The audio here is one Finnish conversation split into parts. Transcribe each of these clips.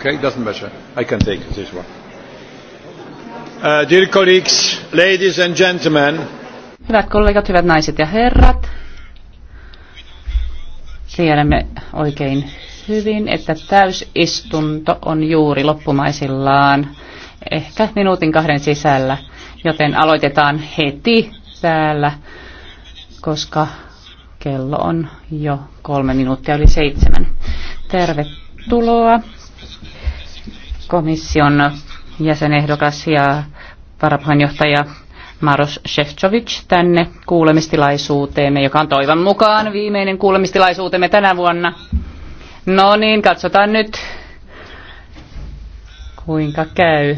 Okay, doesn't matter. I can take this one. Uh, dear colleagues, ladies and gentlemen. Hyvät kollegat, hyvät naiset ja herrat. Tiedämme oikein hyvin, että täysistunto on juuri loppumaisillaan, ehkä minuutin kahden sisällä, joten aloitetaan heti täällä, koska kello on jo kolme minuuttia yli seitsemän. Tervetuloa komission jäsenehdokas ja varapuheenjohtaja Maros Shevchovic tänne kuulemistilaisuuteemme, joka on toivon mukaan viimeinen kuulemistilaisuutemme tänä vuonna. No niin, katsotaan nyt, kuinka käy.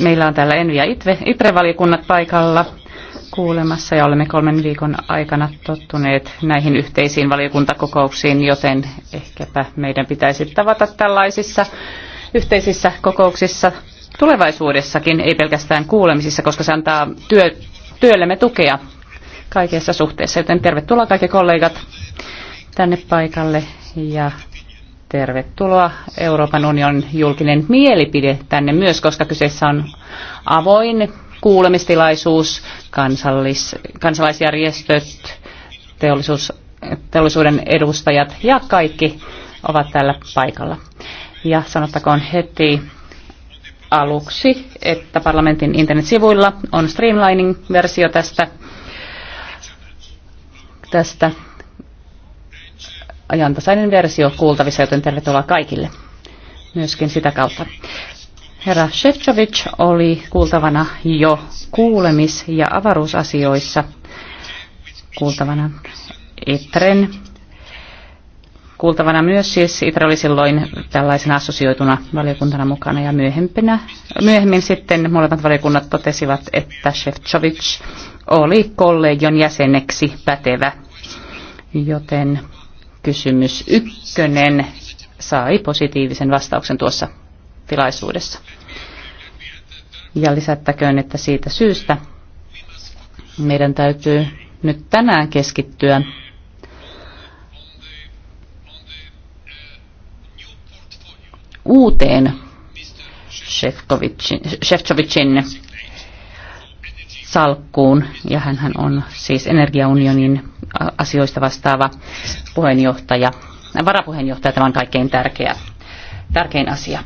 Meillä on täällä Envi ja itre valikunnat paikalla kuulemassa ja olemme kolmen viikon aikana tottuneet näihin yhteisiin valiokuntakokouksiin, joten ehkäpä meidän pitäisi tavata tällaisissa yhteisissä kokouksissa tulevaisuudessakin, ei pelkästään kuulemisissa, koska se antaa työ, työllemme tukea kaikessa suhteessa. Joten tervetuloa kaikki kollegat tänne paikalle ja tervetuloa Euroopan unionin julkinen mielipide tänne myös, koska kyseessä on avoin kuulemistilaisuus, kansallis, kansalaisjärjestöt, teollisuus, teollisuuden edustajat ja kaikki ovat täällä paikalla. Ja sanottakoon heti aluksi, että parlamentin internetsivuilla on streamlining-versio tästä, tästä ajantasainen versio kuultavissa, joten tervetuloa kaikille myöskin sitä kautta. Herra Shevchovic oli kuultavana jo kuulemis- ja avaruusasioissa kuultavana Itren kuultavana myös, siis Itre oli silloin tällaisena assosioituna valiokuntana mukana ja myöhempinä, myöhemmin sitten molemmat valiokunnat totesivat, että Shevchovic oli kollegion jäseneksi pätevä, joten kysymys ykkönen sai positiivisen vastauksen tuossa tilaisuudessa. Ja lisättäköön, että siitä syystä meidän täytyy nyt tänään keskittyä uuteen Shevchovicin salkkuun, ja hän on siis energiaunionin asioista vastaava puheenjohtaja, varapuheenjohtaja, tämä on kaikkein tärkeä, tärkein asia.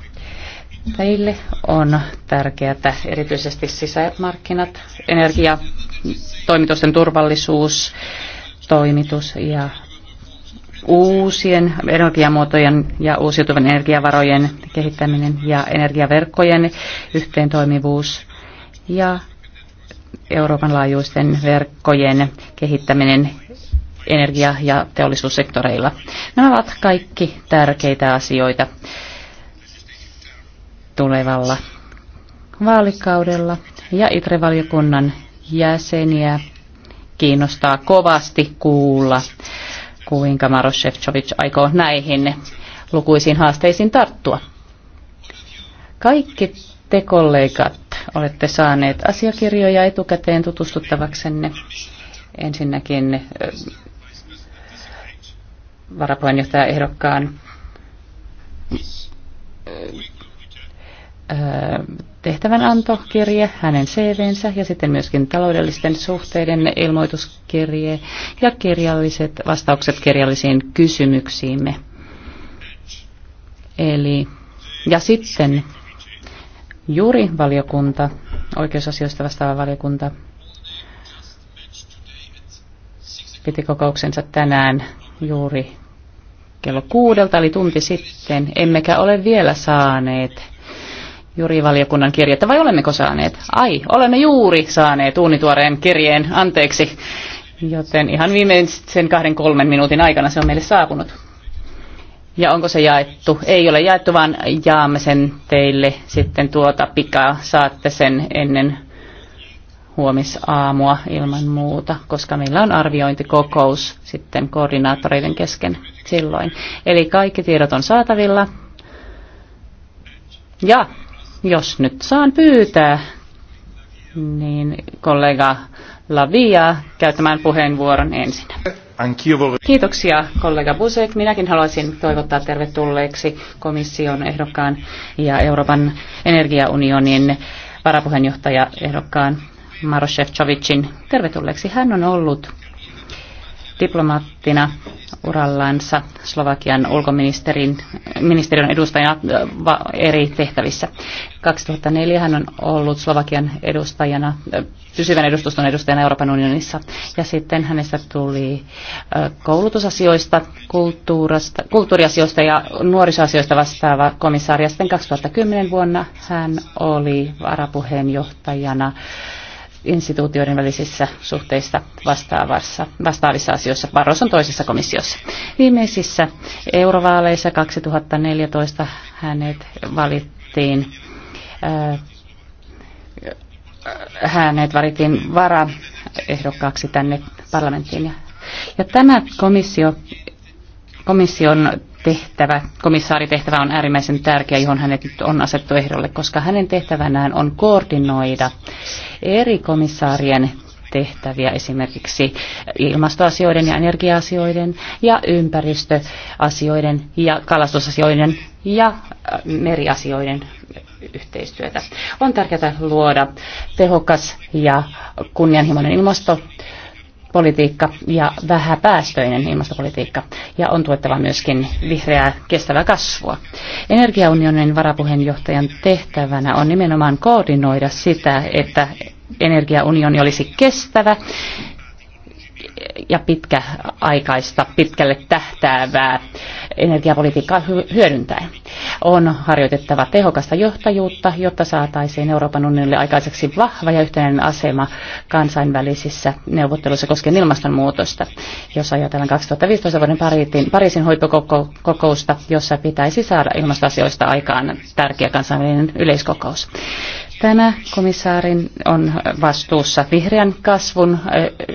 Meille on tärkeää erityisesti sisämarkkinat, energia, toimitusten turvallisuus, toimitus ja uusien energiamuotojen ja uusiutuvan energiavarojen kehittäminen ja energiaverkkojen yhteentoimivuus ja Euroopan laajuisten verkkojen kehittäminen energia- ja teollisuussektoreilla. Nämä ovat kaikki tärkeitä asioita tulevalla vaalikaudella ja ITRE-valiokunnan jäseniä kiinnostaa kovasti kuulla, kuinka Maros Shevchovic aikoo näihin lukuisiin haasteisiin tarttua. Kaikki te kollegat olette saaneet asiakirjoja etukäteen tutustuttavaksenne. Ensinnäkin varapuheenjohtaja ehdokkaan tehtävänantokirje, hänen CVnsä ja sitten myöskin taloudellisten suhteiden ilmoituskirje ja kirjalliset vastaukset kirjallisiin kysymyksiimme. Eli, ja sitten juuri valiokunta, oikeusasioista vastaava valiokunta, piti kokouksensa tänään juuri kello kuudelta, eli tunti sitten, emmekä ole vielä saaneet jurivaliokunnan kirjettä vai olemmeko saaneet? Ai, olemme juuri saaneet uunituoreen kirjeen, anteeksi. Joten ihan viimeisen kahden kolmen minuutin aikana se on meille saapunut. Ja onko se jaettu? Ei ole jaettu, vaan jaamme sen teille sitten tuota pikaa. Saatte sen ennen huomisaamua ilman muuta, koska meillä on arviointikokous sitten koordinaattoreiden kesken silloin. Eli kaikki tiedot on saatavilla. Ja jos nyt saan pyytää, niin kollega Lavia käyttämään puheenvuoron ensin. Kiitoksia kollega Busek. Minäkin haluaisin toivottaa tervetulleeksi komission ehdokkaan ja Euroopan energiaunionin varapuheenjohtaja ehdokkaan Maro Tervetulleeksi. Hän on ollut diplomaattina urallansa Slovakian ulkoministerin ministeriön edustajana äh, eri tehtävissä. 2004 hän on ollut Slovakian edustajana, äh, pysyvän edustuston edustajana Euroopan unionissa. Ja sitten hänestä tuli äh, koulutusasioista, kulttuuriasioista ja nuorisoasioista vastaava komissaari. Ja sitten 2010 vuonna hän oli varapuheenjohtajana instituutioiden välisissä suhteissa vastaavassa, vastaavissa asioissa. Barros on toisessa komissiossa. Viimeisissä eurovaaleissa 2014 hänet valittiin äh, hänet valittiin varaehdokkaaksi tänne parlamenttiin. Ja, ja tämä komissio, komission tehtävä, komissaaritehtävä on äärimmäisen tärkeä, johon hänet nyt on asettu ehdolle, koska hänen tehtävänään on koordinoida eri komissaarien tehtäviä esimerkiksi ilmastoasioiden ja energiaasioiden ja ympäristöasioiden ja kalastusasioiden ja äh, meriasioiden yhteistyötä. On tärkeää luoda tehokas ja kunnianhimoinen ilmasto politiikka ja vähäpäästöinen ilmastopolitiikka ja on tuettava myöskin vihreää kestävää kasvua. Energiaunionin varapuheenjohtajan tehtävänä on nimenomaan koordinoida sitä, että energiaunioni olisi kestävä ja pitkäaikaista, pitkälle tähtäävää energiapolitiikkaa hyödyntäen. On harjoitettava tehokasta johtajuutta, jotta saataisiin Euroopan unionille aikaiseksi vahva ja yhtenäinen asema kansainvälisissä neuvotteluissa koskien ilmastonmuutosta. Jos ajatellaan 2015 vuoden Pariitin, Pariisin hoitokokousta, jossa pitäisi saada ilmastoasioista aikaan tärkeä kansainvälinen yleiskokous. Tänä komissaarin on vastuussa vihreän kasvun,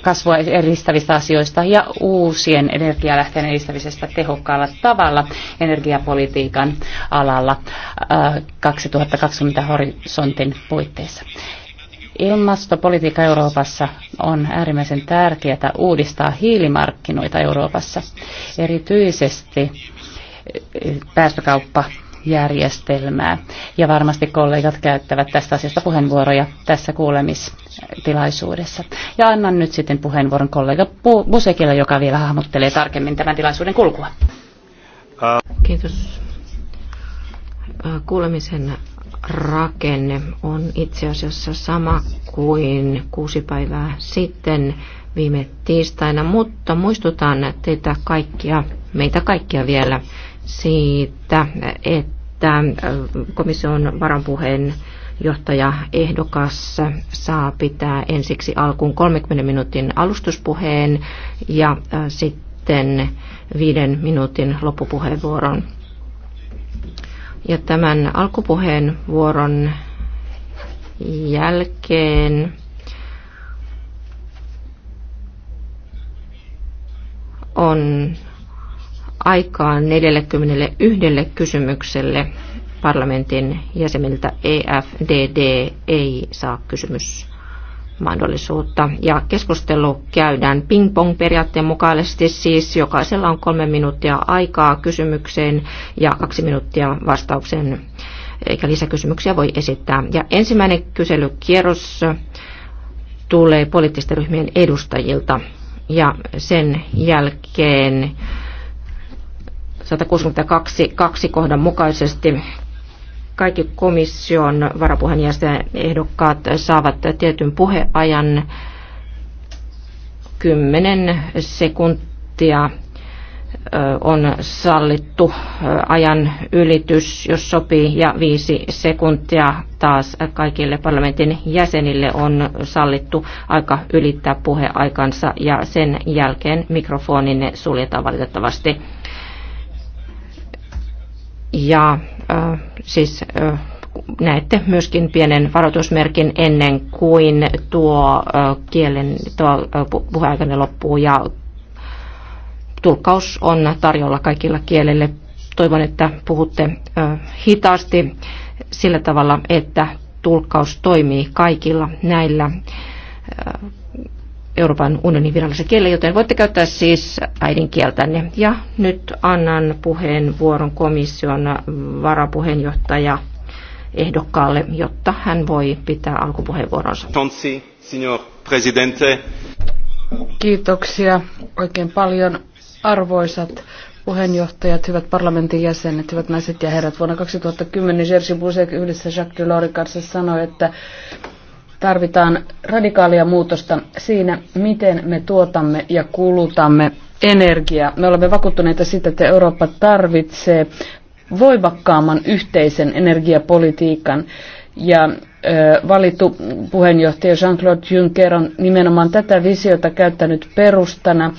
kasvua edistävistä asioista ja uusien energialähteiden edistämisestä tehokkaalla tavalla energiapolitiikan alalla 2020 horisontin puitteissa. Ilmastopolitiikka Euroopassa on äärimmäisen tärkeää uudistaa hiilimarkkinoita Euroopassa, erityisesti päästökauppa järjestelmää. Ja varmasti kollegat käyttävät tästä asiasta puheenvuoroja tässä kuulemistilaisuudessa. Ja annan nyt sitten puheenvuoron kollega Busekille, joka vielä hahmottelee tarkemmin tämän tilaisuuden kulkua. Kiitos. Kuulemisen rakenne on itse asiassa sama kuin kuusi päivää sitten viime tiistaina, mutta muistutan teitä kaikkia, meitä kaikkia vielä siitä, että että komission varanpuheen johtaja ehdokas saa pitää ensiksi alkuun 30 minuutin alustuspuheen ja sitten viiden minuutin loppupuheenvuoron. Ja tämän alkupuheen vuoron jälkeen on aikaan 41 kysymykselle parlamentin jäseniltä EFDD ei saa kysymys mahdollisuutta. Ja keskustelu käydään ping-pong-periaatteen mukaisesti siis. Jokaisella on kolme minuuttia aikaa kysymykseen ja kaksi minuuttia vastaukseen, eikä lisäkysymyksiä voi esittää. Ja ensimmäinen kyselykierros tulee poliittisten ryhmien edustajilta ja sen jälkeen 162 2 kohdan mukaisesti kaikki komission varapuheenjohtajan ehdokkaat saavat tietyn puheajan 10 sekuntia on sallittu ajan ylitys, jos sopii, ja viisi sekuntia taas kaikille parlamentin jäsenille on sallittu aika ylittää puheaikansa, ja sen jälkeen mikrofoninne suljetaan valitettavasti ja äh, siis äh, näette myöskin pienen varoitusmerkin ennen kuin tuo äh, kielen tuo, äh, puheaikana loppuu ja tulkkaus on tarjolla kaikilla kielille. Toivon, että puhutte äh, hitaasti sillä tavalla, että tulkkaus toimii kaikilla näillä äh, Euroopan unionin virallisen kielen, joten voitte käyttää siis äidinkieltänne. Ja nyt annan puheenvuoron komission varapuheenjohtaja ehdokkaalle, jotta hän voi pitää alkupuheenvuoronsa. Kiitoksia oikein paljon arvoisat puheenjohtajat, hyvät parlamentin jäsenet, hyvät naiset ja herrat. Vuonna 2010 Jerzy Buzek yhdessä Jacques Delorsin kanssa sanoi, että Tarvitaan radikaalia muutosta siinä, miten me tuotamme ja kulutamme energiaa. Me olemme vakuuttuneita siitä, että Eurooppa tarvitsee voimakkaamman yhteisen energiapolitiikan. Ja valittu puheenjohtaja Jean-Claude Juncker on nimenomaan tätä visiota käyttänyt perustana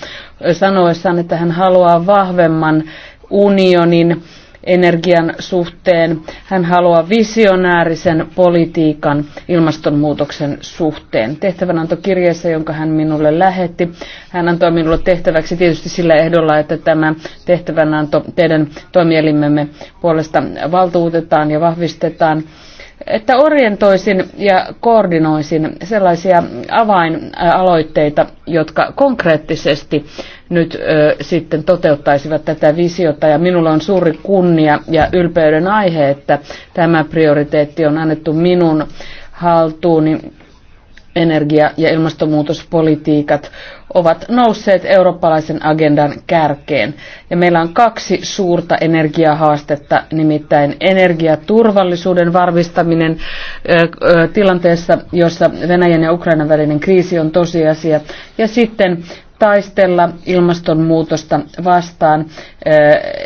sanoessaan, että hän haluaa vahvemman unionin energian suhteen. Hän haluaa visionäärisen politiikan ilmastonmuutoksen suhteen. Tehtävän antoi kirjeessä, jonka hän minulle lähetti. Hän antoi minulle tehtäväksi tietysti sillä ehdolla, että tämä tehtävänanto teidän toimielimemme puolesta valtuutetaan ja vahvistetaan että orientoisin ja koordinoisin sellaisia avainaloitteita, jotka konkreettisesti nyt ö, sitten toteuttaisivat tätä visiota. Ja minulla on suuri kunnia ja ylpeyden aihe, että tämä prioriteetti on annettu minun haltuuni energia- ja ilmastonmuutospolitiikat ovat nousseet eurooppalaisen agendan kärkeen. Ja meillä on kaksi suurta energiahaastetta, nimittäin energiaturvallisuuden varmistaminen tilanteessa, jossa Venäjän ja Ukrainan välinen kriisi on tosiasia, ja sitten taistella ilmastonmuutosta vastaan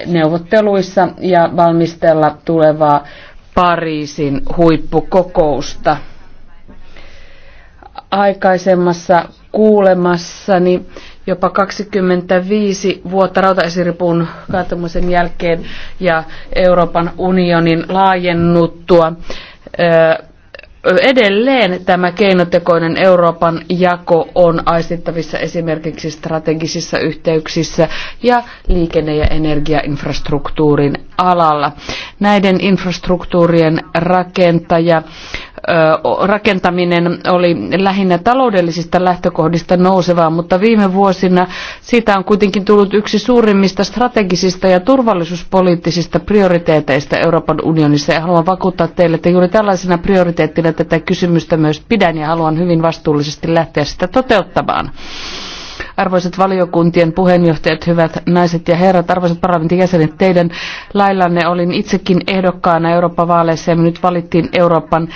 neuvotteluissa ja valmistella tulevaa Pariisin huippukokousta aikaisemmassa kuulemassani jopa 25 vuotta rautaisiripun kaatumisen jälkeen ja Euroopan unionin laajennuttua. Edelleen tämä keinotekoinen Euroopan jako on aistittavissa esimerkiksi strategisissa yhteyksissä ja liikenne- ja energiainfrastruktuurin alalla. Näiden infrastruktuurien rakentaja rakentaminen oli lähinnä taloudellisista lähtökohdista nousevaa, mutta viime vuosina siitä on kuitenkin tullut yksi suurimmista strategisista ja turvallisuuspoliittisista prioriteeteista Euroopan unionissa. Ja haluan vakuuttaa teille, että juuri tällaisena prioriteettina tätä kysymystä myös pidän ja haluan hyvin vastuullisesti lähteä sitä toteuttamaan. Arvoisat valiokuntien puheenjohtajat, hyvät naiset ja herrat, arvoisat parlamentin jäsenet, teidän laillanne olin itsekin ehdokkaana Euroopan vaaleissa ja me nyt valittiin Euroopan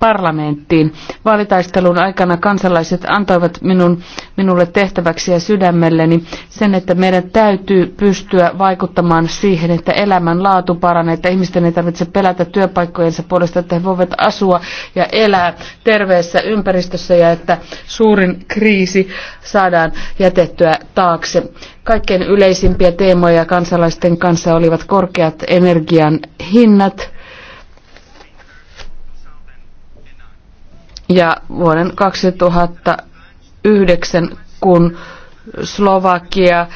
parlamenttiin. Vaalitaistelun aikana kansalaiset antoivat minun, minulle tehtäväksi ja sydämelleni sen, että meidän täytyy pystyä vaikuttamaan siihen, että elämän laatu paranee, että ihmisten ei tarvitse pelätä työpaikkojensa puolesta, että he voivat asua ja elää terveessä ympäristössä ja että suurin kriisi saadaan jätettyä taakse. Kaikkein yleisimpiä teemoja kansalaisten kanssa olivat korkeat energian hinnat, Ja vuoden 2009, kun Slovakia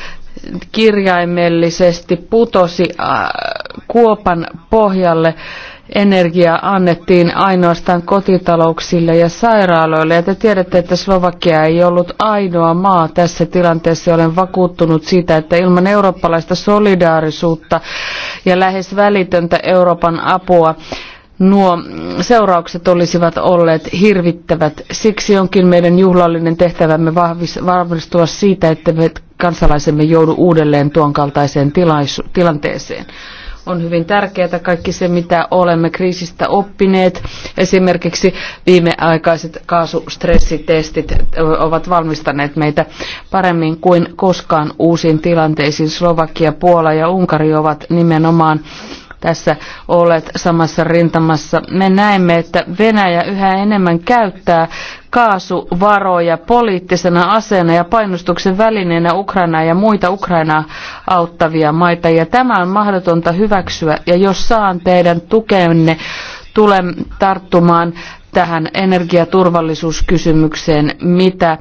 kirjaimellisesti putosi äh, kuopan pohjalle, energiaa annettiin ainoastaan kotitalouksille ja sairaaloille. Ja te tiedätte, että Slovakia ei ollut ainoa maa tässä tilanteessa. Olen vakuuttunut siitä, että ilman eurooppalaista solidaarisuutta ja lähes välitöntä Euroopan apua nuo seuraukset olisivat olleet hirvittävät. Siksi onkin meidän juhlallinen tehtävämme varmistua siitä, että me kansalaisemme joudu uudelleen tuon kaltaiseen tilanteeseen. On hyvin tärkeää kaikki se, mitä olemme kriisistä oppineet. Esimerkiksi viimeaikaiset kaasustressitestit ovat valmistaneet meitä paremmin kuin koskaan uusiin tilanteisiin. Slovakia, Puola ja Unkari ovat nimenomaan tässä olet samassa rintamassa. Me näemme, että Venäjä yhä enemmän käyttää kaasuvaroja poliittisena aseena ja painostuksen välineenä Ukrainaa ja muita Ukrainaa auttavia maita. Ja tämä on mahdotonta hyväksyä. Ja jos saan teidän tukenne, tulen tarttumaan tähän energiaturvallisuuskysymykseen, mitä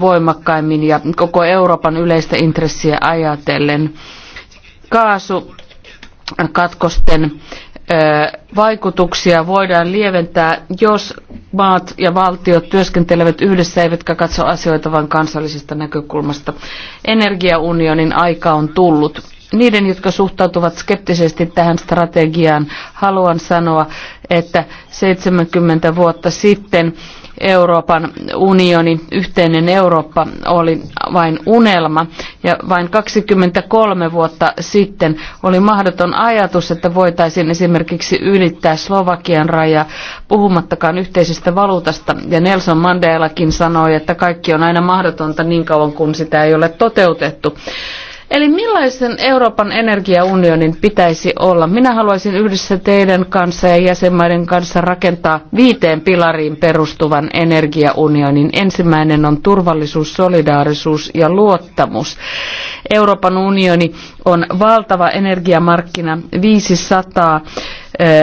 voimakkaimmin ja koko Euroopan yleistä intressiä ajatellen. Kaasu katkosten vaikutuksia voidaan lieventää, jos maat ja valtiot työskentelevät yhdessä eivätkä katso asioita vain kansallisesta näkökulmasta. Energiaunionin aika on tullut. Niiden, jotka suhtautuvat skeptisesti tähän strategiaan, haluan sanoa, että 70 vuotta sitten Euroopan unioni, yhteinen Eurooppa oli vain unelma. Ja vain 23 vuotta sitten oli mahdoton ajatus, että voitaisiin esimerkiksi ylittää Slovakian raja, puhumattakaan yhteisestä valuutasta. Ja Nelson Mandelakin sanoi, että kaikki on aina mahdotonta niin kauan kuin sitä ei ole toteutettu. Eli millaisen Euroopan energiaunionin pitäisi olla? Minä haluaisin yhdessä teidän kanssa ja jäsenmaiden kanssa rakentaa viiteen pilariin perustuvan energiaunionin. Ensimmäinen on turvallisuus, solidaarisuus ja luottamus. Euroopan unioni on valtava energiamarkkina, 500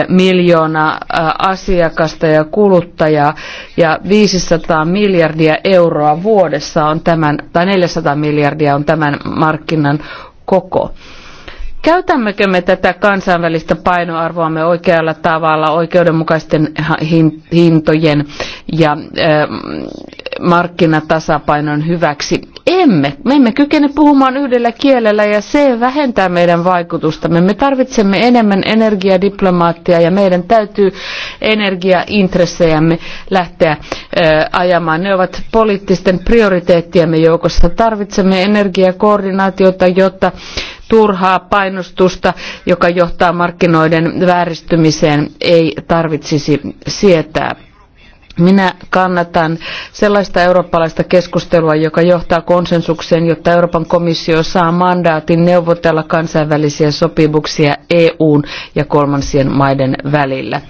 miljoonaa asiakasta ja kuluttajaa ja 500 miljardia euroa vuodessa on tämän, tai 400 miljardia on tämän markkinan koko. Käytämmekö me tätä kansainvälistä painoarvoamme oikealla tavalla oikeudenmukaisten hintojen ja markkinatasapainon hyväksi. Emme. Me emme kykene puhumaan yhdellä kielellä ja se vähentää meidän vaikutustamme. Me tarvitsemme enemmän energiadiplomaattia ja meidän täytyy energiaintressejämme lähteä ö, ajamaan. Ne ovat poliittisten prioriteettiemme joukossa. Tarvitsemme energiakoordinaatiota, jotta turhaa painostusta, joka johtaa markkinoiden vääristymiseen, ei tarvitsisi sietää minä kannatan sellaista eurooppalaista keskustelua, joka johtaa konsensukseen, jotta Euroopan komissio saa mandaatin neuvotella kansainvälisiä sopimuksia EUn ja kolmansien maiden välillä.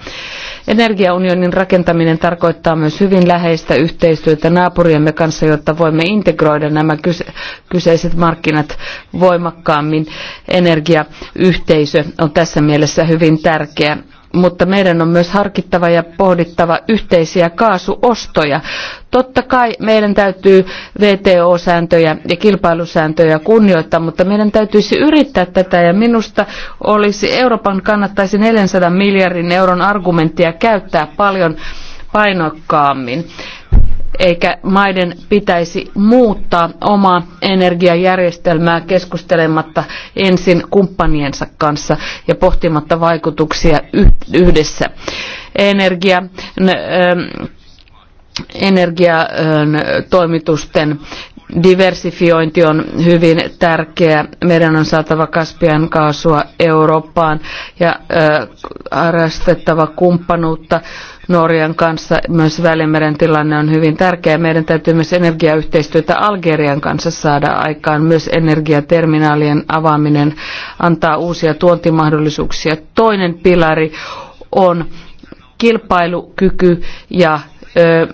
Energiaunionin rakentaminen tarkoittaa myös hyvin läheistä yhteistyötä naapuriemme kanssa, jotta voimme integroida nämä kyseiset markkinat voimakkaammin. Energiayhteisö on tässä mielessä hyvin tärkeä mutta meidän on myös harkittava ja pohdittava yhteisiä kaasuostoja. Totta kai meidän täytyy VTO-sääntöjä ja kilpailusääntöjä kunnioittaa, mutta meidän täytyisi yrittää tätä ja minusta olisi Euroopan kannattaisi 400 miljardin euron argumenttia käyttää paljon painokkaammin eikä maiden pitäisi muuttaa omaa energiajärjestelmää keskustelematta ensin kumppaniensa kanssa ja pohtimatta vaikutuksia yhdessä. Energia, ähm, energiatoimitusten diversifiointi on hyvin tärkeä Meidän on saatava Kaspian kaasua Eurooppaan ja äh, harrastettava kumppanuutta Norjan kanssa. Myös Välimeren tilanne on hyvin tärkeä. Meidän täytyy myös energiayhteistyötä Algerian kanssa saada aikaan. Myös energiaterminaalien avaaminen antaa uusia tuontimahdollisuuksia. Toinen pilari on kilpailukyky ja ö,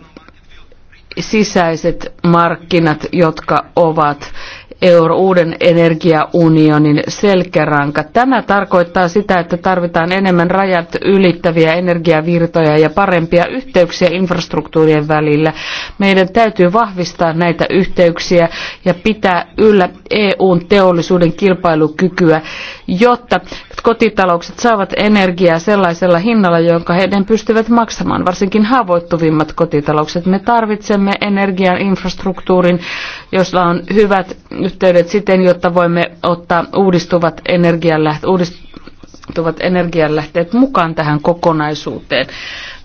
sisäiset markkinat, jotka ovat euro, uuden energiaunionin selkäranka. Tämä tarkoittaa sitä, että tarvitaan enemmän rajat ylittäviä energiavirtoja ja parempia yhteyksiä infrastruktuurien välillä. Meidän täytyy vahvistaa näitä yhteyksiä ja pitää yllä EUn teollisuuden kilpailukykyä jotta kotitaloukset saavat energiaa sellaisella hinnalla, jonka heidän pystyvät maksamaan, varsinkin haavoittuvimmat kotitaloukset. Me tarvitsemme energian infrastruktuurin, jossa on hyvät yhteydet siten, jotta voimme ottaa uudistuvat energianlähteet, uudistuvat energianlähteet mukaan tähän kokonaisuuteen.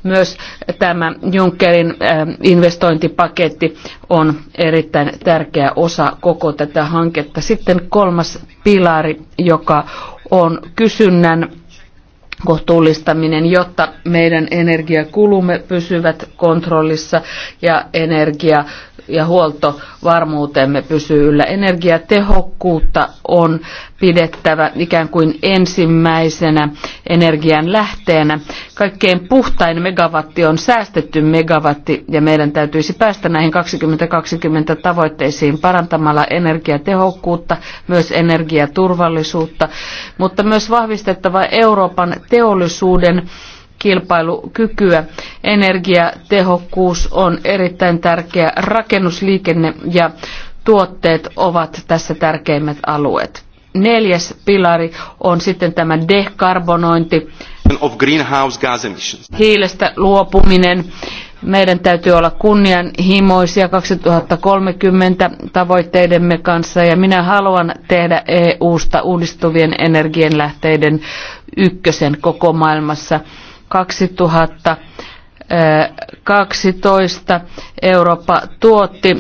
Myös tämä Junckerin äh, investointipaketti on erittäin tärkeä osa koko tätä hanketta. Sitten kolmas pilari, joka on kysynnän kohtuullistaminen, jotta meidän energiakulumme pysyvät kontrollissa ja energia ja huoltovarmuutemme pysyy yllä. Energiatehokkuutta on pidettävä ikään kuin ensimmäisenä energian lähteenä. Kaikkein puhtain megawatti on säästetty megawatti ja meidän täytyisi päästä näihin 2020 tavoitteisiin parantamalla energiatehokkuutta, myös energiaturvallisuutta, mutta myös vahvistettava Euroopan teollisuuden kilpailukykyä. Energiatehokkuus on erittäin tärkeä. Rakennusliikenne ja tuotteet ovat tässä tärkeimmät alueet. Neljäs pilari on sitten tämä dekarbonointi, hiilestä luopuminen. Meidän täytyy olla kunnianhimoisia 2030 tavoitteidemme kanssa ja minä haluan tehdä EU-sta uudistuvien energianlähteiden ykkösen koko maailmassa. 2000 Eurooppa tuotti 45-44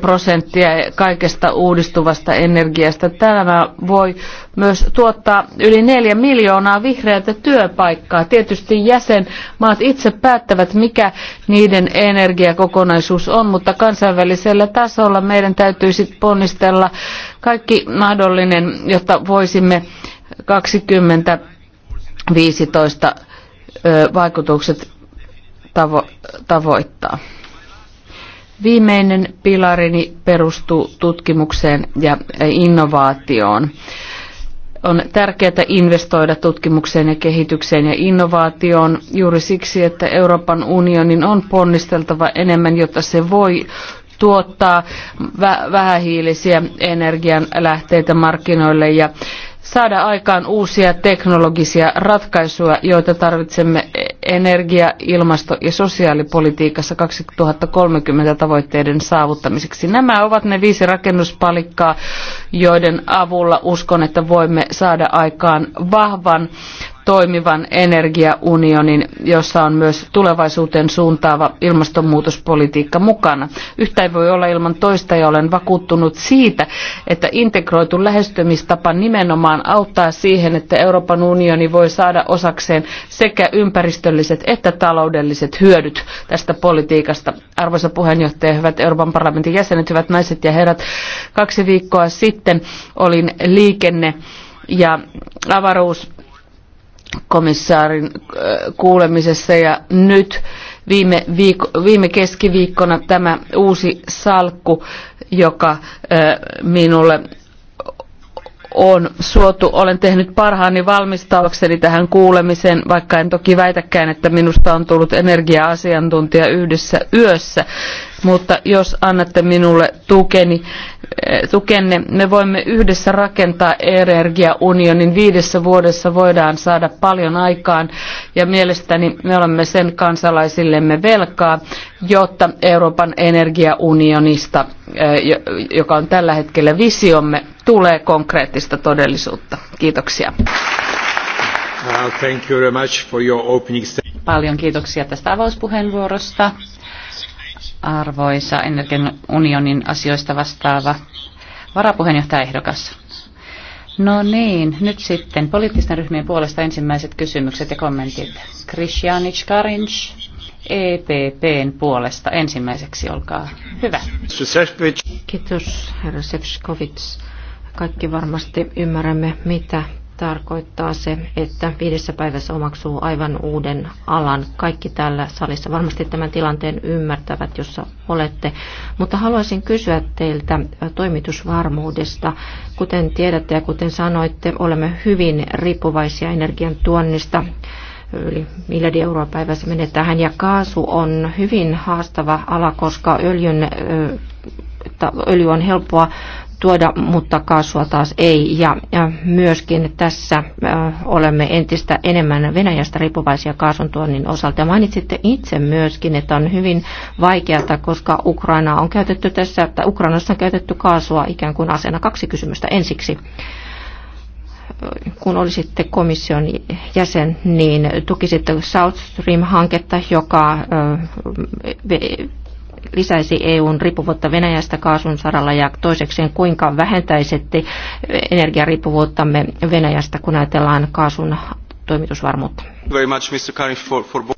prosenttia kaikesta uudistuvasta energiasta. Tämä voi myös tuottaa yli 4 miljoonaa vihreätä työpaikkaa. Tietysti jäsenmaat itse päättävät, mikä niiden energiakokonaisuus on, mutta kansainvälisellä tasolla meidän täytyisi ponnistella kaikki mahdollinen, jotta voisimme 20 15 vaikutukset tavo- tavoittaa. Viimeinen pilarini perustuu tutkimukseen ja innovaatioon. On tärkeää investoida tutkimukseen ja kehitykseen ja innovaatioon juuri siksi, että Euroopan unionin on ponnisteltava enemmän, jotta se voi tuottaa vähähiilisiä energianlähteitä markkinoille ja saada aikaan uusia teknologisia ratkaisuja, joita tarvitsemme energia-, ilmasto- ja sosiaalipolitiikassa 2030 tavoitteiden saavuttamiseksi. Nämä ovat ne viisi rakennuspalikkaa, joiden avulla uskon, että voimme saada aikaan vahvan toimivan energiaunionin, jossa on myös tulevaisuuteen suuntaava ilmastonmuutospolitiikka mukana. Yhtä ei voi olla ilman toista ja olen vakuuttunut siitä, että integroitu lähestymistapa nimenomaan auttaa siihen, että Euroopan unioni voi saada osakseen sekä ympäristölliset että taloudelliset hyödyt tästä politiikasta. Arvoisa puheenjohtaja, hyvät Euroopan parlamentin jäsenet, hyvät naiset ja herrat, kaksi viikkoa sitten olin liikenne ja avaruus komissaarin äh, kuulemisessa ja nyt viime, viikko, viime keskiviikkona tämä uusi salkku, joka äh, minulle on suotu. Olen tehnyt parhaani valmistaukseni tähän kuulemiseen, vaikka en toki väitäkään, että minusta on tullut energia-asiantuntija yhdessä yössä. Mutta jos annatte minulle tukeni, tukenne. Me voimme yhdessä rakentaa energiaunionin. Viidessä vuodessa voidaan saada paljon aikaan ja mielestäni me olemme sen kansalaisillemme velkaa, jotta Euroopan energiaunionista, eh, joka on tällä hetkellä visiomme, tulee konkreettista todellisuutta. Kiitoksia. Uh, paljon kiitoksia tästä avauspuheenvuorosta arvoisa Energian unionin asioista vastaava varapuheenjohtaja ehdokas. No niin, nyt sitten poliittisten ryhmien puolesta ensimmäiset kysymykset ja kommentit. Krishjanic Karinc, EPPn puolesta ensimmäiseksi, olkaa hyvä. Kiitos, herra Sefcovic. Kaikki varmasti ymmärrämme, mitä tarkoittaa se, että viidessä päivässä omaksuu aivan uuden alan. Kaikki täällä salissa varmasti tämän tilanteen ymmärtävät, jossa olette. Mutta haluaisin kysyä teiltä toimitusvarmuudesta. Kuten tiedätte ja kuten sanoitte, olemme hyvin riippuvaisia energian tuonnista yli miljardi euroa päivässä menetään. Ja kaasu on hyvin haastava ala, koska öljyn, öljy on helppoa tuoda, mutta kaasua taas ei. Ja, ja myöskin tässä ä, olemme entistä enemmän Venäjästä riippuvaisia kaasuntuonnin osalta. Ja mainitsitte itse myöskin, että on hyvin vaikeata, koska Ukraina on käytetty tässä, tai Ukrainassa on käytetty kaasua ikään kuin asena. Kaksi kysymystä ensiksi kun olisitte komission jäsen, niin tukisitte South Stream-hanketta, joka lisäisi EUn riippuvuutta Venäjästä kaasun saralla ja toisekseen kuinka vähentäisitte energiariippuvuuttamme Venäjästä, kun ajatellaan kaasun toimitusvarmuutta.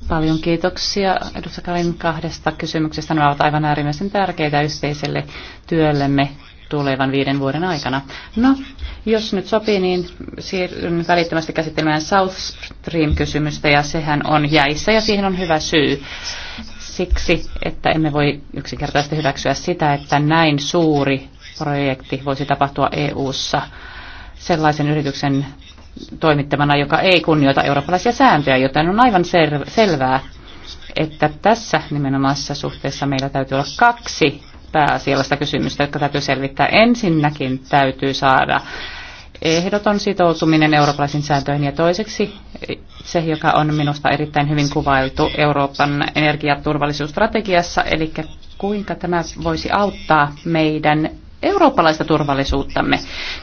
Paljon kiitoksia edustaja Karin kahdesta kysymyksestä. ne ovat aivan äärimmäisen tärkeitä yhteiselle työllemme tulevan viiden vuoden aikana. No, jos nyt sopii, niin siirryn välittömästi käsittelemään South Stream-kysymystä, ja sehän on jäissä, ja siihen on hyvä syy siksi, että emme voi yksinkertaisesti hyväksyä sitä, että näin suuri projekti voisi tapahtua EU-ssa sellaisen yrityksen toimittamana, joka ei kunnioita eurooppalaisia sääntöjä, joten on aivan sel- selvää, että tässä nimenomaisessa suhteessa meillä täytyy olla kaksi pääasiallista kysymystä, jotka täytyy selvittää. Ensinnäkin täytyy saada ehdoton sitoutuminen eurooppalaisiin sääntöihin ja toiseksi se, joka on minusta erittäin hyvin kuvailtu Euroopan energiaturvallisuusstrategiassa, eli kuinka tämä voisi auttaa meidän eurooppalaista turvallisuuttamme,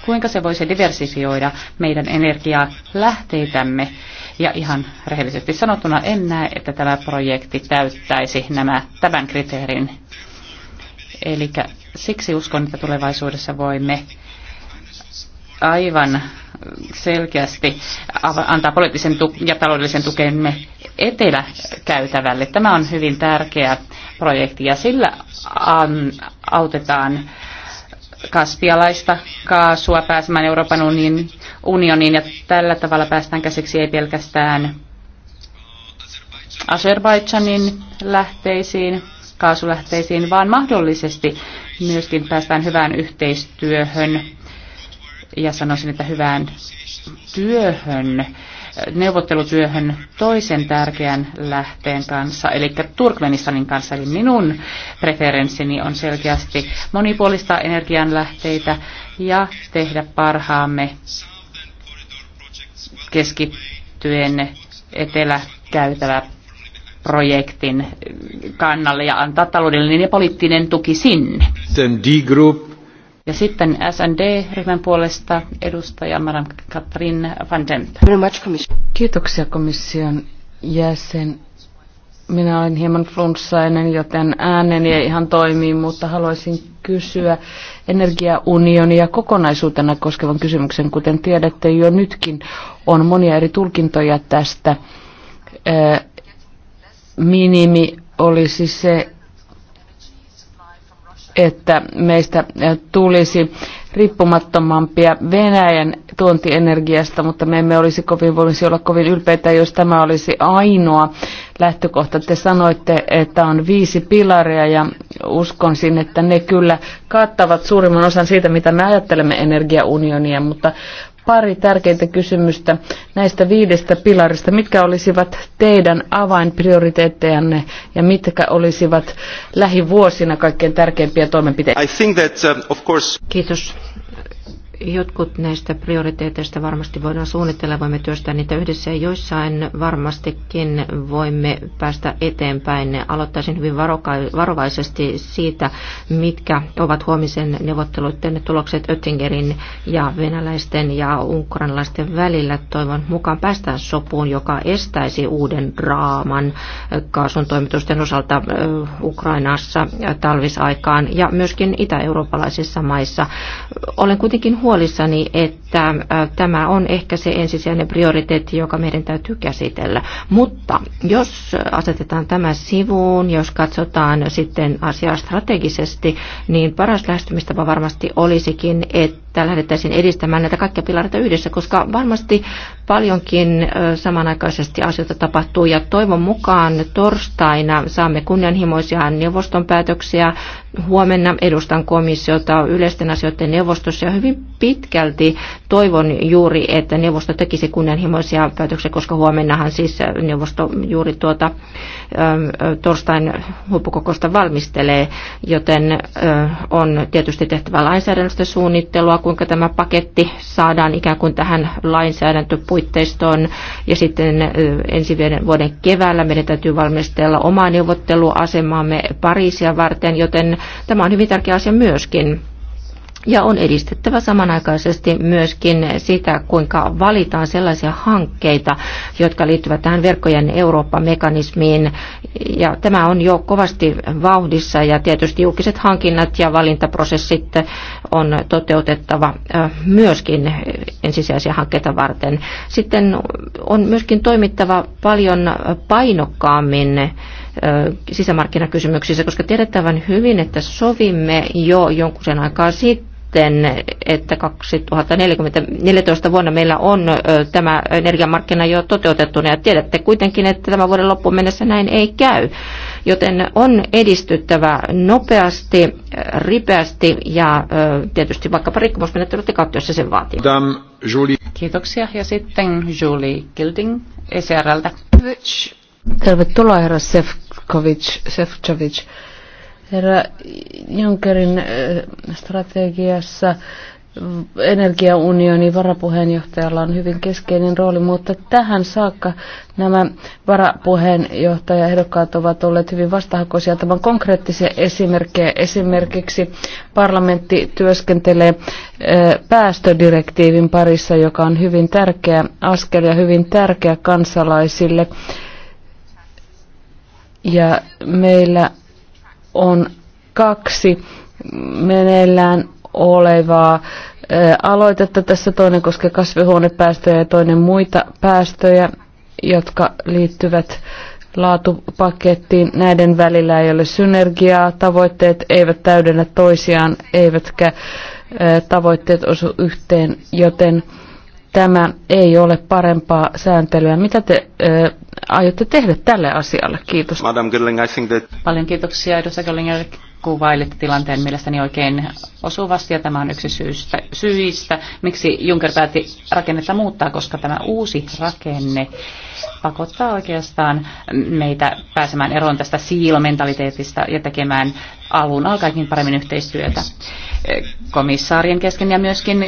kuinka se voisi diversifioida meidän energiaa Ja ihan rehellisesti sanottuna en näe, että tämä projekti täyttäisi nämä, tämän kriteerin. Eli siksi uskon, että tulevaisuudessa voimme aivan selkeästi antaa poliittisen ja taloudellisen tukemme eteläkäytävälle. Tämä on hyvin tärkeä projekti ja sillä autetaan kaspialaista kaasua pääsemään Euroopan unionin, unioniin ja tällä tavalla päästään käsiksi ei pelkästään Azerbaidžanin lähteisiin, kaasulähteisiin, vaan mahdollisesti myöskin päästään hyvään yhteistyöhön ja sanoisin, että hyvään työhön, neuvottelutyöhön toisen tärkeän lähteen kanssa, eli Turkmenistanin kanssa. Eli minun preferenssini on selkeästi monipuolista energianlähteitä ja tehdä parhaamme keskittyen eteläkäytävä projektin kannalle ja antaa taloudellinen ja poliittinen tuki sinne. D-Group ja sitten SND-ryhmän puolesta edustaja Madame Katrin van Dent. Kiitoksia komission jäsen. Minä olen hieman flunssainen, joten ääneni ei ihan toimi, mutta haluaisin kysyä energiaunionia kokonaisuutena koskevan kysymyksen. Kuten tiedätte, jo nytkin on monia eri tulkintoja tästä. Minimi olisi se, että meistä eh, tulisi riippumattomampia Venäjän tuontienergiasta, mutta me emme olisi kovin, voisi olla kovin ylpeitä, jos tämä olisi ainoa lähtökohta. Te sanoitte, että on viisi pilaria ja uskon sinne, että ne kyllä kattavat suurimman osan siitä, mitä me ajattelemme energiaunionia, mutta pari tärkeintä kysymystä näistä viidestä pilarista. Mitkä olisivat teidän avainprioriteettejanne ja mitkä olisivat lähivuosina kaikkein tärkeimpiä toimenpiteitä? I think that, uh, of course... Kiitos. Jotkut näistä prioriteeteista varmasti voidaan suunnitella, voimme työstää niitä yhdessä ja joissain varmastikin voimme päästä eteenpäin. Aloittaisin hyvin varovaisesti siitä, mitkä ovat huomisen neuvotteluiden tulokset Öttingerin ja venäläisten ja ukrainalaisten välillä. Toivon mukaan päästään sopuun, joka estäisi uuden draaman kaasun toimitusten osalta Ukrainassa talvisaikaan ja myöskin itä-eurooppalaisissa maissa. Olen kuitenkin huomioon huolissani, että äh, tämä on ehkä se ensisijainen prioriteetti, joka meidän täytyy käsitellä. Mutta jos asetetaan tämä sivuun, jos katsotaan sitten asiaa strategisesti, niin paras lähestymistapa varmasti olisikin, että että lähdettäisiin edistämään näitä kaikkia pilareita yhdessä, koska varmasti paljonkin samanaikaisesti asioita tapahtuu ja toivon mukaan torstaina saamme kunnianhimoisia neuvoston päätöksiä. Huomenna edustan komissiota yleisten asioiden neuvostossa ja hyvin pitkälti toivon juuri, että neuvosto tekisi kunnianhimoisia päätöksiä, koska huomennahan siis neuvosto juuri tuota torstain huippukokousta valmistelee, joten on tietysti tehtävä lainsäädännöstä suunnittelua, kuinka tämä paketti saadaan ikään kuin tähän lainsäädäntöpuitteistoon. Ja sitten ensi vuoden keväällä meidän täytyy valmistella omaa neuvotteluasemaamme Pariisia varten, joten tämä on hyvin tärkeä asia myöskin. Ja on edistettävä samanaikaisesti myöskin sitä, kuinka valitaan sellaisia hankkeita, jotka liittyvät tähän verkkojen Eurooppa-mekanismiin. Ja tämä on jo kovasti vauhdissa ja tietysti julkiset hankinnat ja valintaprosessit on toteutettava myöskin ensisijaisia hankkeita varten. Sitten on myöskin toimittava paljon painokkaammin sisämarkkinakysymyksissä, koska tiedetään hyvin, että sovimme jo jonkun sen aikaa sitten, sitten, että 2014 vuonna meillä on tämä energiamarkkina jo toteutettu ja tiedätte kuitenkin, että tämä vuoden loppuun mennessä näin ei käy. Joten on edistyttävä nopeasti, ripeästi ja tietysti vaikkapa rikkomusmenettelyt kautta, jos se sen vaatii. Kiitoksia. Ja sitten Julie Gilding ECRltä. Tervetuloa herra Sefcovic, Sefcovic. Herra Junckerin äh, strategiassa energiaunionin varapuheenjohtajalla on hyvin keskeinen rooli, mutta tähän saakka nämä varapuheenjohtajaehdokkaat ovat olleet hyvin vastahakoisia. Tämä on konkreettisia esimerkkejä. Esimerkiksi parlamentti työskentelee äh, päästödirektiivin parissa, joka on hyvin tärkeä askel ja hyvin tärkeä kansalaisille. Ja meillä on kaksi meneillään olevaa aloitetta. Tässä toinen koskee kasvihuonepäästöjä ja toinen muita päästöjä, jotka liittyvät laatupakettiin. Näiden välillä ei ole synergiaa, tavoitteet eivät täydennä toisiaan, eivätkä tavoitteet osu yhteen, joten tämä ei ole parempaa sääntelyä. Mitä te äh, aiotte tehdä tälle asialle? Kiitos. Madam Gilling, I think that... Paljon kiitoksia edustaja Gillingerille kuvailit tilanteen mielestäni oikein osuvasti ja tämä on yksi syystä, syistä, miksi Juncker päätti rakennetta muuttaa, koska tämä uusi rakenne pakottaa oikeastaan meitä pääsemään eroon tästä siilomentaliteetista ja tekemään alun alkaenkin paremmin yhteistyötä komissaarien kesken ja myöskin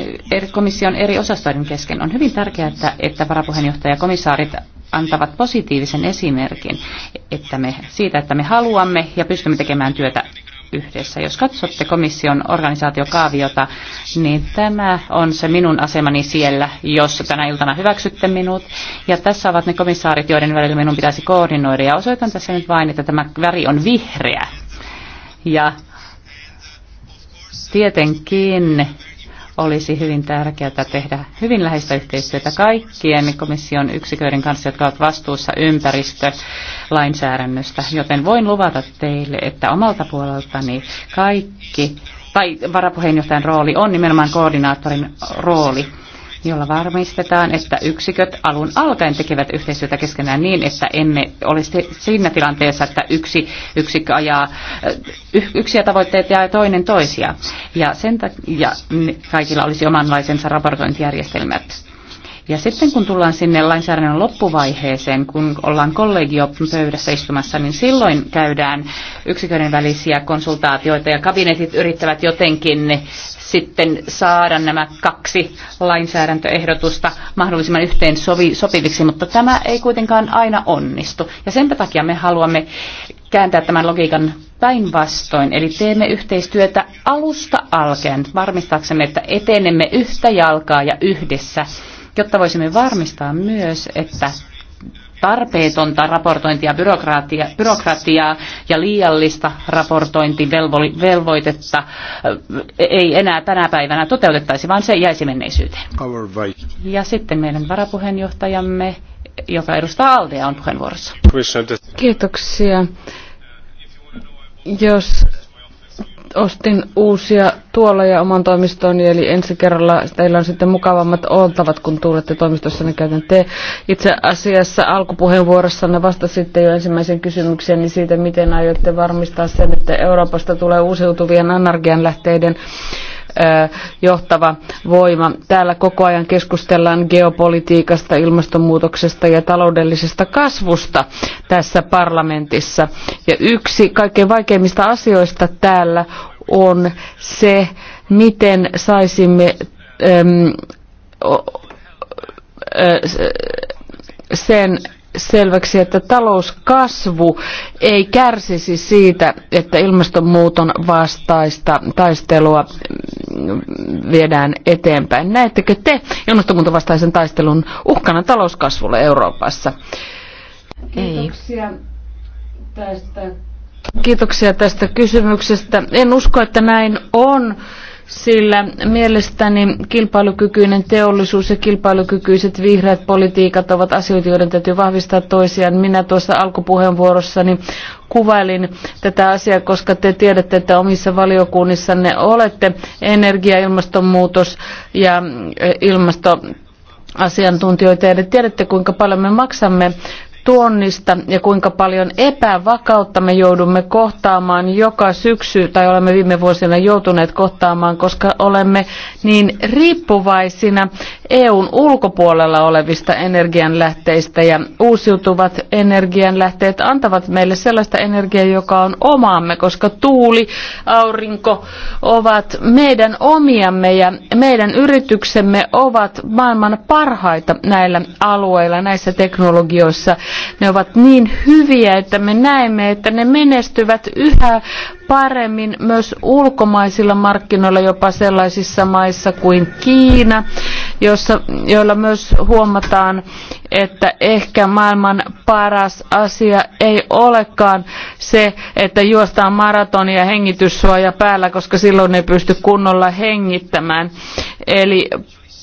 komission eri osastoiden kesken. On hyvin tärkeää, että, että varapuheenjohtaja ja komissaarit antavat positiivisen esimerkin että me, siitä, että me haluamme ja pystymme tekemään työtä yhdessä. Jos katsotte komission organisaatiokaaviota, niin tämä on se minun asemani siellä, jos tänä iltana hyväksytte minut. Ja tässä ovat ne komissaarit, joiden välillä minun pitäisi koordinoida. Ja osoitan tässä nyt vain, että tämä väri on vihreä. Ja tietenkin olisi hyvin tärkeää tehdä hyvin läheistä yhteistyötä kaikkien komission yksiköiden kanssa, jotka ovat vastuussa ympäristölainsäädännöstä. Joten voin luvata teille, että omalta puoleltani kaikki, tai varapuheenjohtajan rooli on nimenomaan koordinaattorin rooli jolla varmistetaan, että yksiköt alun alkaen tekevät yhteistyötä keskenään niin, että emme ole siinä tilanteessa, että yksi yksikkö ajaa yksiä tavoitteita ja toinen toisia. Ja, sen takia ja kaikilla olisi omanlaisensa raportointijärjestelmät ja sitten kun tullaan sinne lainsäädännön loppuvaiheeseen, kun ollaan kollegiopöydässä istumassa, niin silloin käydään yksiköiden välisiä konsultaatioita ja kabinetit yrittävät jotenkin sitten saada nämä kaksi lainsäädäntöehdotusta mahdollisimman yhteen sovi, sopiviksi, mutta tämä ei kuitenkaan aina onnistu. Ja sen takia me haluamme kääntää tämän logiikan päinvastoin, eli teemme yhteistyötä alusta alkeen varmistaaksemme, että etenemme yhtä jalkaa ja yhdessä jotta voisimme varmistaa myös, että tarpeetonta raportointia, byrokratia, byrokratiaa ja liiallista raportointivelvoitetta ei enää tänä päivänä toteutettaisi, vaan se jäisi menneisyyteen. Ja sitten meidän varapuheenjohtajamme, joka edustaa Aldea, on puheenvuorossa. Kiitoksia. Jos ostin uusia tuoleja oman toimistooni, eli ensi kerralla teillä on sitten mukavammat oltavat, kun tuulette toimistossa, niin käytän te. Itse asiassa alkupuheenvuorossanne vastasitte jo ensimmäisen kysymykseen niin siitä, miten aiotte varmistaa sen, että Euroopasta tulee uusiutuvien energianlähteiden johtava voima. Täällä koko ajan keskustellaan geopolitiikasta, ilmastonmuutoksesta ja taloudellisesta kasvusta tässä parlamentissa. Ja yksi kaikkein vaikeimmista asioista täällä on se, miten saisimme sen selväksi, että talouskasvu ei kärsisi siitä, että ilmastonmuuton vastaista taistelua mm, viedään eteenpäin. Näettekö te ilmastonmuuton vastaisen taistelun uhkana talouskasvulle Euroopassa? Kiitoksia tästä, Kiitoksia tästä kysymyksestä. En usko, että näin on sillä mielestäni kilpailukykyinen teollisuus ja kilpailukykyiset vihreät politiikat ovat asioita, joiden täytyy vahvistaa toisiaan. Minä tuossa alkupuheenvuorossani kuvailin tätä asiaa, koska te tiedätte, että omissa valiokunnissanne olette energia, ilmastonmuutos ja eh, ilmasto asiantuntijoita ja tiedätte, kuinka paljon me maksamme tuonnista ja kuinka paljon epävakautta me joudumme kohtaamaan joka syksy tai olemme viime vuosina joutuneet kohtaamaan, koska olemme niin riippuvaisina EUn ulkopuolella olevista energianlähteistä ja uusiutuvat energianlähteet antavat meille sellaista energiaa, joka on omaamme, koska tuuli, aurinko ovat meidän omiamme ja meidän yrityksemme ovat maailman parhaita näillä alueilla, näissä teknologioissa ne ovat niin hyviä, että me näemme, että ne menestyvät yhä paremmin myös ulkomaisilla markkinoilla, jopa sellaisissa maissa kuin Kiina, jossa, joilla myös huomataan, että ehkä maailman paras asia ei olekaan se, että juostaan maratonia hengityssuoja päällä, koska silloin ei pysty kunnolla hengittämään. Eli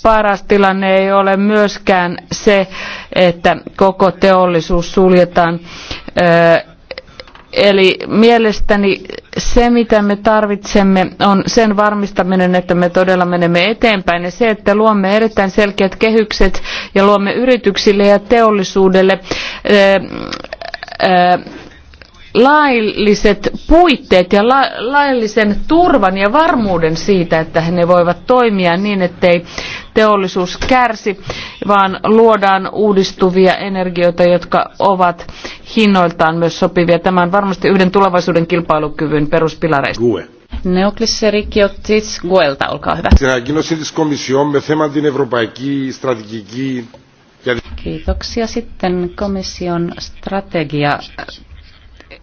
paras tilanne ei ole myöskään se, että koko teollisuus suljetaan. Eli mielestäni se, mitä me tarvitsemme, on sen varmistaminen, että me todella menemme eteenpäin. Ja se, että luomme erittäin selkeät kehykset ja luomme yrityksille ja teollisuudelle lailliset puitteet ja la, laillisen turvan ja varmuuden siitä, että ne voivat toimia niin, ettei teollisuus kärsi, vaan luodaan uudistuvia energioita, jotka ovat hinnoiltaan myös sopivia. Tämä on varmasti yhden tulevaisuuden kilpailukyvyn peruspilareista. Gue. Neoklisse Rikiotis Guelta, olkaa hyvä. Kiitoksia sitten komission strategia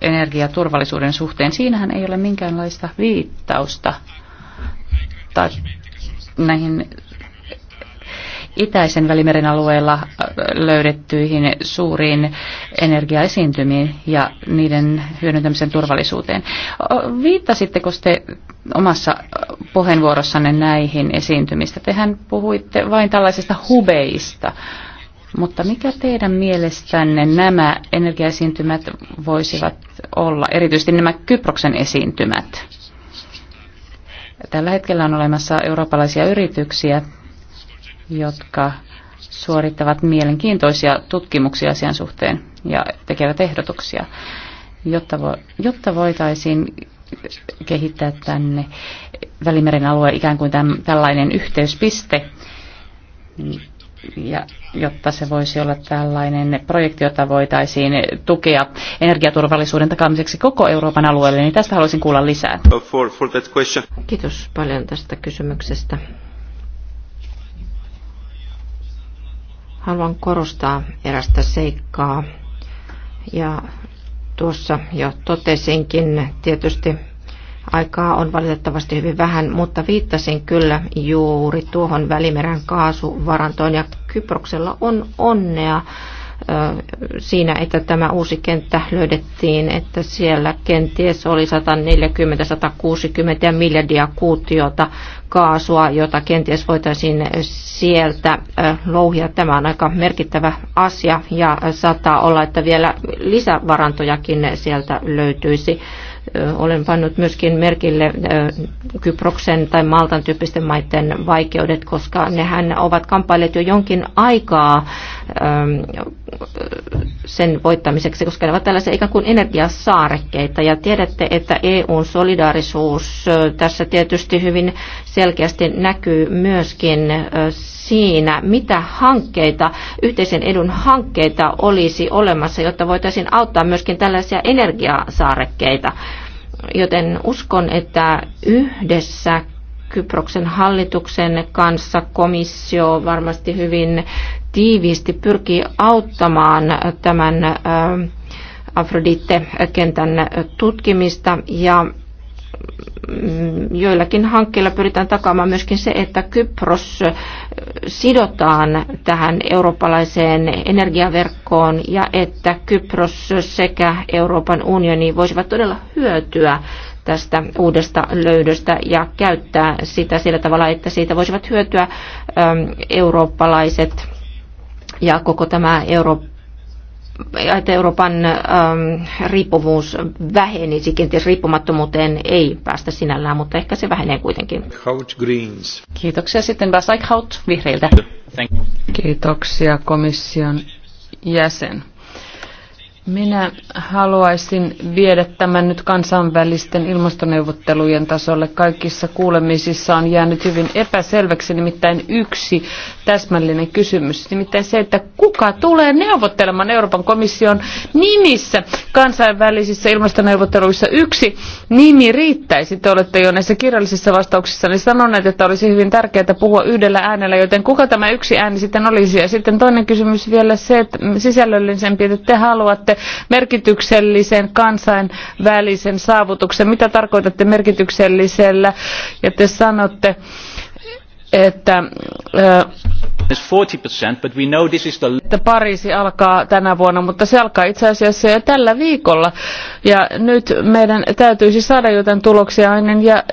energiaturvallisuuden suhteen. Siinähän ei ole minkäänlaista viittausta tai näihin itäisen välimeren alueella äh, löydettyihin suuriin energiaesiintymiin ja niiden hyödyntämisen turvallisuuteen. Viittasitteko te omassa puheenvuorossanne näihin esiintymistä? Tehän puhuitte vain tällaisista hubeista, mutta mikä teidän mielestänne nämä energiaesiintymät voisivat olla, erityisesti nämä Kyproksen esiintymät? Tällä hetkellä on olemassa eurooppalaisia yrityksiä, jotka suorittavat mielenkiintoisia tutkimuksia asian suhteen ja tekevät ehdotuksia, jotta, vo, jotta voitaisiin kehittää tänne Välimeren alueen ikään kuin tämän, tällainen yhteyspiste ja jotta se voisi olla tällainen projekti, jota voitaisiin tukea energiaturvallisuuden takaamiseksi koko Euroopan alueelle, niin tästä haluaisin kuulla lisää. For, for that question. Kiitos paljon tästä kysymyksestä. Haluan korostaa erästä seikkaa ja tuossa jo totesinkin tietysti aikaa on valitettavasti hyvin vähän, mutta viittasin kyllä juuri tuohon Välimeren kaasuvarantoon ja Kyproksella on onnea siinä, että tämä uusi kenttä löydettiin, että siellä kenties oli 140-160 miljardia kuutiota kaasua, jota kenties voitaisiin sieltä louhia. Tämä on aika merkittävä asia ja saattaa olla, että vielä lisävarantojakin sieltä löytyisi. Olen pannut myöskin merkille Kyproksen tai Maltan tyyppisten maiden vaikeudet, koska nehän ovat kamppailleet jo jonkin aikaa sen voittamiseksi, koska ne ovat tällaisia ikään kuin energiasaarekkeita. Ja tiedätte, että EUn solidaarisuus tässä tietysti hyvin selkeästi näkyy myöskin siinä, mitä hankkeita, yhteisen edun hankkeita olisi olemassa, jotta voitaisiin auttaa myöskin tällaisia energiasaarekkeita. Joten uskon, että yhdessä Kyproksen hallituksen kanssa komissio varmasti hyvin tiiviisti pyrkii auttamaan tämän Afrodite-kentän tutkimista ja mm, joillakin hankkeilla pyritään takaamaan myöskin se, että Kypros sidotaan tähän eurooppalaiseen energiaverkkoon ja että Kypros sekä Euroopan unioni voisivat todella hyötyä tästä uudesta löydöstä ja käyttää sitä sillä tavalla, että siitä voisivat hyötyä eurooppalaiset ja koko tämä Euro- että Euroopan äm, riippuvuus väheni, kenties riippumattomuuteen ei päästä sinällään, mutta ehkä se vähenee kuitenkin. Greens. Kiitoksia sitten Bas Eichhout vihreiltä. Kiitoksia komission jäsen. Minä haluaisin viedä tämän nyt kansainvälisten ilmastoneuvottelujen tasolle. Kaikissa kuulemisissa on jäänyt hyvin epäselväksi nimittäin yksi täsmällinen kysymys. Nimittäin se, että kuka tulee neuvottelemaan Euroopan komission nimissä kansainvälisissä ilmastoneuvotteluissa. Yksi nimi riittäisi. Te olette jo näissä kirjallisissa niin sanoneet, että olisi hyvin tärkeää puhua yhdellä äänellä, joten kuka tämä yksi ääni sitten olisi. Ja sitten toinen kysymys vielä se, että sisällöllisempi, että te haluatte sanoitte merkityksellisen kansainvälisen saavutuksen. Mitä tarkoitatte merkityksellisellä? Ja te sanotte, että, että Pariisi alkaa tänä vuonna, mutta se alkaa itse asiassa jo tällä viikolla. Ja nyt meidän täytyisi saada jotain tuloksia ennen ja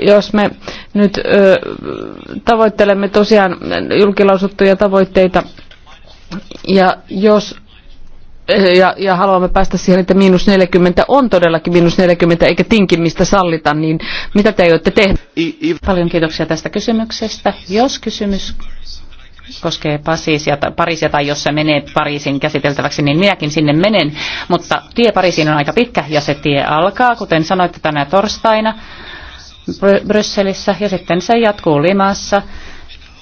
jos me nyt tavoittelemme tosiaan julkilausuttuja tavoitteita ja jos eh, ja, ja haluamme päästä siihen, että miinus 40 on todellakin miinus 40 eikä tinkimistä sallita, niin mitä te aiotte tehdä? Paljon kiitoksia tästä kysymyksestä. Jos kysymys koskee tai Pariisia tai jos se menee Pariisin käsiteltäväksi, niin minäkin sinne menen. Mutta tie Pariisiin on aika pitkä ja se tie alkaa, kuten sanoitte tänä torstaina Bry- Brysselissä ja sitten se jatkuu Limassa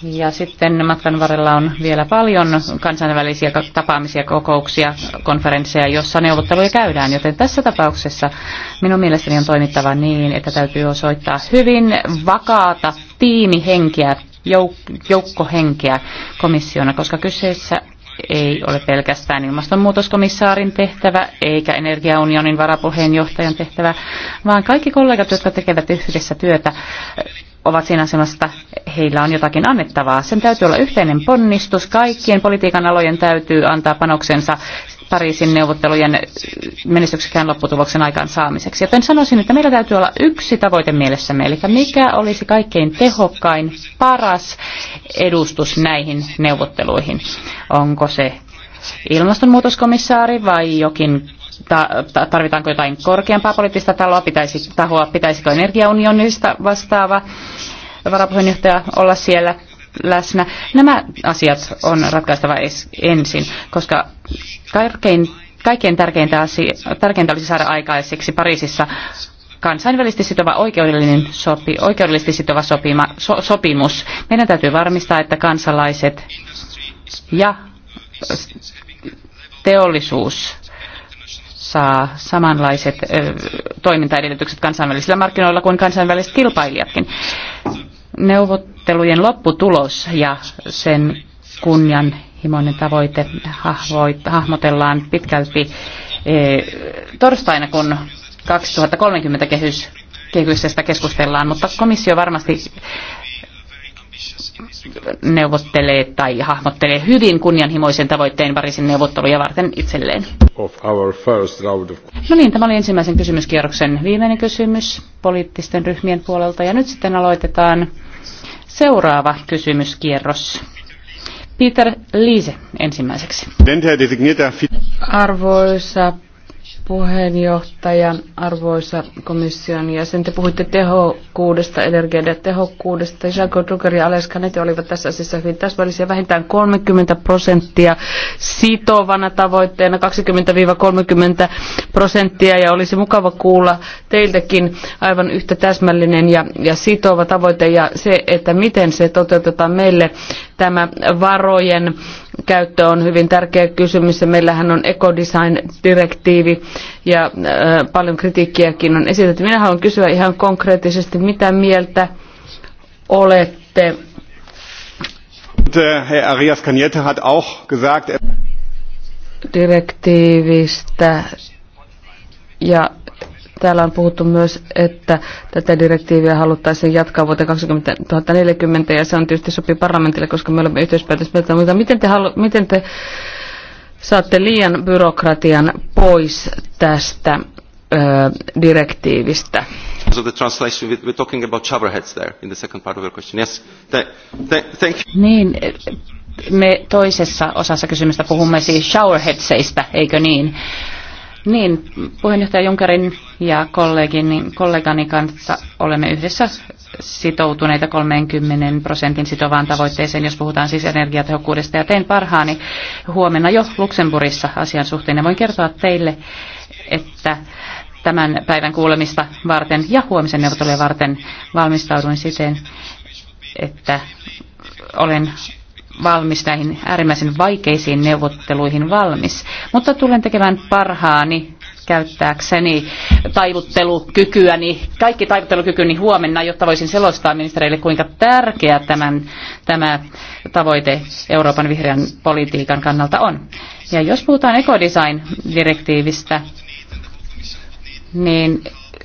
ja sitten matkan varrella on vielä paljon kansainvälisiä tapaamisia, kokouksia, konferensseja, jossa neuvotteluja käydään. Joten tässä tapauksessa minun mielestäni on toimittava niin, että täytyy osoittaa hyvin vakaata tiimihenkeä, jouk- joukkohenkeä komissiona, koska kyseessä ei ole pelkästään ilmastonmuutoskomissaarin tehtävä eikä energiaunionin varapuheenjohtajan tehtävä, vaan kaikki kollegat, jotka tekevät yhdessä työtä ovat siinä asemassa, että heillä on jotakin annettavaa. Sen täytyy olla yhteinen ponnistus. Kaikkien politiikan alojen täytyy antaa panoksensa Pariisin neuvottelujen menestyksekään lopputuloksen aikaan saamiseksi. Joten sanoisin, että meillä täytyy olla yksi tavoite mielessämme, eli mikä olisi kaikkein tehokkain, paras edustus näihin neuvotteluihin. Onko se ilmastonmuutoskomissaari vai jokin tarvitaanko jotain korkeampaa poliittista taloa, pitäisi, tahoa, pitäisikö energiaunionista vastaava varapuheenjohtaja olla siellä läsnä. Nämä asiat on ratkaistava ensin, koska kaikkein, kaikkein tärkeintä, asia, tärkeintä olisi saada aikaiseksi Pariisissa kansainvälisesti sitova oikeudellinen sopi, oikeudellisesti sitova sopima, so, sopimus. Meidän täytyy varmistaa, että kansalaiset ja teollisuus saa samanlaiset ö, toimintaedellytykset kansainvälisillä markkinoilla kuin kansainväliset kilpailijatkin. Neuvottelujen lopputulos ja sen kunnianhimoinen tavoite hahmotellaan pitkälti e, torstaina, kun 2030 kehys kehyksestä keskustellaan, mutta komissio varmasti neuvottelee tai hahmottelee hyvin kunnianhimoisen tavoitteen parisin neuvotteluja varten itselleen. No niin, tämä oli ensimmäisen kysymyskierroksen viimeinen kysymys poliittisten ryhmien puolelta. Ja nyt sitten aloitetaan seuraava kysymyskierros. Peter Liise ensimmäiseksi. Arvoisa puheenjohtaja, arvoisa komission jäsen, te puhuitte tehokkuudesta, energian tehokkuudesta. Jaco Drucker ja Alex Canetti olivat tässä asiassa hyvin täsmällisiä. Vähintään 30 prosenttia sitovana tavoitteena, 20-30 prosenttia. Ja olisi mukava kuulla teiltäkin aivan yhtä täsmällinen ja, ja sitova tavoite ja se, että miten se toteutetaan meille tämä varojen käyttö on hyvin tärkeä kysymys. Meillähän on ekodesign-direktiivi ja äh, paljon kritiikkiäkin on esitetty. Minä haluan kysyä ihan konkreettisesti, mitä mieltä olette? Äh, Herr Arias Cañete hat auch gesagt, er- direktiivistä ja Täällä on puhuttu myös, että tätä direktiiviä haluttaisiin jatkaa vuoteen 2040 ja se on tietysti sopii parlamentille, koska me olemme yhteispäätössä. Mutta miten te, halu, miten te saatte liian byrokratian pois tästä ö, direktiivistä? So the translation, we're talking about showerheads there in the second part of your question. Yes, th- th- thank you. Niin, me toisessa osassa kysymystä puhumme siis showerheadseista, eikö niin? Niin, puheenjohtaja Junkerin ja kollegin, kollegani kanssa olemme yhdessä sitoutuneita 30 prosentin sitovaan tavoitteeseen, jos puhutaan siis energiatehokkuudesta. Ja teen parhaani huomenna jo Luxemburissa asian suhteen. Ja voin kertoa teille, että tämän päivän kuulemista varten ja huomisen neuvottelujen varten valmistauduin siten, että olen valmis näihin äärimmäisen vaikeisiin neuvotteluihin valmis, mutta tulen tekemään parhaani käyttääkseni taivuttelukykyäni, kaikki taivuttelukykyni huomenna, jotta voisin selostaa ministereille, kuinka tärkeä tämän, tämä tavoite Euroopan vihreän politiikan kannalta on. Ja jos puhutaan ekodesign-direktiivistä, niin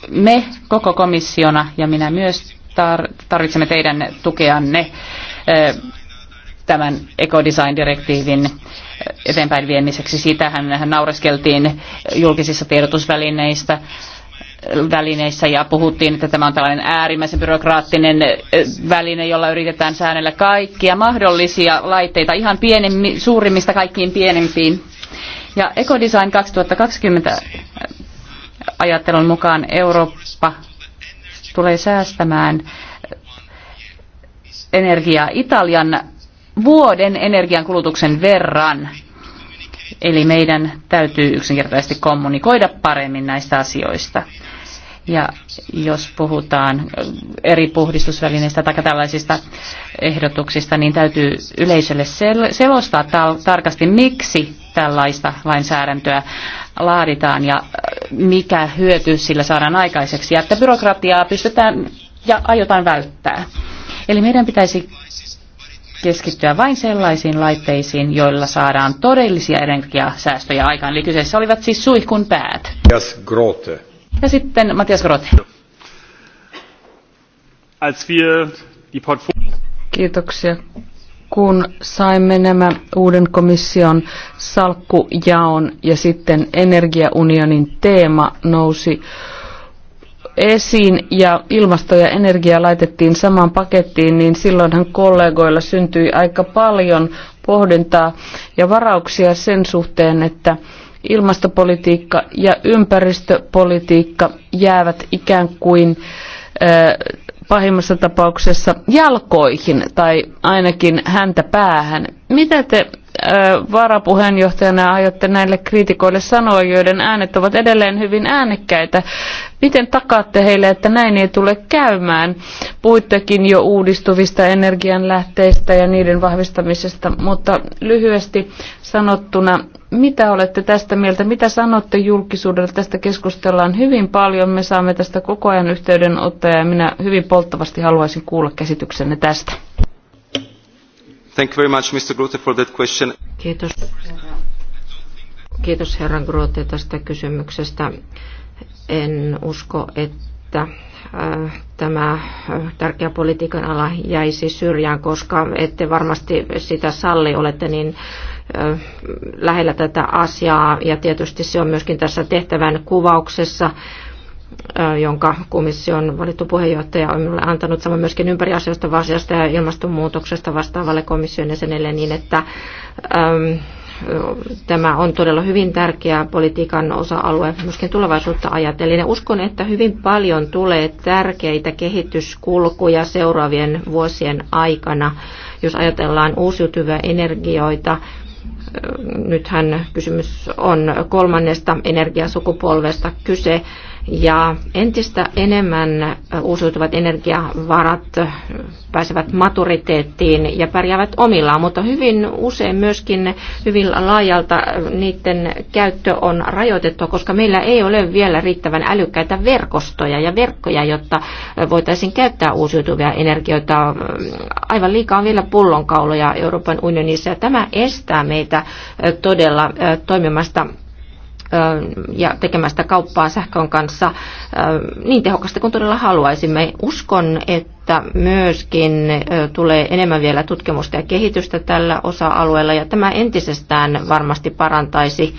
me koko komissiona ja minä myös tarvitsemme teidän tukeanne tämän ekodesign-direktiivin eteenpäin viemiseksi. Siitähän naureskeltiin julkisissa tiedotusvälineissä välineissä ja puhuttiin, että tämä on tällainen äärimmäisen byrokraattinen väline, jolla yritetään säännellä kaikkia mahdollisia laitteita ihan pienemmi, suurimmista kaikkiin pienempiin. Ja Ecodesign 2020 ajattelun mukaan Eurooppa tulee säästämään energiaa. Italian vuoden energiankulutuksen verran. Eli meidän täytyy yksinkertaisesti kommunikoida paremmin näistä asioista. Ja jos puhutaan äh, eri puhdistusvälineistä tai tällaisista ehdotuksista, niin täytyy yleisölle selostaa tarkasti, miksi tällaista lainsäädäntöä laaditaan ja äh, mikä hyöty sillä saadaan aikaiseksi ja että byrokratiaa pystytään ja aiotaan välttää. Eli meidän pitäisi keskittyä vain sellaisiin laitteisiin, joilla saadaan todellisia energiasäästöjä aikaan. Eli kyseessä olivat siis suihkun päät. Yes, Grote. Ja sitten Matias Grote. Kiitoksia. Kun saimme nämä uuden komission salkkujaon ja sitten energiaunionin teema nousi esiin ja ilmasto ja energia laitettiin samaan pakettiin, niin silloinhan kollegoilla syntyi aika paljon pohdintaa ja varauksia sen suhteen, että ilmastopolitiikka ja ympäristöpolitiikka jäävät ikään kuin pahimmassa tapauksessa jalkoihin tai ainakin häntä päähän. Mitä te varapuheenjohtajana aiotte näille kriitikoille sanoa, joiden äänet ovat edelleen hyvin äänekkäitä? Miten takaatte heille, että näin ei tule käymään? Puittekin jo uudistuvista energianlähteistä ja niiden vahvistamisesta, mutta lyhyesti sanottuna, mitä olette tästä mieltä? Mitä sanotte julkisuudelle? Tästä keskustellaan hyvin paljon. Me saamme tästä koko ajan yhteydenottoja ja minä hyvin polttavasti haluaisin kuulla käsityksenne tästä. Thank you very much, Mr. Grote, for that question. Kiitos. Kiitos herra Grote tästä kysymyksestä. En usko, että äh, tämä äh, tärkeä politiikan ala jäisi syrjään, koska ette varmasti sitä salli, olette niin äh, lähellä tätä asiaa ja tietysti se on myöskin tässä tehtävän kuvauksessa jonka komission valittu puheenjohtaja on minulle antanut, samoin myöskin ympäriasioista, asiasta ja ilmastonmuutoksesta vastaavalle komission jäsenelle, niin että äm, tämä on todella hyvin tärkeä politiikan osa-alue myöskin tulevaisuutta ajatellen. uskon, että hyvin paljon tulee tärkeitä kehityskulkuja seuraavien vuosien aikana, jos ajatellaan uusiutuvia energioita, nythän kysymys on kolmannesta energiasukupolvesta kyse, ja entistä enemmän uusiutuvat energiavarat pääsevät maturiteettiin ja pärjäävät omillaan, mutta hyvin usein myöskin hyvin laajalta niiden käyttö on rajoitettu, koska meillä ei ole vielä riittävän älykkäitä verkostoja ja verkkoja, jotta voitaisiin käyttää uusiutuvia energioita. Aivan liikaa on vielä pullonkauloja Euroopan unionissa ja tämä estää meitä todella toimimasta ja tekemästä kauppaa sähkön kanssa niin tehokasta kuin todella haluaisimme. Uskon, että myöskin tulee enemmän vielä tutkimusta ja kehitystä tällä osa-alueella ja tämä entisestään varmasti parantaisi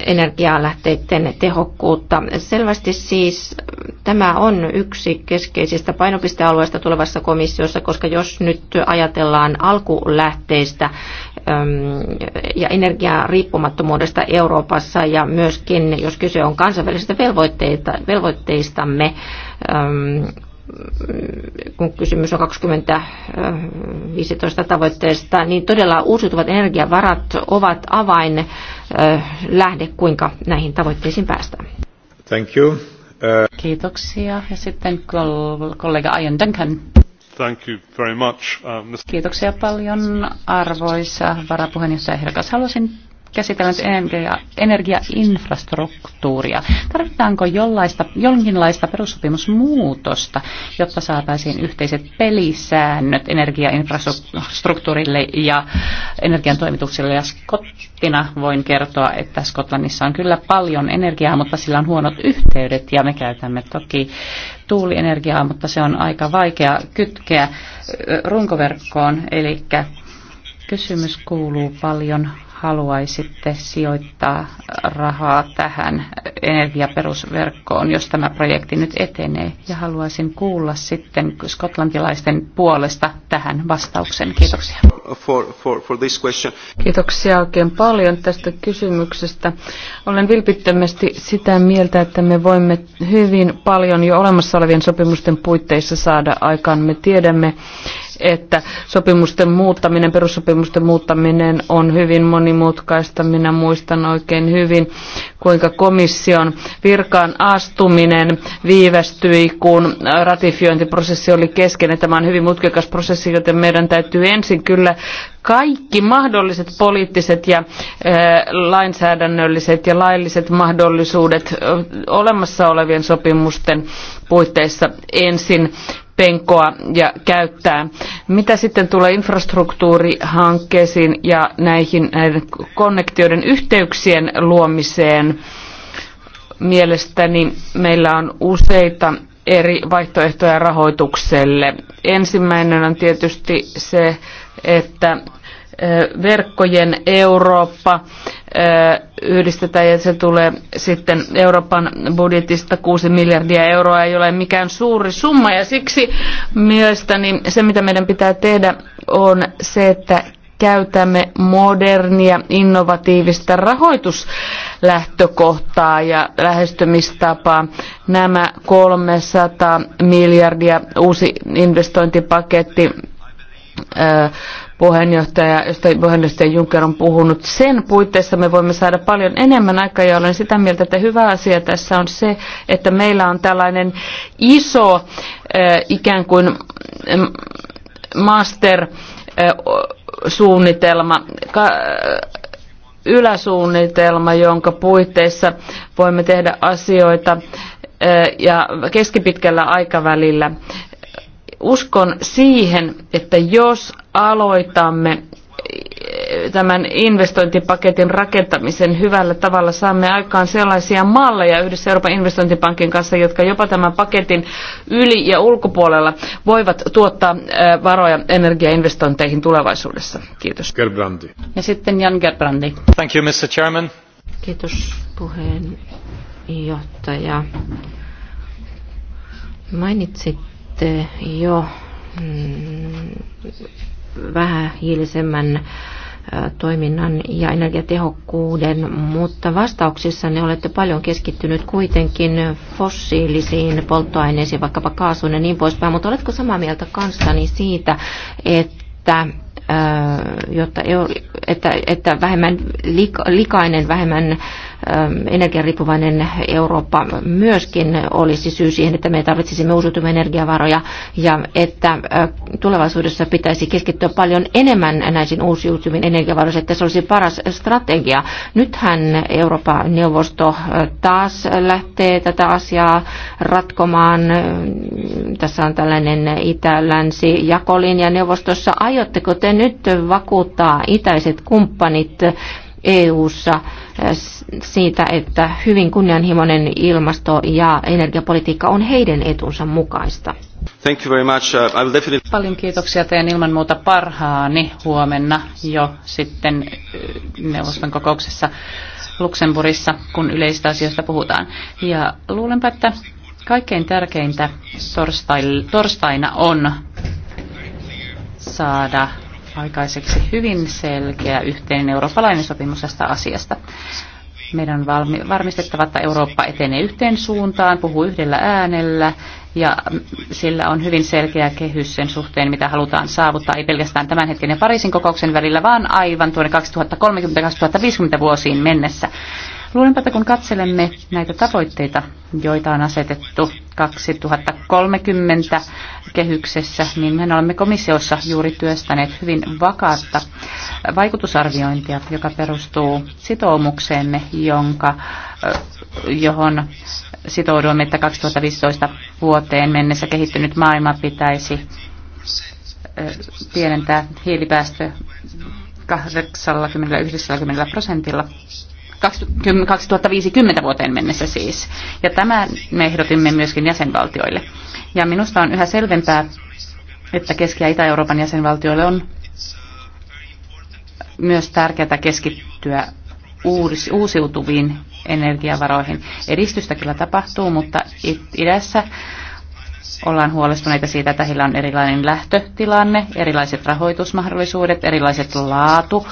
energialähteiden tehokkuutta. Selvästi siis tämä on yksi keskeisistä painopistealueista tulevassa komissiossa, koska jos nyt ajatellaan alkulähteistä ähm, ja energian riippumattomuudesta Euroopassa ja myöskin jos kyse on kansainvälisistä velvoitteistamme, ähm, kun kysymys on 2015 tavoitteesta, niin todella uusiutuvat energiavarat ovat avain lähde, kuinka näihin tavoitteisiin päästään. Thank you. Uh... Kiitoksia. Ja sitten kollega Ian Duncan. Thank you very much, uh, Mr. Kiitoksia paljon arvoisa varapuheenjohtaja Herkas. Haluaisin käsitellään energia, energiainfrastruktuuria. Tarvitaanko jollaista, jonkinlaista perussopimusmuutosta, jotta saataisiin yhteiset pelisäännöt energiainfrastruktuurille ja energiantoimituksille? Ja skottina voin kertoa, että Skotlannissa on kyllä paljon energiaa, mutta sillä on huonot yhteydet ja me käytämme toki tuulienergiaa, mutta se on aika vaikea kytkeä runkoverkkoon, eli kysymys kuuluu paljon, haluaisitte sijoittaa rahaa tähän energiaperusverkkoon, jos tämä projekti nyt etenee? Ja haluaisin kuulla sitten skotlantilaisten puolesta tähän vastauksen. Kiitoksia. For, for, for this question. Kiitoksia oikein paljon tästä kysymyksestä. Olen vilpittömästi sitä mieltä, että me voimme hyvin paljon jo olemassa olevien sopimusten puitteissa saada aikaan. Me tiedämme, että sopimusten muuttaminen, perussopimusten muuttaminen on hyvin monimutkaista. Minä muistan oikein hyvin, kuinka komission virkaan astuminen viivästyi, kun ratifiointiprosessi oli kesken. Tämä on hyvin mutkikas prosessi, joten meidän täytyy ensin kyllä kaikki mahdolliset poliittiset ja lainsäädännölliset ja lailliset mahdollisuudet olemassa olevien sopimusten puitteissa ensin penkoa ja käyttää. Mitä sitten tulee infrastruktuurihankkeisiin ja näihin näiden konnektioiden yhteyksien luomiseen? Mielestäni meillä on useita eri vaihtoehtoja rahoitukselle. Ensimmäinen on tietysti se, että verkkojen Eurooppa yhdistetään ja se tulee sitten Euroopan budjetista 6 miljardia euroa ei ole mikään suuri summa ja siksi mielestäni se mitä meidän pitää tehdä on se, että käytämme modernia, innovatiivista rahoituslähtökohtaa ja lähestymistapaa. Nämä 300 miljardia uusi investointipaketti puheenjohtaja, josta puheenjohtaja Juncker on puhunut. Sen puitteissa me voimme saada paljon enemmän aikaa ja olen sitä mieltä, että hyvä asia tässä on se, että meillä on tällainen iso eh, ikään kuin master-suunnitelma, eh, eh, yläsuunnitelma, jonka puitteissa voimme tehdä asioita ja keskipitkällä aikavälillä uskon siihen, että jos aloitamme eh, tämän investointipaketin rakentamisen hyvällä tavalla saamme aikaan sellaisia malleja yhdessä Euroopan investointipankin kanssa, jotka jopa tämän paketin yli ja ulkopuolella voivat tuottaa eh, varoja energiainvestointeihin tulevaisuudessa. Kiitos. Gerbrandi. Ja sitten Jan Gerbrandi. Thank you, Mr. Chairman. Kiitos puheenjohtaja. Mainitsit jo mm, vähähiilisemmän toiminnan ja energiatehokkuuden, mutta vastauksissa ne olette paljon keskittynyt kuitenkin fossiilisiin polttoaineisiin, vaikkapa kaasuun ja niin poispäin. Mutta oletko samaa mieltä kanssani siitä, että jotta, e- että, että vähemmän likainen, vähemmän energiariippuvainen Eurooppa myöskin olisi syy siihen, että me tarvitsisimme uusiutuvia energiavaroja ja että tulevaisuudessa pitäisi keskittyä paljon enemmän näihin uusiutuviin energiavaroihin, että se olisi paras strategia. Nythän Euroopan neuvosto taas lähtee tätä asiaa ratkomaan. Tässä on tällainen itä-länsi jakolinja neuvostossa. Aiotteko te nyt vakuuttaa itäiset kumppanit EU:ssa? ssa siitä, että hyvin kunnianhimoinen ilmasto- ja energiapolitiikka on heidän etunsa mukaista. Thank you very much. Uh, I will definitely... Paljon kiitoksia. teidän ilman muuta parhaani huomenna jo sitten uh, neuvoston kokouksessa Luxemburissa, kun yleistä asioista puhutaan. Ja luulenpa, että kaikkein tärkeintä torstaina on saada aikaiseksi hyvin selkeä yhteinen eurooppalainen sopimus tästä asiasta. Meidän on valmi- varmistettava, että Eurooppa etenee yhteen suuntaan, puhuu yhdellä äänellä ja sillä on hyvin selkeä kehys sen suhteen, mitä halutaan saavuttaa, ei pelkästään tämän hetken ja Pariisin kokouksen välillä, vaan aivan tuonne 2030-2050 vuosiin mennessä. Luulenpa, että kun katselemme näitä tavoitteita, joita on asetettu 2030 kehyksessä, niin me olemme komissiossa juuri työstäneet hyvin vakaatta vaikutusarviointia, joka perustuu sitoumukseemme, jonka, johon sitouduimme, että 2015 vuoteen mennessä kehittynyt maailma pitäisi pienentää hiilipäästö 80-90 prosentilla 2050 vuoteen mennessä siis. Ja tämä me ehdotimme myöskin jäsenvaltioille. Ja minusta on yhä selvempää, että Keski- ja Itä-Euroopan jäsenvaltioille on myös tärkeää keskittyä uusiutuviin energiavaroihin. Edistystä kyllä tapahtuu, mutta idässä ollaan huolestuneita siitä, että heillä on erilainen lähtötilanne, erilaiset rahoitusmahdollisuudet, erilaiset laatu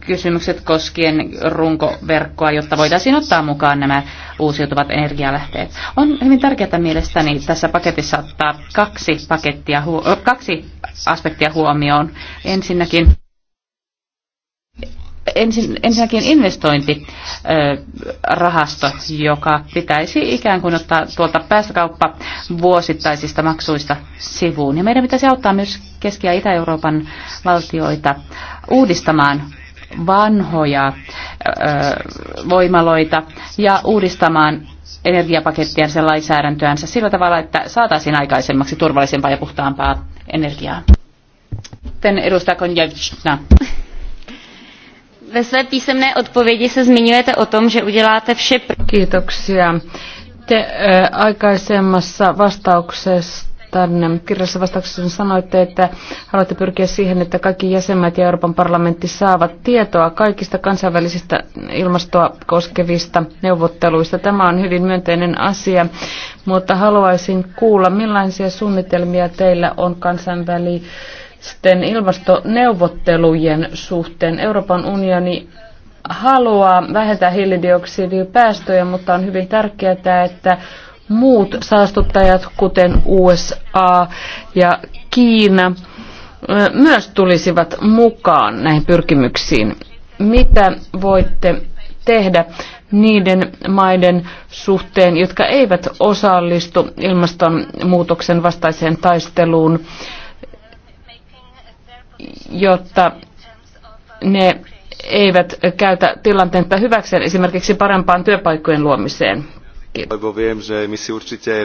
kysymykset koskien runkoverkkoa, jotta voitaisiin ottaa mukaan nämä uusiutuvat energialähteet. On hyvin tärkeää mielestäni tässä paketissa ottaa kaksi, pakettia, kaksi aspektia huomioon. Ensinnäkin ensin, ensinnäkin investointirahasto, joka pitäisi ikään kuin ottaa tuolta päästökauppa vuosittaisista maksuista sivuun. Ja meidän pitäisi auttaa myös Keski- ja Itä-Euroopan valtioita uudistamaan vanhoja ö, voimaloita ja uudistamaan sen lainsäädäntöänsä sillä tavalla, että saataisiin aikaisemmaksi turvallisempaa ja puhtaampaa energiaa. Sitten edustaja Konjevna. Ve své písemné odpovědi se zmiňujete o tom, že uděláte vše. Kiitoksia. Te äh, aikaisemmassa vastauksessa tänne kirjassa vastauksessa sanoitte, että haluatte pyrkiä siihen, että kaikki jäsenmaat ja Euroopan parlamentti saavat tietoa kaikista kansainvälisistä ilmastoa koskevista neuvotteluista. Tämä on hyvin myönteinen asia, mutta haluaisin kuulla, millaisia suunnitelmia teillä on kansainvälisesti. Sitten ilmastoneuvottelujen suhteen Euroopan unioni haluaa vähentää hiilidioksidipäästöjä, mutta on hyvin tärkeää, että muut saastuttajat, kuten USA ja Kiina, myös tulisivat mukaan näihin pyrkimyksiin. Mitä voitte tehdä niiden maiden suhteen, jotka eivät osallistu ilmastonmuutoksen vastaiseen taisteluun jotta ne eivät käytä tilannetta hyväkseen esimerkiksi parempaan työpaikkojen luomiseen. Kiitos. E,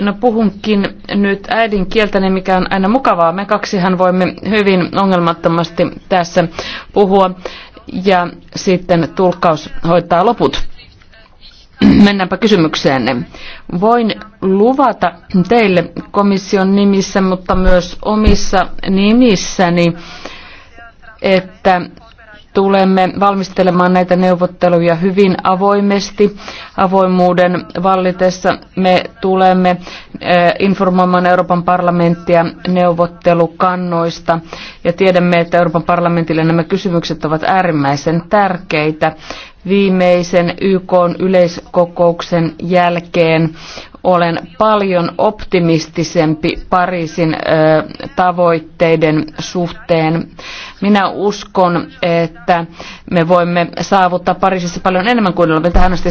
no puhunkin nyt äidinkieltäni, mikä on aina mukavaa. Me kaksihan voimme hyvin ongelmattomasti tässä puhua ja sitten tulkkaus hoitaa loput. Mennäänpä kysymykseenne. Voin luvata teille komission nimissä, mutta myös omissa nimissäni, että tulemme valmistelemaan näitä neuvotteluja hyvin avoimesti. Avoimuuden vallitessa me tulemme eh, informoimaan Euroopan parlamenttia neuvottelukannoista ja tiedämme, että Euroopan parlamentille nämä kysymykset ovat äärimmäisen tärkeitä viimeisen YK yleiskokouksen jälkeen olen paljon optimistisempi Pariisin ö, tavoitteiden suhteen. Minä uskon, että me voimme saavuttaa Pariisissa paljon enemmän kuin olemme tähän asti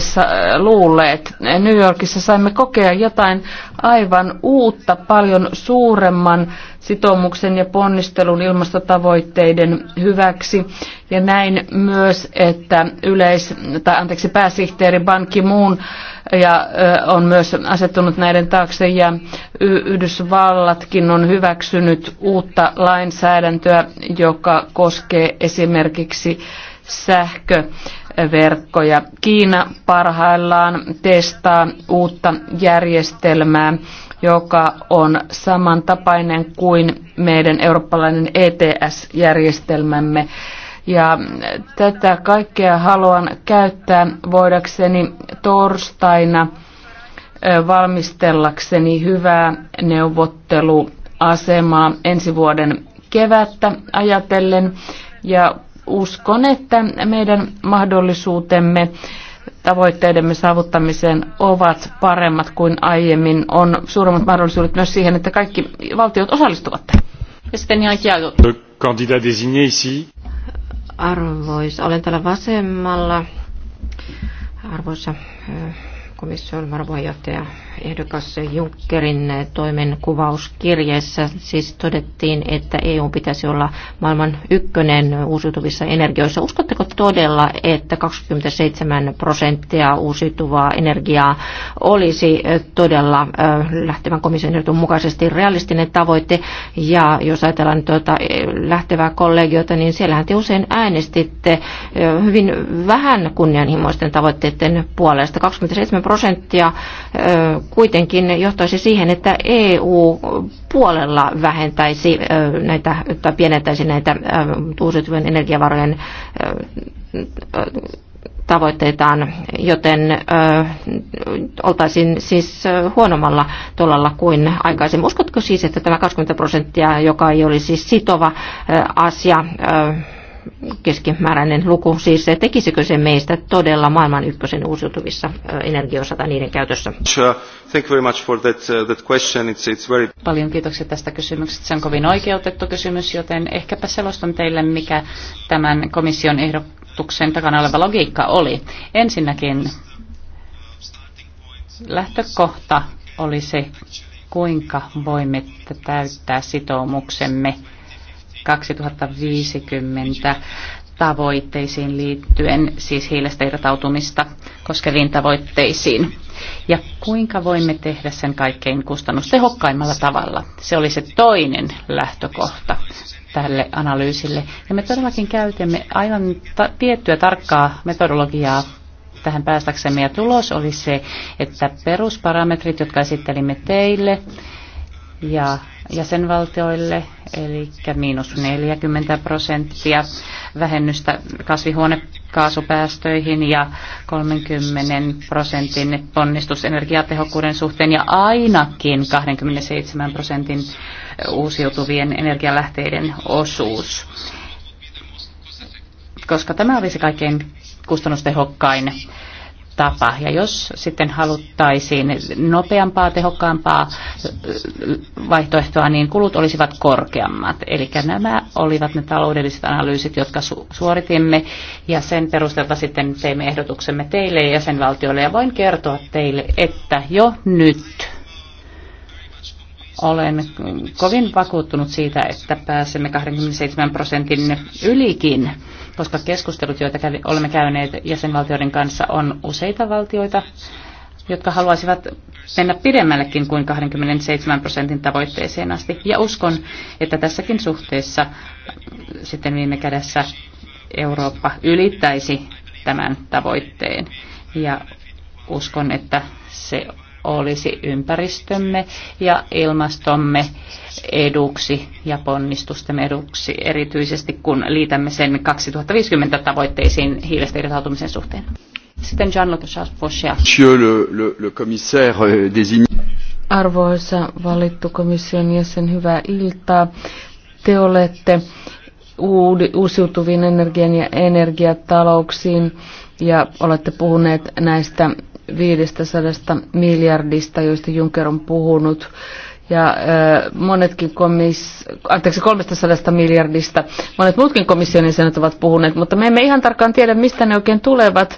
luulleet. New Yorkissa saimme kokea jotain aivan uutta, paljon suuremman sitoumuksen ja ponnistelun ilmastotavoitteiden hyväksi. Ja näin myös, että yleis, tai anteeksi, pääsihteeri Ban Ki-moon ja on myös asettunut näiden taakse ja Yhdysvallatkin on hyväksynyt uutta lainsäädäntöä, joka koskee esimerkiksi sähköverkkoja. Kiina parhaillaan testaa uutta järjestelmää, joka on samantapainen kuin meidän eurooppalainen ETS-järjestelmämme. Ja tätä kaikkea haluan käyttää voidakseni torstaina valmistellakseni hyvää neuvotteluasemaa ensi vuoden kevättä ajatellen. Ja uskon, että meidän mahdollisuutemme tavoitteidemme saavuttamiseen ovat paremmat kuin aiemmin. On suuremmat mahdollisuudet myös siihen, että kaikki valtiot osallistuvat tähän. Ja sitten ihan kielto. Arvoisa, olen täällä vasemmalla. Arvoisa komission varapuheenjohtaja ehdokas Junckerin kuvauskirjeessä siis todettiin, että EU pitäisi olla maailman ykkönen uusiutuvissa energioissa. Uskotteko todella, että 27 prosenttia uusiutuvaa energiaa olisi todella lähtevän komission ehdotun mukaisesti realistinen tavoite? Ja jos ajatellaan tuota e, lähtevää kollegiota, niin siellähän te usein äänestitte hyvin vähän kunnianhimoisten tavoitteiden puolesta. 27 prosenttia kuitenkin johtaisi siihen, että EU-puolella vähentäisi näitä, tai pienentäisi näitä uusiutuvien energiavarojen tavoitteitaan, joten ö, oltaisiin siis huonommalla tolalla kuin aikaisemmin. Uskotko siis, että tämä 20 prosenttia, joka ei olisi siis sitova ö, asia, ö, keskimääräinen luku, siis tekisikö se meistä todella maailman ykkösen uusiutuvissa energioissa tai niiden käytössä? Uh, Paljon kiitoksia tästä kysymyksestä. Se on kovin oikeutettu kysymys, joten ehkäpä selostan teille, mikä tämän komission ehdotuksen takana oleva logiikka oli. Ensinnäkin lähtökohta oli se, kuinka voimme täyttää sitoumuksemme 2050 tavoitteisiin liittyen, siis hiilestä irtautumista koskeviin tavoitteisiin. Ja kuinka voimme tehdä sen kaikkein kustannustehokkaimmalla tavalla? Se oli se toinen lähtökohta tälle analyysille. Ja me todellakin käytämme aivan ta- tiettyä tarkkaa metodologiaa tähän päästäksemme. Ja tulos oli se, että perusparametrit, jotka esittelimme teille ja jäsenvaltioille eli miinus 40 prosenttia vähennystä kasvihuonekaasupäästöihin ja 30 prosentin ponnistus energiatehokkuuden suhteen ja ainakin 27 prosentin uusiutuvien energialähteiden osuus. Koska tämä olisi kaikkein kustannustehokkain tapa. Ja jos sitten haluttaisiin nopeampaa, tehokkaampaa vaihtoehtoa, niin kulut olisivat korkeammat. Eli nämä olivat ne taloudelliset analyysit, jotka su- suoritimme, ja sen perusteelta sitten teimme ehdotuksemme teille ja jäsenvaltioille. Ja voin kertoa teille, että jo nyt olen kovin vakuuttunut siitä, että pääsemme 27 prosentin ylikin koska keskustelut, joita kävi, olemme käyneet jäsenvaltioiden kanssa, on useita valtioita, jotka haluaisivat mennä pidemmällekin kuin 27 prosentin tavoitteeseen asti. Ja uskon, että tässäkin suhteessa sitten viime kädessä Eurooppa ylittäisi tämän tavoitteen. Ja uskon, että se olisi ympäristömme ja ilmastomme eduksi ja ponnistustemme eduksi, erityisesti kun liitämme sen 2050 tavoitteisiin hiilestä irtautumisen suhteen. Sitten Jean-Luc Monsieur le, le, le commissaire euh, désigné. Arvoisa valittu komission jäsen, hyvää iltaa. Te olette uusiutuviin energian ja energiatalouksiin ja olette puhuneet näistä 500 miljardista, joista Juncker on puhunut, ja äh, monetkin komis, anteeksi, 300 miljardista, monet muutkin komission jäsenet ovat puhuneet, mutta me emme ihan tarkkaan tiedä, mistä ne oikein tulevat.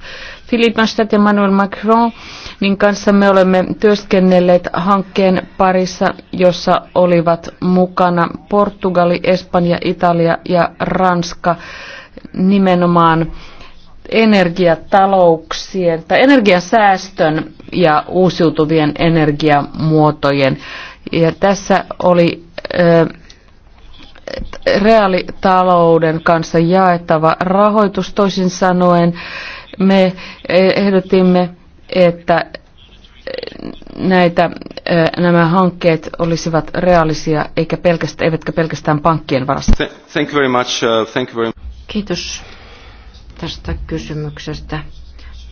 Philippe Manchet ja Manuel Macron, niin kanssa me olemme työskennelleet hankkeen parissa, jossa olivat mukana Portugali, Espanja, Italia ja Ranska nimenomaan energiatalouksien tai energiasäästön ja uusiutuvien energiamuotojen. Ja tässä oli ö, reaalitalouden kanssa jaettava rahoitus. Toisin sanoen me ehdotimme, että näitä, nämä hankkeet olisivat reaalisia eikä pelkästään, eivätkä pelkästään pankkien varassa. Thank you very much. Uh, thank you very much. Kiitos tästä kysymyksestä.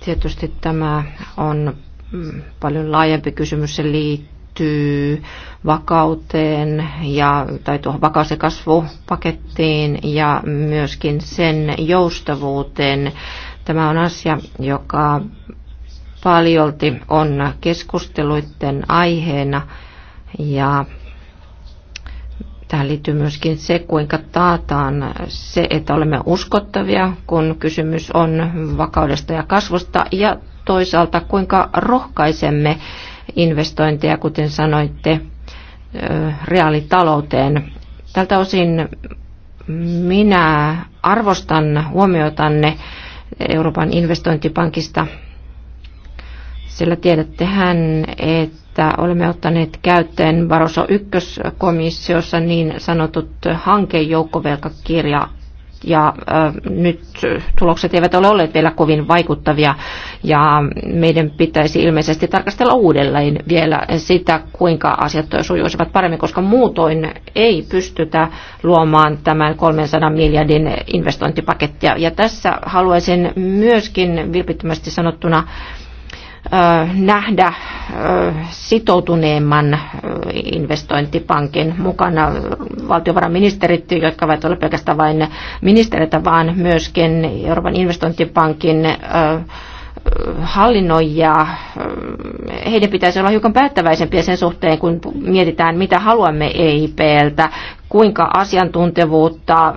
Tietysti tämä on mm, paljon laajempi kysymys. Se liittyy vakauteen ja, tai tuohon vakaus- ja kasvupakettiin ja myöskin sen joustavuuteen. Tämä on asia, joka paljolti on keskusteluiden aiheena ja Tähän liittyy myöskin se, kuinka taataan se, että olemme uskottavia, kun kysymys on vakaudesta ja kasvusta, ja toisaalta kuinka rohkaisemme investointeja, kuten sanoitte, reaalitalouteen. Tältä osin minä arvostan huomiotanne Euroopan investointipankista, sillä tiedättehän, että että olemme ottaneet käyttöön Varoso 1 komissiossa niin sanotut hankejoukkovelkakirja ja äh, nyt tulokset eivät ole olleet vielä kovin vaikuttavia ja meidän pitäisi ilmeisesti tarkastella uudelleen vielä sitä, kuinka asiat sujuisivat paremmin, koska muutoin ei pystytä luomaan tämän 300 miljardin investointipakettia. Ja tässä haluaisin myöskin vilpittömästi sanottuna äh, nähdä sitoutuneemman investointipankin mukana valtiovarainministerit, jotka ovat ole pelkästään vain ministeritä, vaan myöskin Euroopan investointipankin hallinnoijaa, heidän pitäisi olla hiukan päättäväisempiä sen suhteen, kun mietitään, mitä haluamme EIPltä, kuinka asiantuntevuutta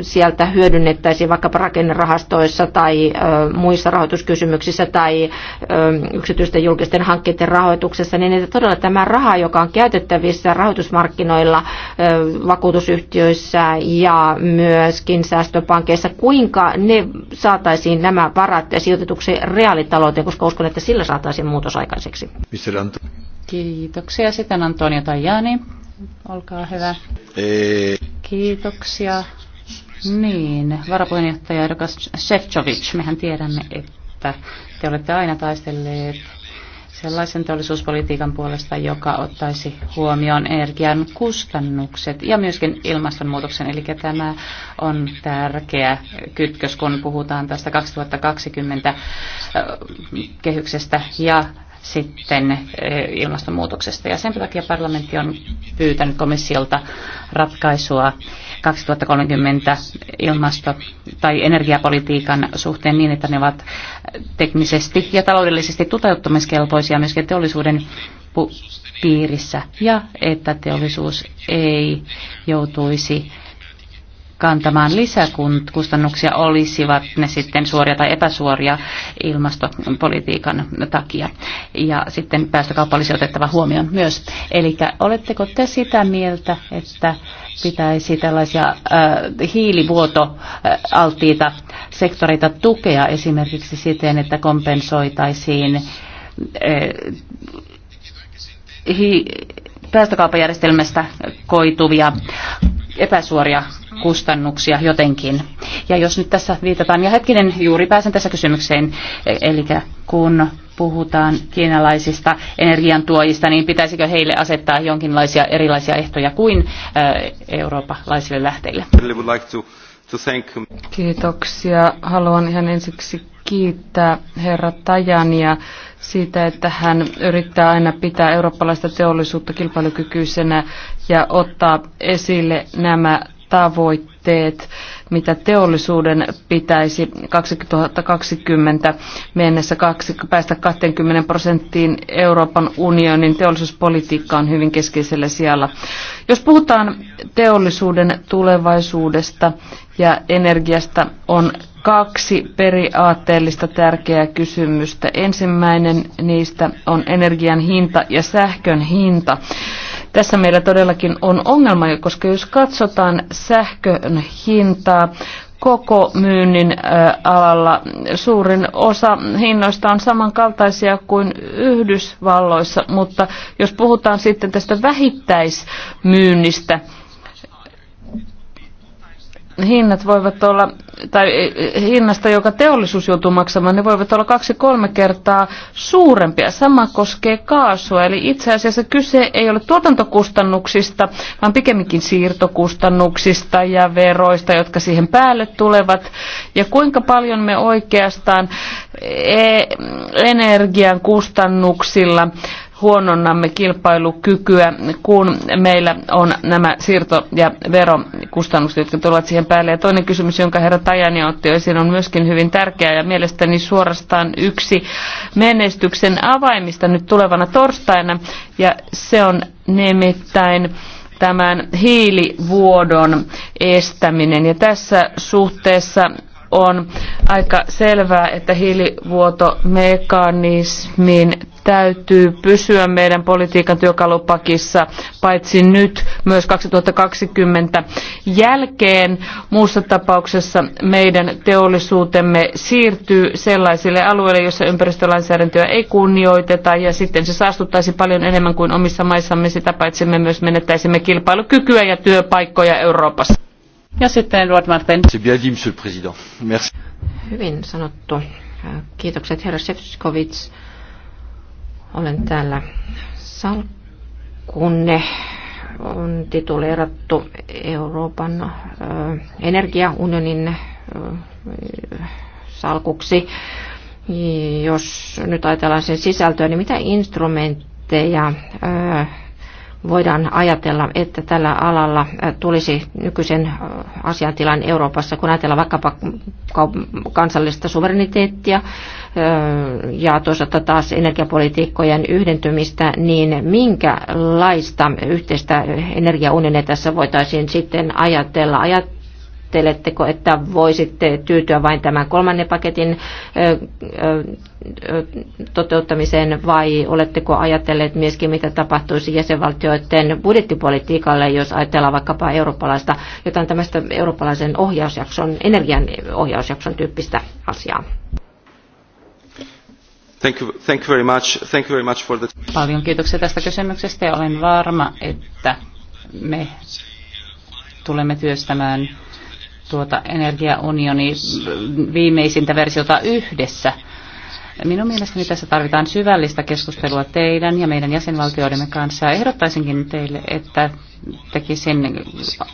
sieltä hyödynnettäisiin vaikkapa rakennerahastoissa tai muissa rahoituskysymyksissä tai yksityisten julkisten hankkeiden rahoituksessa, niin että todella tämä raha, joka on käytettävissä rahoitusmarkkinoilla, vakuutusyhtiöissä ja myöskin säästöpankeissa, kuinka ne saataisiin nämä varat ja sijoitetuksi reaalitalouteen, koska uskon, että sillä saataisiin muutos aikaiseksi. Kiitoksia. Sitten Antonio Tajani. Olkaa hyvä. Kiitoksia. Niin, varapuheenjohtaja Rukas Shevchovic, mehän tiedämme, että te olette aina taistelleet sellaisen teollisuuspolitiikan puolesta, joka ottaisi huomioon energian kustannukset ja myöskin ilmastonmuutoksen. Eli tämä on tärkeä kytkös, kun puhutaan tästä 2020 kehyksestä ja sitten eh, ilmastonmuutoksesta. Ja sen takia parlamentti on pyytänyt komissiolta ratkaisua 2030 ilmasto- tai energiapolitiikan suhteen niin, että ne ovat teknisesti ja taloudellisesti toteuttamiskelpoisia myöskin teollisuuden piirissä ja että teollisuus ei joutuisi kantamaan lisäkustannuksia, olisivat ne sitten suoria tai epäsuoria ilmastopolitiikan takia. Ja sitten päästökauppa olisi otettava huomioon myös. Eli oletteko te sitä mieltä, että pitäisi tällaisia äh, hiilivuotoalttiita sektoreita tukea esimerkiksi siten, että kompensoitaisiin äh, päästökauppajärjestelmästä koituvia epäsuoria kustannuksia jotenkin. Ja jos nyt tässä viitataan, ja hetkinen, juuri pääsen tässä kysymykseen, eli kun puhutaan kiinalaisista energiantuojista, niin pitäisikö heille asettaa jonkinlaisia erilaisia ehtoja kuin äh, eurooppalaisille lähteille? Kiitoksia. Haluan ihan ensiksi kiittää herra Tajania siitä, että hän yrittää aina pitää eurooppalaista teollisuutta kilpailukykyisenä ja ottaa esille nämä tavoitteet, mitä teollisuuden pitäisi 2020 mennessä päästä 20 prosenttiin. Euroopan unionin teollisuuspolitiikka on hyvin keskeisellä sijalla. Jos puhutaan teollisuuden tulevaisuudesta ja energiasta, on kaksi periaatteellista tärkeää kysymystä. Ensimmäinen niistä on energian hinta ja sähkön hinta. Tässä meillä todellakin on ongelma, koska jos katsotaan sähkön hintaa, koko myynnin alalla. Suurin osa hinnoista on samankaltaisia kuin Yhdysvalloissa, mutta jos puhutaan sitten tästä vähittäismyynnistä, hinnat voivat olla, tai eh, eh, hinnasta, joka teollisuus joutuu maksamaan, ne voivat olla kaksi-kolme kertaa suurempia. Sama koskee kaasua, eli itse asiassa kyse ei ole tuotantokustannuksista, vaan pikemminkin siirtokustannuksista ja veroista, jotka siihen päälle tulevat. Ja kuinka paljon me oikeastaan eh, energian kustannuksilla huononnamme kilpailukykyä, kun meillä on nämä siirto- ja verokustannukset, jotka tulevat siihen päälle. Ja toinen kysymys, jonka herra Tajani otti esiin, on myöskin hyvin tärkeä ja mielestäni suorastaan yksi menestyksen avaimista nyt tulevana torstaina, ja se on nimittäin tämän hiilivuodon estäminen. Ja tässä suhteessa on aika selvää, että hiilivuotomekanismin täytyy pysyä meidän politiikan työkalupakissa paitsi nyt myös 2020 jälkeen. Muussa tapauksessa meidän teollisuutemme siirtyy sellaisille alueille, joissa ympäristölainsäädäntöä ei kunnioiteta ja sitten se saastuttaisi paljon enemmän kuin omissa maissamme. Sitä paitsi me myös menettäisimme kilpailukykyä ja työpaikkoja Euroopassa. Ja sitten Edward Martin. C'est bien dit, monsieur le président. Merci. Hyvin sanottu. Kiitokset, herra Sefskovits. Olen täällä salkkunne on tituleerattu Euroopan energiaunionin salkuksi. Jos nyt ajatellaan sen sisältöä, niin mitä instrumentteja voidaan ajatella, että tällä alalla äh, tulisi nykyisen äh, asiantilan Euroopassa, kun ajatellaan vaikkapa kansallista suvereniteettia äh, ja toisaalta taas energiapolitiikkojen yhdentymistä, niin minkälaista yhteistä energiaunionia tässä voitaisiin sitten ajatella? Ajat, ajatteletteko, että voisitte tyytyä vain tämän kolmannen paketin toteuttamiseen vai oletteko ajatelleet myöskin, mitä tapahtuisi jäsenvaltioiden budjettipolitiikalle, jos ajatellaan vaikkapa eurooppalaista, jotain tämmöistä eurooppalaisen ohjausjakson, energian ohjausjakson tyyppistä asiaa? Paljon kiitoksia tästä kysymyksestä ja olen varma, että me tulemme työstämään tuota energiaunioni viimeisintä versiota yhdessä. Minun mielestäni tässä tarvitaan syvällistä keskustelua teidän ja meidän jäsenvaltioidemme kanssa. Ehdottaisinkin teille, että tekisin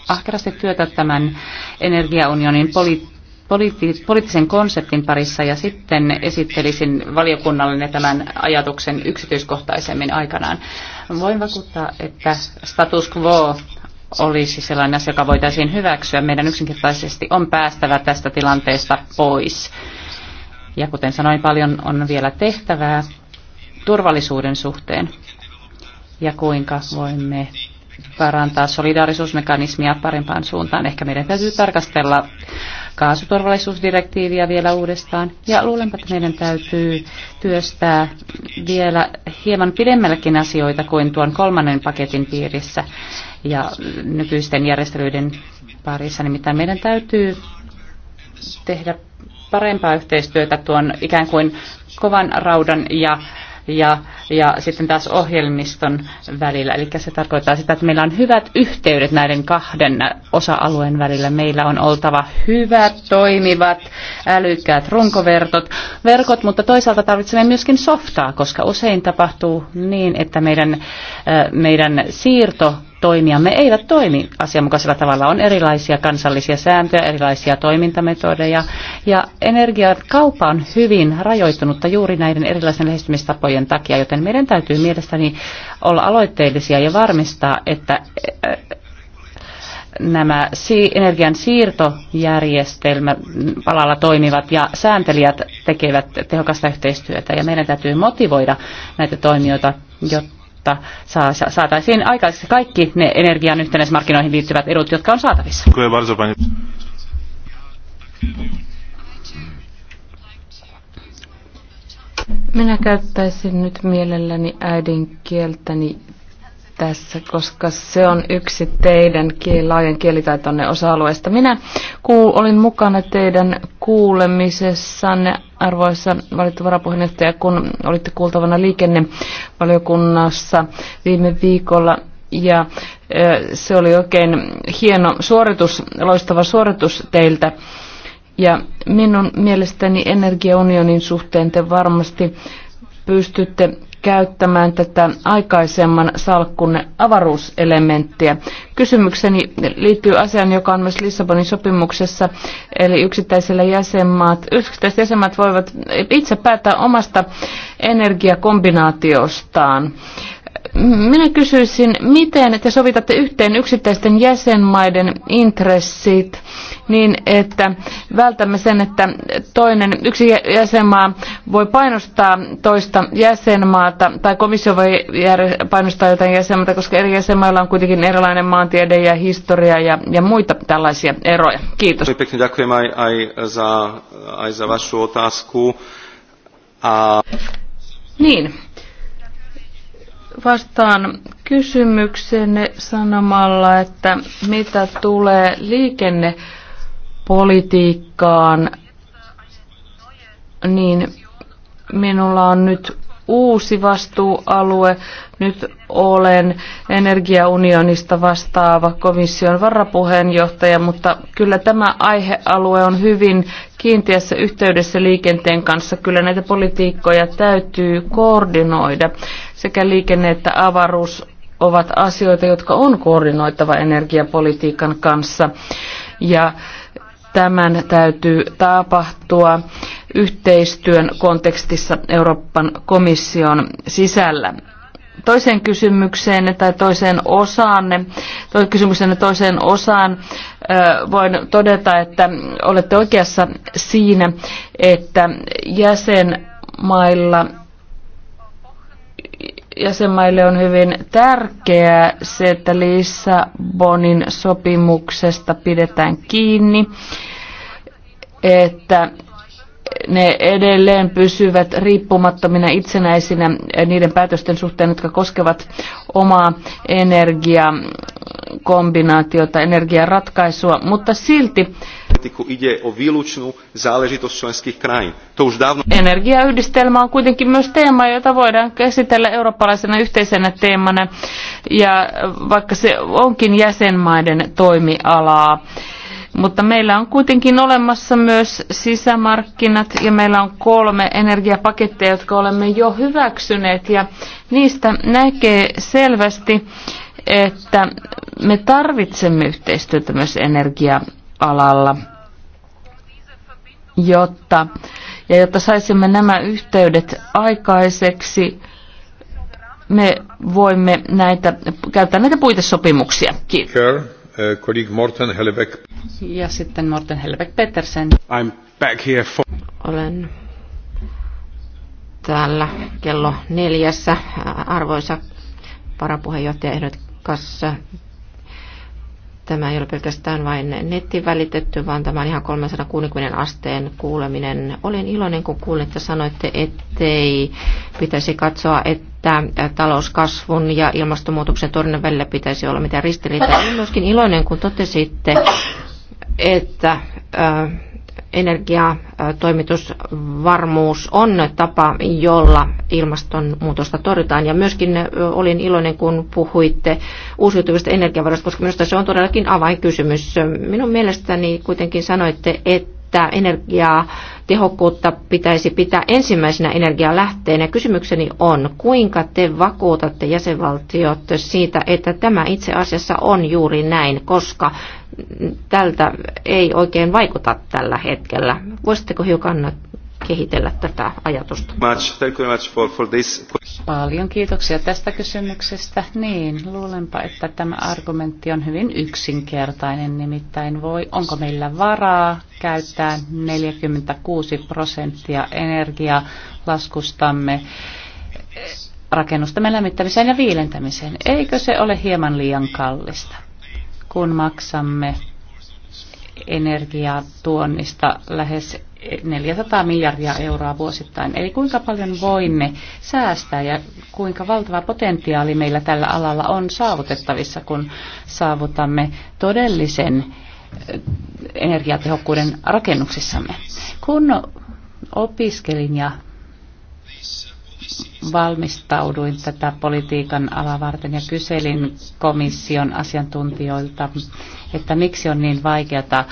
ahkerasti työtä tämän energiaunionin poli- poliitti- poliittisen konseptin parissa ja sitten esittelisin valiokunnalle tämän ajatuksen yksityiskohtaisemmin aikanaan. Voin vakuuttaa, että status quo olisi sellainen asia, joka voitaisiin hyväksyä. Meidän yksinkertaisesti on päästävä tästä tilanteesta pois. Ja kuten sanoin, paljon on vielä tehtävää turvallisuuden suhteen ja kuinka voimme parantaa solidaarisuusmekanismia parempaan suuntaan. Ehkä meidän täytyy tarkastella kaasuturvallisuusdirektiiviä vielä uudestaan. Ja luulenpa, että meidän täytyy työstää vielä hieman pidemmälläkin asioita kuin tuon kolmannen paketin piirissä ja nykyisten järjestelyiden parissa. Nimittäin meidän täytyy tehdä parempaa yhteistyötä tuon ikään kuin kovan raudan ja ja, ja sitten taas ohjelmiston välillä. Eli se tarkoittaa sitä, että meillä on hyvät yhteydet näiden kahden osa-alueen välillä. Meillä on oltava hyvät, toimivat, älykkäät runkoverkot, verkot, mutta toisaalta tarvitsemme myöskin softaa, koska usein tapahtuu niin, että meidän, eh, meidän siirto toimiamme eivät toimi asianmukaisella tavalla. On erilaisia kansallisia sääntöjä, erilaisia toimintametodeja ja energiakauppa on hyvin rajoittunutta juuri näiden erilaisen lähestymistapojen takia, joten meidän täytyy mielestäni olla aloitteellisia ja varmistaa, että äh, nämä energian siirtojärjestelmä palalla toimivat ja sääntelijät tekevät tehokasta yhteistyötä ja meidän täytyy motivoida näitä toimijoita, jotta jotta saataisiin aikaisesti kaikki ne energian yhtenäismarkkinoihin liittyvät edut, jotka on saatavissa. Minä käyttäisin nyt mielelläni äidinkieltäni tässä, koska se on yksi teidän kiel, laajan kielitaitonne osa-alueesta. Minä kuul, olin mukana teidän kuulemisessanne, arvoisa valittu varapuheenjohtaja, kun olitte kuultavana liikennevaliokunnassa viime viikolla. Ja se oli oikein hieno suoritus, loistava suoritus teiltä. Ja minun mielestäni energiaunionin suhteen te varmasti pystytte käyttämään tätä aikaisemman salkkunne avaruuselementtiä. Kysymykseni liittyy asiaan, joka on myös Lissabonin sopimuksessa, eli yksittäisillä jäsenmaat. Yksittäiset jäsenmaat voivat itse päättää omasta energiakombinaatiostaan. Minä kysyisin, miten te sovitatte yhteen yksittäisten jäsenmaiden intressit niin, että vältämme sen, että toinen yksi jäsenmaa voi painostaa toista jäsenmaata tai komissio voi painostaa jotain jäsenmaata, koska eri jäsenmailla on kuitenkin erilainen maantiede ja historia ja, ja muita tällaisia eroja. Kiitos. Niin vastaan kysymyksenne sanomalla, että mitä tulee liikennepolitiikkaan, niin minulla on nyt uusi vastuualue. Nyt olen energiaunionista vastaava komission varapuheenjohtaja, mutta kyllä tämä aihealue on hyvin kiinteässä yhteydessä liikenteen kanssa. Kyllä näitä politiikkoja täytyy koordinoida. Sekä liikenne että avaruus ovat asioita, jotka on koordinoitava energiapolitiikan kanssa. Ja tämän täytyy tapahtua yhteistyön kontekstissa Euroopan komission sisällä. Toiseen kysymykseen tai toiseen osaan, toi kysymyksenne toiseen osaan voin todeta, että olette oikeassa siinä, että jäsenmailla jäsenmaille on hyvin tärkeää se, että Lissabonin sopimuksesta pidetään kiinni, että ne edelleen pysyvät riippumattomina itsenäisinä niiden päätösten suhteen, jotka koskevat omaa kombinaatiota, energiaratkaisua, mutta silti Energiayhdistelmä on kuitenkin myös teema, jota voidaan käsitellä eurooppalaisena yhteisenä teemana, ja vaikka se onkin jäsenmaiden toimialaa. Mutta meillä on kuitenkin olemassa myös sisämarkkinat ja meillä on kolme energiapakettia, jotka olemme jo hyväksyneet ja niistä näkee selvästi, että me tarvitsemme yhteistyötä myös energia-alalla, jotta, ja jotta saisimme nämä yhteydet aikaiseksi, me voimme näitä, käyttää näitä puitesopimuksia. Kiitos. Eh, Morten Helbeck. Ja sitten Morten Helbeck Petersen. I'm back here for... Olen täällä kello neljässä. Arvoisa varapuheenjohtaja ehdokas, Tämä ei ole pelkästään vain nettiin välitetty, vaan tämä on ihan 360 asteen kuuleminen. Olen iloinen, kun kuulin, että sanoitte, ettei pitäisi katsoa, että talouskasvun ja ilmastonmuutoksen torjunnan välillä pitäisi olla mitään ristiriitaa. Olen myöskin iloinen, kun totesitte, että... Äh, energiatoimitusvarmuus on tapa, jolla ilmastonmuutosta torjutaan. Ja myöskin olin iloinen, kun puhuitte uusiutuvista energiavaroista, koska minusta se on todellakin avainkysymys. Minun mielestäni kuitenkin sanoitte, että että energiaa tehokkuutta pitäisi pitää ensimmäisenä energialähteenä. Kysymykseni on, kuinka te vakuutatte jäsenvaltiot siitä, että tämä itse asiassa on juuri näin, koska tältä ei oikein vaikuta tällä hetkellä. Voisitteko hiukan kehitellä tätä ajatusta. Much, thank you much for, for this. Paljon kiitoksia tästä kysymyksestä. Niin, luulenpa, että tämä argumentti on hyvin yksinkertainen, nimittäin voi, onko meillä varaa käyttää 46 prosenttia energialaskustamme eh, rakennustamme lämmittämiseen ja viilentämiseen. Eikö se ole hieman liian kallista, kun maksamme energiatuonnista lähes 400 miljardia euroa vuosittain. Eli kuinka paljon voimme säästää ja kuinka valtava potentiaali meillä tällä alalla on saavutettavissa, kun saavutamme todellisen energiatehokkuuden rakennuksissamme. Kun opiskelin ja valmistauduin tätä politiikan alaa varten ja kyselin komission asiantuntijoilta, että miksi on niin vaikeata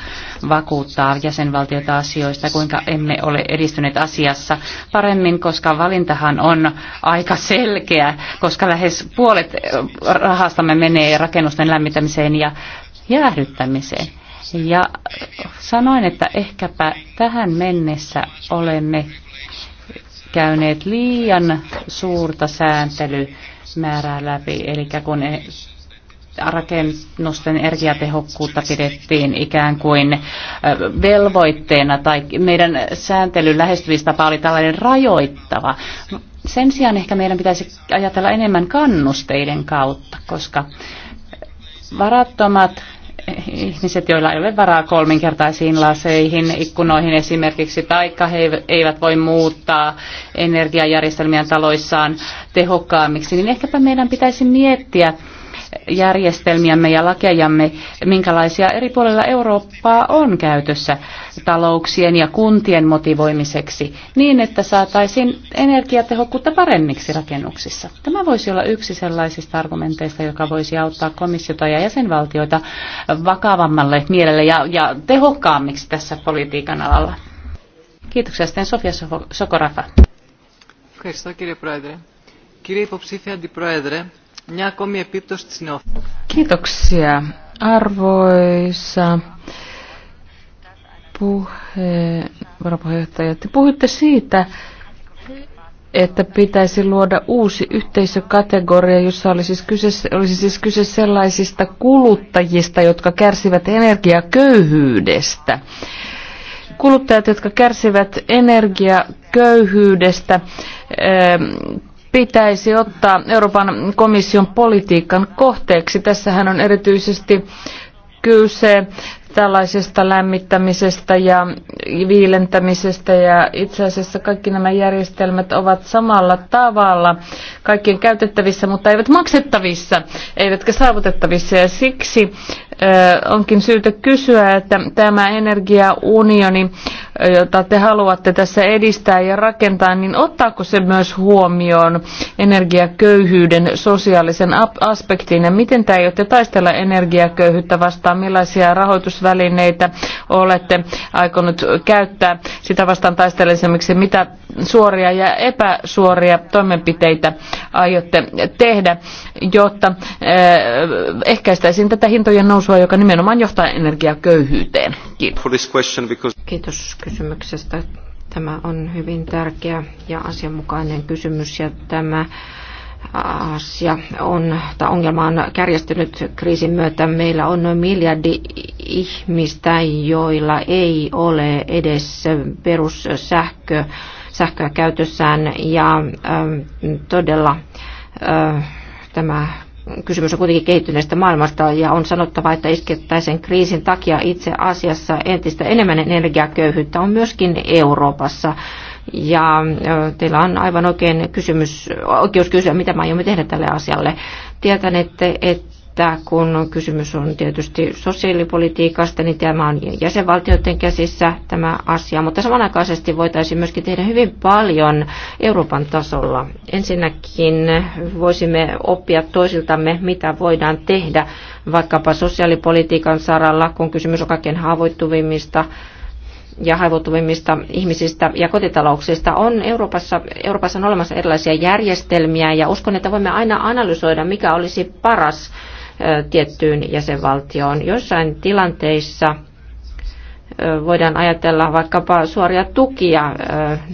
vakuuttaa jäsenvaltiota asioista, kuinka emme ole edistyneet asiassa paremmin, koska valintahan on aika selkeä, koska lähes puolet rahastamme menee rakennusten lämmitämiseen ja jäähdyttämiseen. Ja sanoin, että ehkäpä tähän mennessä olemme käyneet liian suurta sääntelymäärää läpi, eli kun e- rakennusten energiatehokkuutta pidettiin ikään kuin velvoitteena tai meidän sääntelyn lähestymistapa oli tällainen rajoittava. Sen sijaan ehkä meidän pitäisi ajatella enemmän kannusteiden kautta, koska varattomat ihmiset, joilla ei ole varaa kolminkertaisiin laseihin, ikkunoihin esimerkiksi, taikka he eivät voi muuttaa energiajärjestelmiä taloissaan tehokkaammiksi, niin ehkäpä meidän pitäisi miettiä, järjestelmiämme ja lakejamme, minkälaisia eri puolilla Eurooppaa on käytössä talouksien ja kuntien motivoimiseksi niin, että saataisiin energiatehokkuutta paremmiksi rakennuksissa. Tämä voisi olla yksi sellaisista argumenteista, joka voisi auttaa komissiota ja jäsenvaltioita vakavammalle mielelle ja, ja tehokkaammiksi tässä politiikan alalla. Kiitoksia sitten Sofia Sokorafa. Kiitos, kirja Πρόεδρε. Κύριε Kiitoksia arvoisa puhe, varapuheenjohtaja. Te puhuitte siitä, että pitäisi luoda uusi yhteisökategoria, jossa olisi siis kyse, olisi siis kyse sellaisista kuluttajista, jotka kärsivät energiaköyhyydestä. Kuluttajat, jotka kärsivät energiaköyhyydestä, ehm, pitäisi ottaa Euroopan komission politiikan kohteeksi. Tässähän on erityisesti kyse tällaisesta lämmittämisestä ja viilentämisestä ja itse asiassa kaikki nämä järjestelmät ovat samalla tavalla kaikkien käytettävissä, mutta eivät maksettavissa, eivätkä saavutettavissa ja siksi ö, onkin syytä kysyä, että tämä energiaunioni jota te haluatte tässä edistää ja rakentaa, niin ottaako se myös huomioon energiaköyhyyden sosiaalisen aspektin ja miten te aiotte taistella energiaköyhyyttä vastaan, millaisia rahoitusvälineitä olette aikonut käyttää sitä vastaan taistelemiseksi, mitä suoria ja epäsuoria toimenpiteitä aiotte tehdä, jotta eh, ehkäistäisiin tätä hintojen nousua, joka nimenomaan johtaa energiaköyhyyteen? Kiitos. Kiitos kysymyksestä. Tämä on hyvin tärkeä ja asianmukainen kysymys ja tämä asia on, tai ongelma on kärjestynyt kriisin myötä. Meillä on noin miljardi ihmistä, joilla ei ole edes perussähkö sähköä käytössään ja ähm, todella äh, tämä kysymys on kuitenkin kehittyneestä maailmasta ja on sanottava, että iskettäisen kriisin takia itse asiassa entistä enemmän energiaköyhyyttä on myöskin Euroopassa. Ja äh, teillä on aivan oikein kysymys, oikeus kysyä, mitä me aiomme tehdä tälle asialle. että, että että kun kysymys on tietysti sosiaalipolitiikasta, niin tämä on jäsenvaltioiden käsissä tämä asia, mutta samanaikaisesti voitaisiin myöskin tehdä hyvin paljon Euroopan tasolla. Ensinnäkin voisimme oppia toisiltamme, mitä voidaan tehdä vaikkapa sosiaalipolitiikan saralla, kun kysymys on kaikkein haavoittuvimmista ja haavoittuvimmista ihmisistä ja kotitalouksista on Euroopassa, Euroopassa on olemassa erilaisia järjestelmiä ja uskon, että voimme aina analysoida, mikä olisi paras tiettyyn jäsenvaltioon. Joissain tilanteissa voidaan ajatella vaikkapa suoria tukia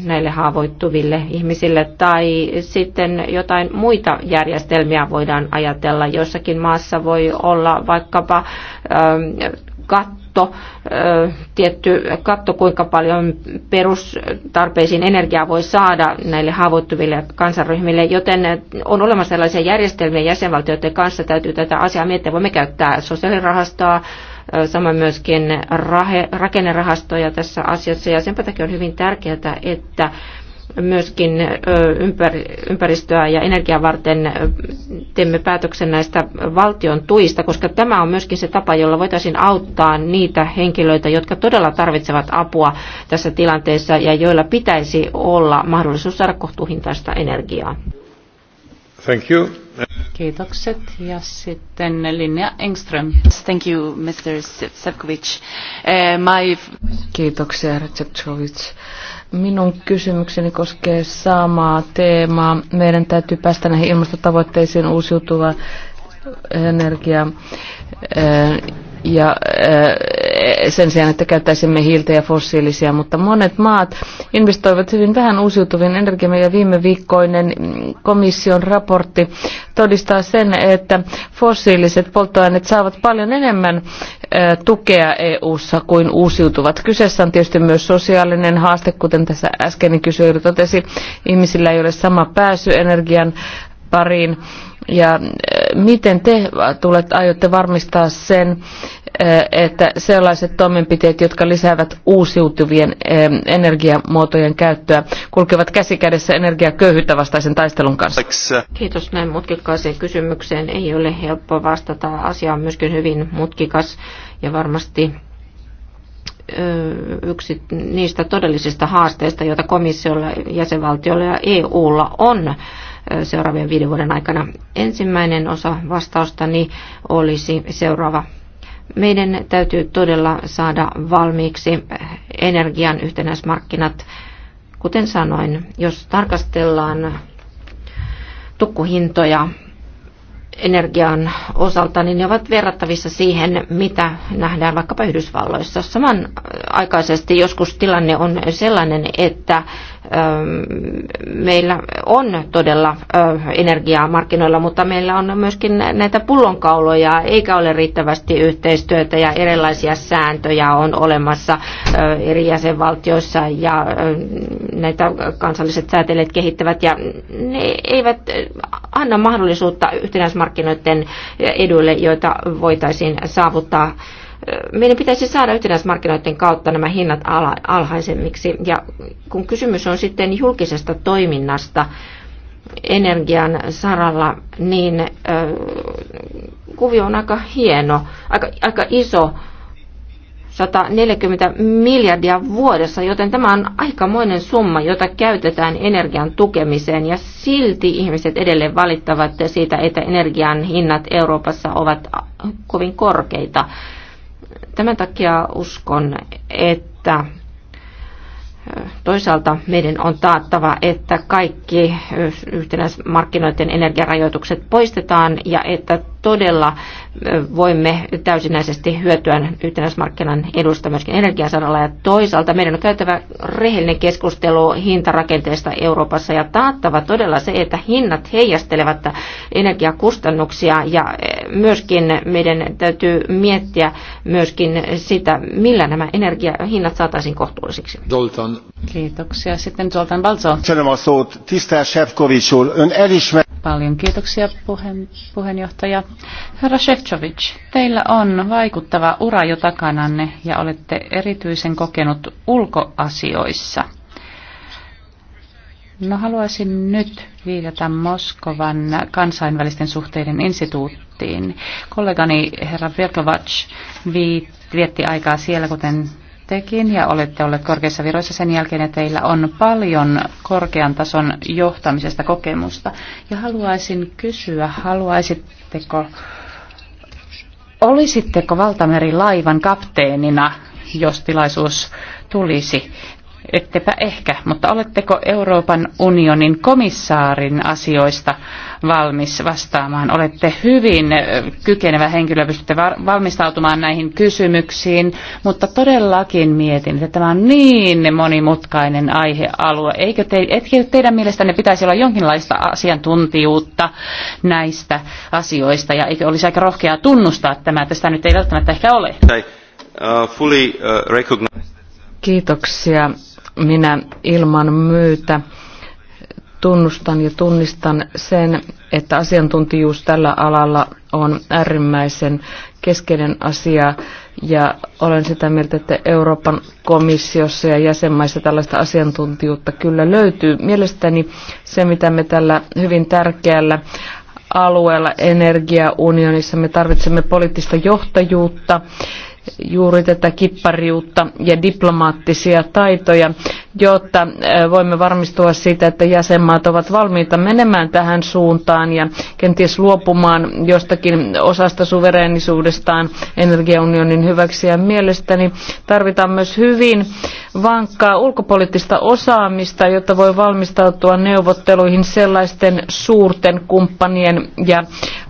näille haavoittuville ihmisille tai sitten jotain muita järjestelmiä voidaan ajatella. Jossakin maassa voi olla vaikkapa katto katto, tietty katto, kuinka paljon perustarpeisiin energiaa voi saada näille haavoittuville kansanryhmille, joten on olemassa sellaisia järjestelmiä jäsenvaltioiden kanssa, täytyy tätä asiaa miettiä. Voimme käyttää sosiaalirahastoa, samoin myöskin rahe, rakennerahastoja tässä asiassa, ja sen takia on hyvin tärkeää, että myöskin ympäristöä ja energiaa varten teemme päätöksen näistä valtion tuista, koska tämä on myöskin se tapa, jolla voitaisiin auttaa niitä henkilöitä, jotka todella tarvitsevat apua tässä tilanteessa ja joilla pitäisi olla mahdollisuus saada kohtuuhintaista energiaa. Thank you. Kiitokset. Ja sitten Linnea Engström. Thank you, Mr. Uh, my... Kiitoksia, Recep Minun kysymykseni koskee samaa teemaa. Meidän täytyy päästä näihin ilmastotavoitteisiin uusiutuva energia ja eh, sen sijaan, että käyttäisimme hiiltä ja fossiilisia, mutta monet maat investoivat hyvin vähän uusiutuviin energiamme ja viime viikkoinen komission raportti todistaa sen, että fossiiliset polttoaineet saavat paljon enemmän eh, tukea EU-ssa kuin uusiutuvat. Kyseessä on tietysti myös sosiaalinen haaste, kuten tässä äskeinen kysyjä totesi. Ihmisillä ei ole sama pääsy energian pariin ja äh, miten te tulet, aiotte varmistaa sen, äh, että sellaiset toimenpiteet, jotka lisäävät uusiutuvien äh, energiamuotojen käyttöä, kulkevat käsikädessä energiaköyhyyttä vastaisen taistelun kanssa? Kiitos näin mutkikkaaseen kysymykseen. Ei ole helppo vastata. Asia on myöskin hyvin mutkikas ja varmasti yksi niistä todellisista haasteista, joita komissiolla, jäsenvaltiolla ja EUlla on seuraavien viiden vuoden aikana. Ensimmäinen osa vastaustani olisi seuraava. Meidän täytyy todella saada valmiiksi energian yhtenäismarkkinat. Kuten sanoin, jos tarkastellaan tukkuhintoja energian osalta, niin ne ovat verrattavissa siihen, mitä nähdään vaikkapa Yhdysvalloissa. Samanaikaisesti joskus tilanne on sellainen, että meillä on todella energiaa markkinoilla, mutta meillä on myöskin näitä pullonkauloja, eikä ole riittävästi yhteistyötä ja erilaisia sääntöjä on olemassa eri jäsenvaltioissa ja näitä kansalliset säätelijät kehittävät ja ne eivät anna mahdollisuutta yhtenäismarkkinoiden eduille, joita voitaisiin saavuttaa meidän pitäisi saada yhtenäismarkkinoiden kautta nämä hinnat alhaisemmiksi. Ja kun kysymys on sitten julkisesta toiminnasta energian saralla, niin kuvio on aika hieno, aika, aika iso. 140 miljardia vuodessa, joten tämä on aikamoinen summa, jota käytetään energian tukemiseen ja silti ihmiset edelleen valittavat siitä, että energian hinnat Euroopassa ovat kovin korkeita. Tämän takia uskon, että Toisaalta meidän on taattava, että kaikki yhtenäismarkkinoiden energiarajoitukset poistetaan ja että todella voimme täysinäisesti hyötyä yhtenäismarkkinan edusta myöskin energiasaralla. Ja toisaalta meidän on käytävä rehellinen keskustelu hintarakenteesta Euroopassa ja taattava todella se, että hinnat heijastelevat energiakustannuksia ja myöskin meidän täytyy miettiä myöskin sitä, millä nämä energiahinnat saataisiin kohtuullisiksi. Zoltan Kiitoksia. Sitten Zoltán Balzo. Köszönöm a szót. Tisztelt Sefcovics úr, ön elismer... Paljon kiitoksia puheen, puheenjohtaja. Herra Shevchovic, teillä on vaikuttava ura jo takananne ja olette erityisen kokenut ulkoasioissa. No haluaisin nyt viitata Moskovan kansainvälisten suhteiden instituuttiin. Kollegani herra Virkovac vietti aikaa siellä, kuten tekin ja olette olleet korkeissa viroissa sen jälkeen että teillä on paljon korkean tason johtamisesta kokemusta. Ja haluaisin kysyä, haluaisitteko, olisitteko valtamerilaivan kapteenina, jos tilaisuus tulisi? Ettepä ehkä, mutta oletteko Euroopan unionin komissaarin asioista valmis vastaamaan? Olette hyvin kykenevä henkilö, pystytte valmistautumaan näihin kysymyksiin, mutta todellakin mietin, että tämä on niin monimutkainen aihealue. Eikö te, etkö teidän mielestänne pitäisi olla jonkinlaista asiantuntijuutta näistä asioista ja eikö olisi aika rohkeaa tunnustaa tämä, tästä nyt ei välttämättä ehkä ole? Äh, äh, Kiitoksia minä ilman myytä tunnustan ja tunnistan sen, että asiantuntijuus tällä alalla on äärimmäisen keskeinen asia ja olen sitä mieltä, että Euroopan komissiossa ja jäsenmaissa tällaista asiantuntijuutta kyllä löytyy. Mielestäni se, mitä me tällä hyvin tärkeällä alueella energiaunionissa, me tarvitsemme poliittista johtajuutta juuri tätä kippariutta ja diplomaattisia taitoja jotta voimme varmistua siitä, että jäsenmaat ovat valmiita menemään tähän suuntaan ja kenties luopumaan jostakin osasta suvereenisuudestaan energiaunionin hyväksi. Ja mielestäni tarvitaan myös hyvin vankkaa ulkopoliittista osaamista, jotta voi valmistautua neuvotteluihin sellaisten suurten kumppanien ja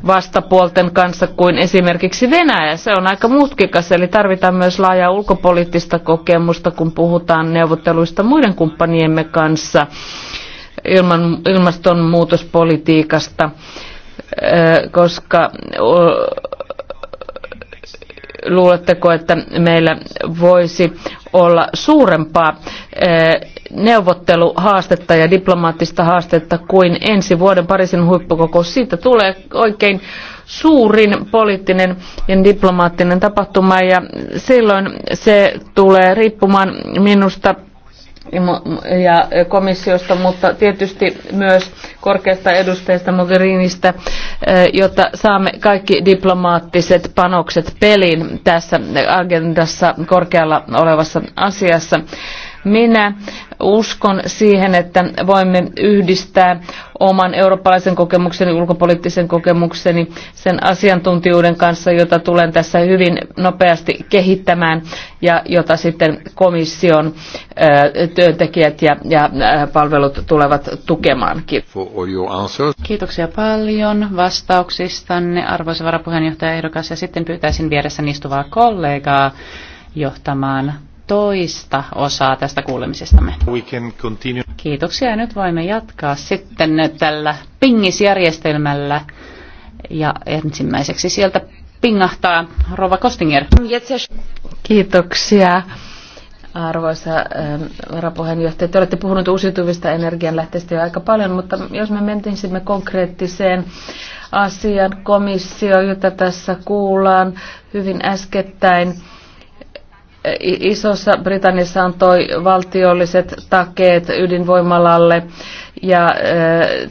vastapuolten kanssa kuin esimerkiksi Venäjä. Se on aika mutkikas, eli tarvitaan myös laajaa ulkopoliittista kokemusta, kun puhutaan neuvotteluista muiden kumppaniemme kanssa ilman, ilmastonmuutospolitiikasta, koska luuletteko, että meillä voisi olla suurempaa neuvotteluhaastetta ja diplomaattista haastetta kuin ensi vuoden Pariisin huippukokous. Siitä tulee oikein suurin poliittinen ja diplomaattinen tapahtuma ja silloin se tulee riippumaan minusta ja komissiosta, mutta tietysti myös korkeasta edustajasta Mogherinistä, eh, jotta saamme kaikki diplomaattiset panokset peliin tässä agendassa korkealla olevassa asiassa. Minä uskon siihen, että voimme yhdistää oman eurooppalaisen kokemukseni, ulkopoliittisen kokemukseni, sen asiantuntijuuden kanssa, jota tulen tässä hyvin nopeasti kehittämään ja jota sitten komission työntekijät ja, ja palvelut tulevat tukemaan. Kiitoksia paljon vastauksistanne, arvoisa varapuheenjohtaja ehdokas, ja sitten pyytäisin vieressä istuvaa kollegaa johtamaan toista osaa tästä kuulemisestamme. Kiitoksia nyt voimme jatkaa sitten tällä pingisjärjestelmällä. Ja ensimmäiseksi sieltä pingahtaa Rova Kostinger. Kiitoksia. Arvoisa ähm, varapuheenjohtaja, te olette puhunut uusiutuvista energianlähteistä jo aika paljon, mutta jos me mentisimme konkreettiseen asian komissio, jota tässä kuullaan hyvin äskettäin, Isossa Britanniassa toi valtiolliset takeet ydinvoimalalle ja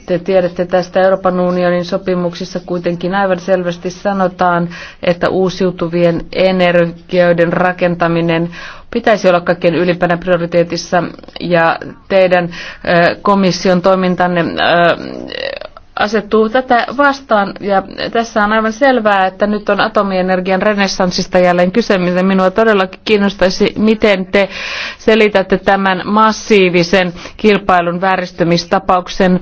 te tiedätte tästä Euroopan unionin sopimuksissa kuitenkin aivan selvästi sanotaan, että uusiutuvien energioiden rakentaminen pitäisi olla kaikkein ylimpänä prioriteetissa ja teidän komission toimintanne asettuu tätä vastaan. Ja tässä on aivan selvää, että nyt on atomienergian renessanssista jälleen kyse, mitä minua todellakin kiinnostaisi, miten te selitätte tämän massiivisen kilpailun vääristymistapauksen,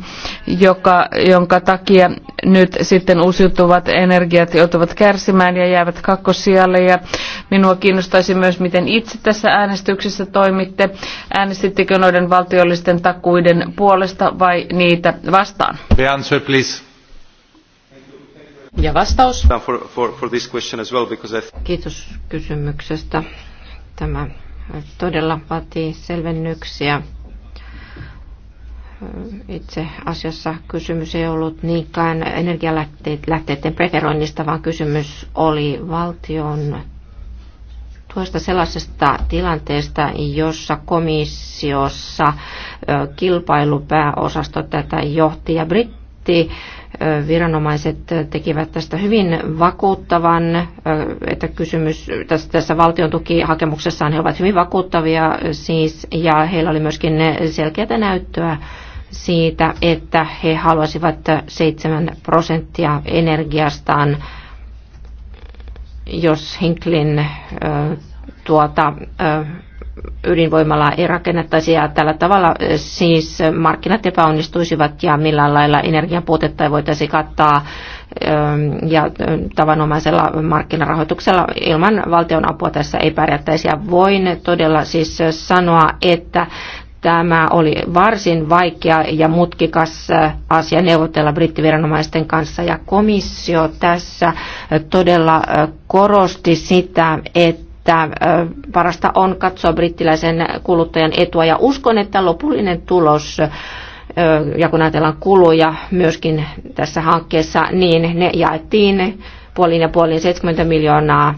joka, jonka takia nyt sitten uusiutuvat energiat joutuvat kärsimään ja jäävät kakkosijalle. Ja minua kiinnostaisi myös, miten itse tässä äänestyksessä toimitte. Äänestittekö noiden valtiollisten takuiden puolesta vai niitä vastaan? The answer please. Ja vastaus. For, for, for this question as well, because I... Kiitos kysymyksestä. Tämä todella vaatii selvennyksiä. Itse asiassa kysymys ei ollut niinkään energialähteiden preferoinnista, vaan kysymys oli valtion tuosta sellaisesta tilanteesta, jossa komissiossa kilpailupääosasto tätä johti ja Brit parlamentti viranomaiset tekivät tästä hyvin vakuuttavan, että kysymys tässä, tässä valtion tukihakemuksessaan he ovat hyvin vakuuttavia siis, ja heillä oli myöskin selkeää näyttöä siitä, että he haluaisivat 7 prosenttia energiastaan, jos Hinklin tuota, ydinvoimalaa ei rakennettaisi ja tällä tavalla siis markkinat epäonnistuisivat ja millään lailla energian puutetta ei voitaisi kattaa ja tavanomaisella markkinarahoituksella ilman valtion apua tässä ei pärjättäisi. Ja voin todella siis sanoa, että tämä oli varsin vaikea ja mutkikas asia neuvotella brittiviranomaisten kanssa ja komissio tässä todella korosti sitä, että että parasta on katsoa brittiläisen kuluttajan etua ja uskon, että lopullinen tulos ja kun ajatellaan kuluja myöskin tässä hankkeessa, niin ne jaettiin puolin ja puolin 70 miljoonaa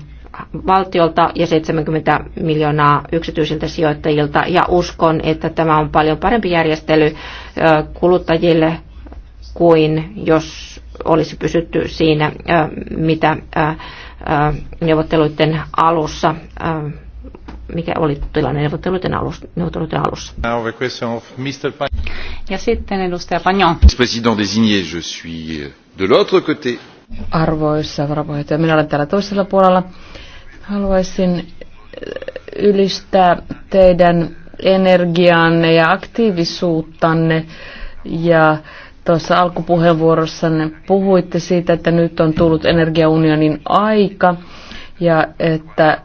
valtiolta ja 70 miljoonaa yksityisiltä sijoittajilta. Ja uskon, että tämä on paljon parempi järjestely kuluttajille kuin jos olisi pysytty siinä, mitä Äh, neuvotteluiden alussa. Äh, mikä oli tilanne neuvotteluiden alussa? Neuvotteluiden alussa. Ja sitten edustaja Pagnon. désigné, je suis euh, de l'autre côté. Arvoisa varapuheenjohtaja, minä olen täällä toisella puolella. Haluaisin äh, ylistää teidän energiaanne ja aktiivisuuttanne ja Tuossa alkupuheenvuorossanne puhuitte siitä, että nyt on tullut energiaunionin aika ja että äh,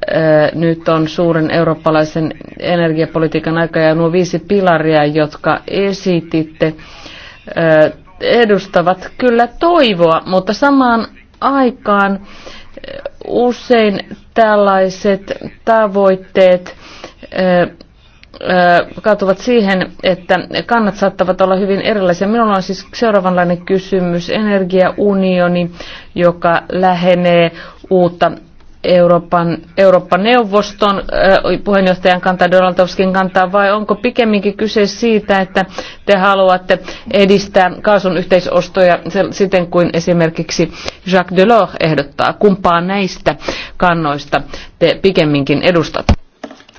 nyt on suuren eurooppalaisen energiapolitiikan aika ja nuo viisi pilaria, jotka esititte, äh, edustavat kyllä toivoa, mutta samaan aikaan äh, usein tällaiset tavoitteet äh, kaatuvat siihen, että kannat saattavat olla hyvin erilaisia. Minulla on siis seuraavanlainen kysymys. Energiaunioni, joka lähenee uutta Euroopan, Euroopan neuvoston puheenjohtajan kantaa, Donaldovskin kantaa, vai onko pikemminkin kyse siitä, että te haluatte edistää kaasun yhteisostoja siten kuin esimerkiksi Jacques Delors ehdottaa? Kumpaa näistä kannoista te pikemminkin edustatte?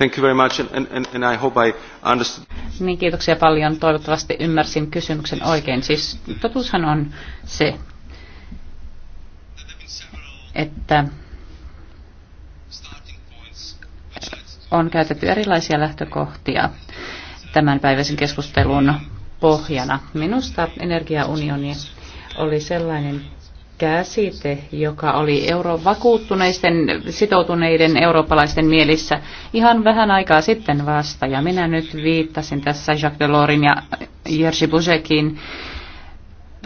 Thank you very much and, and, and I hope I understood. Niin, kiitoksia paljon. Toivottavasti ymmärsin kysymyksen oikein. Siis totuushan on se, että on käytetty erilaisia lähtökohtia tämän päiväisen keskustelun pohjana. Minusta energiaunioni oli sellainen käsite, joka oli Eurovakuuttuneisten, vakuuttuneisten, sitoutuneiden eurooppalaisten mielissä ihan vähän aikaa sitten vasta. Ja minä nyt viittasin tässä Jacques Delorsin ja Jerzy Buzekin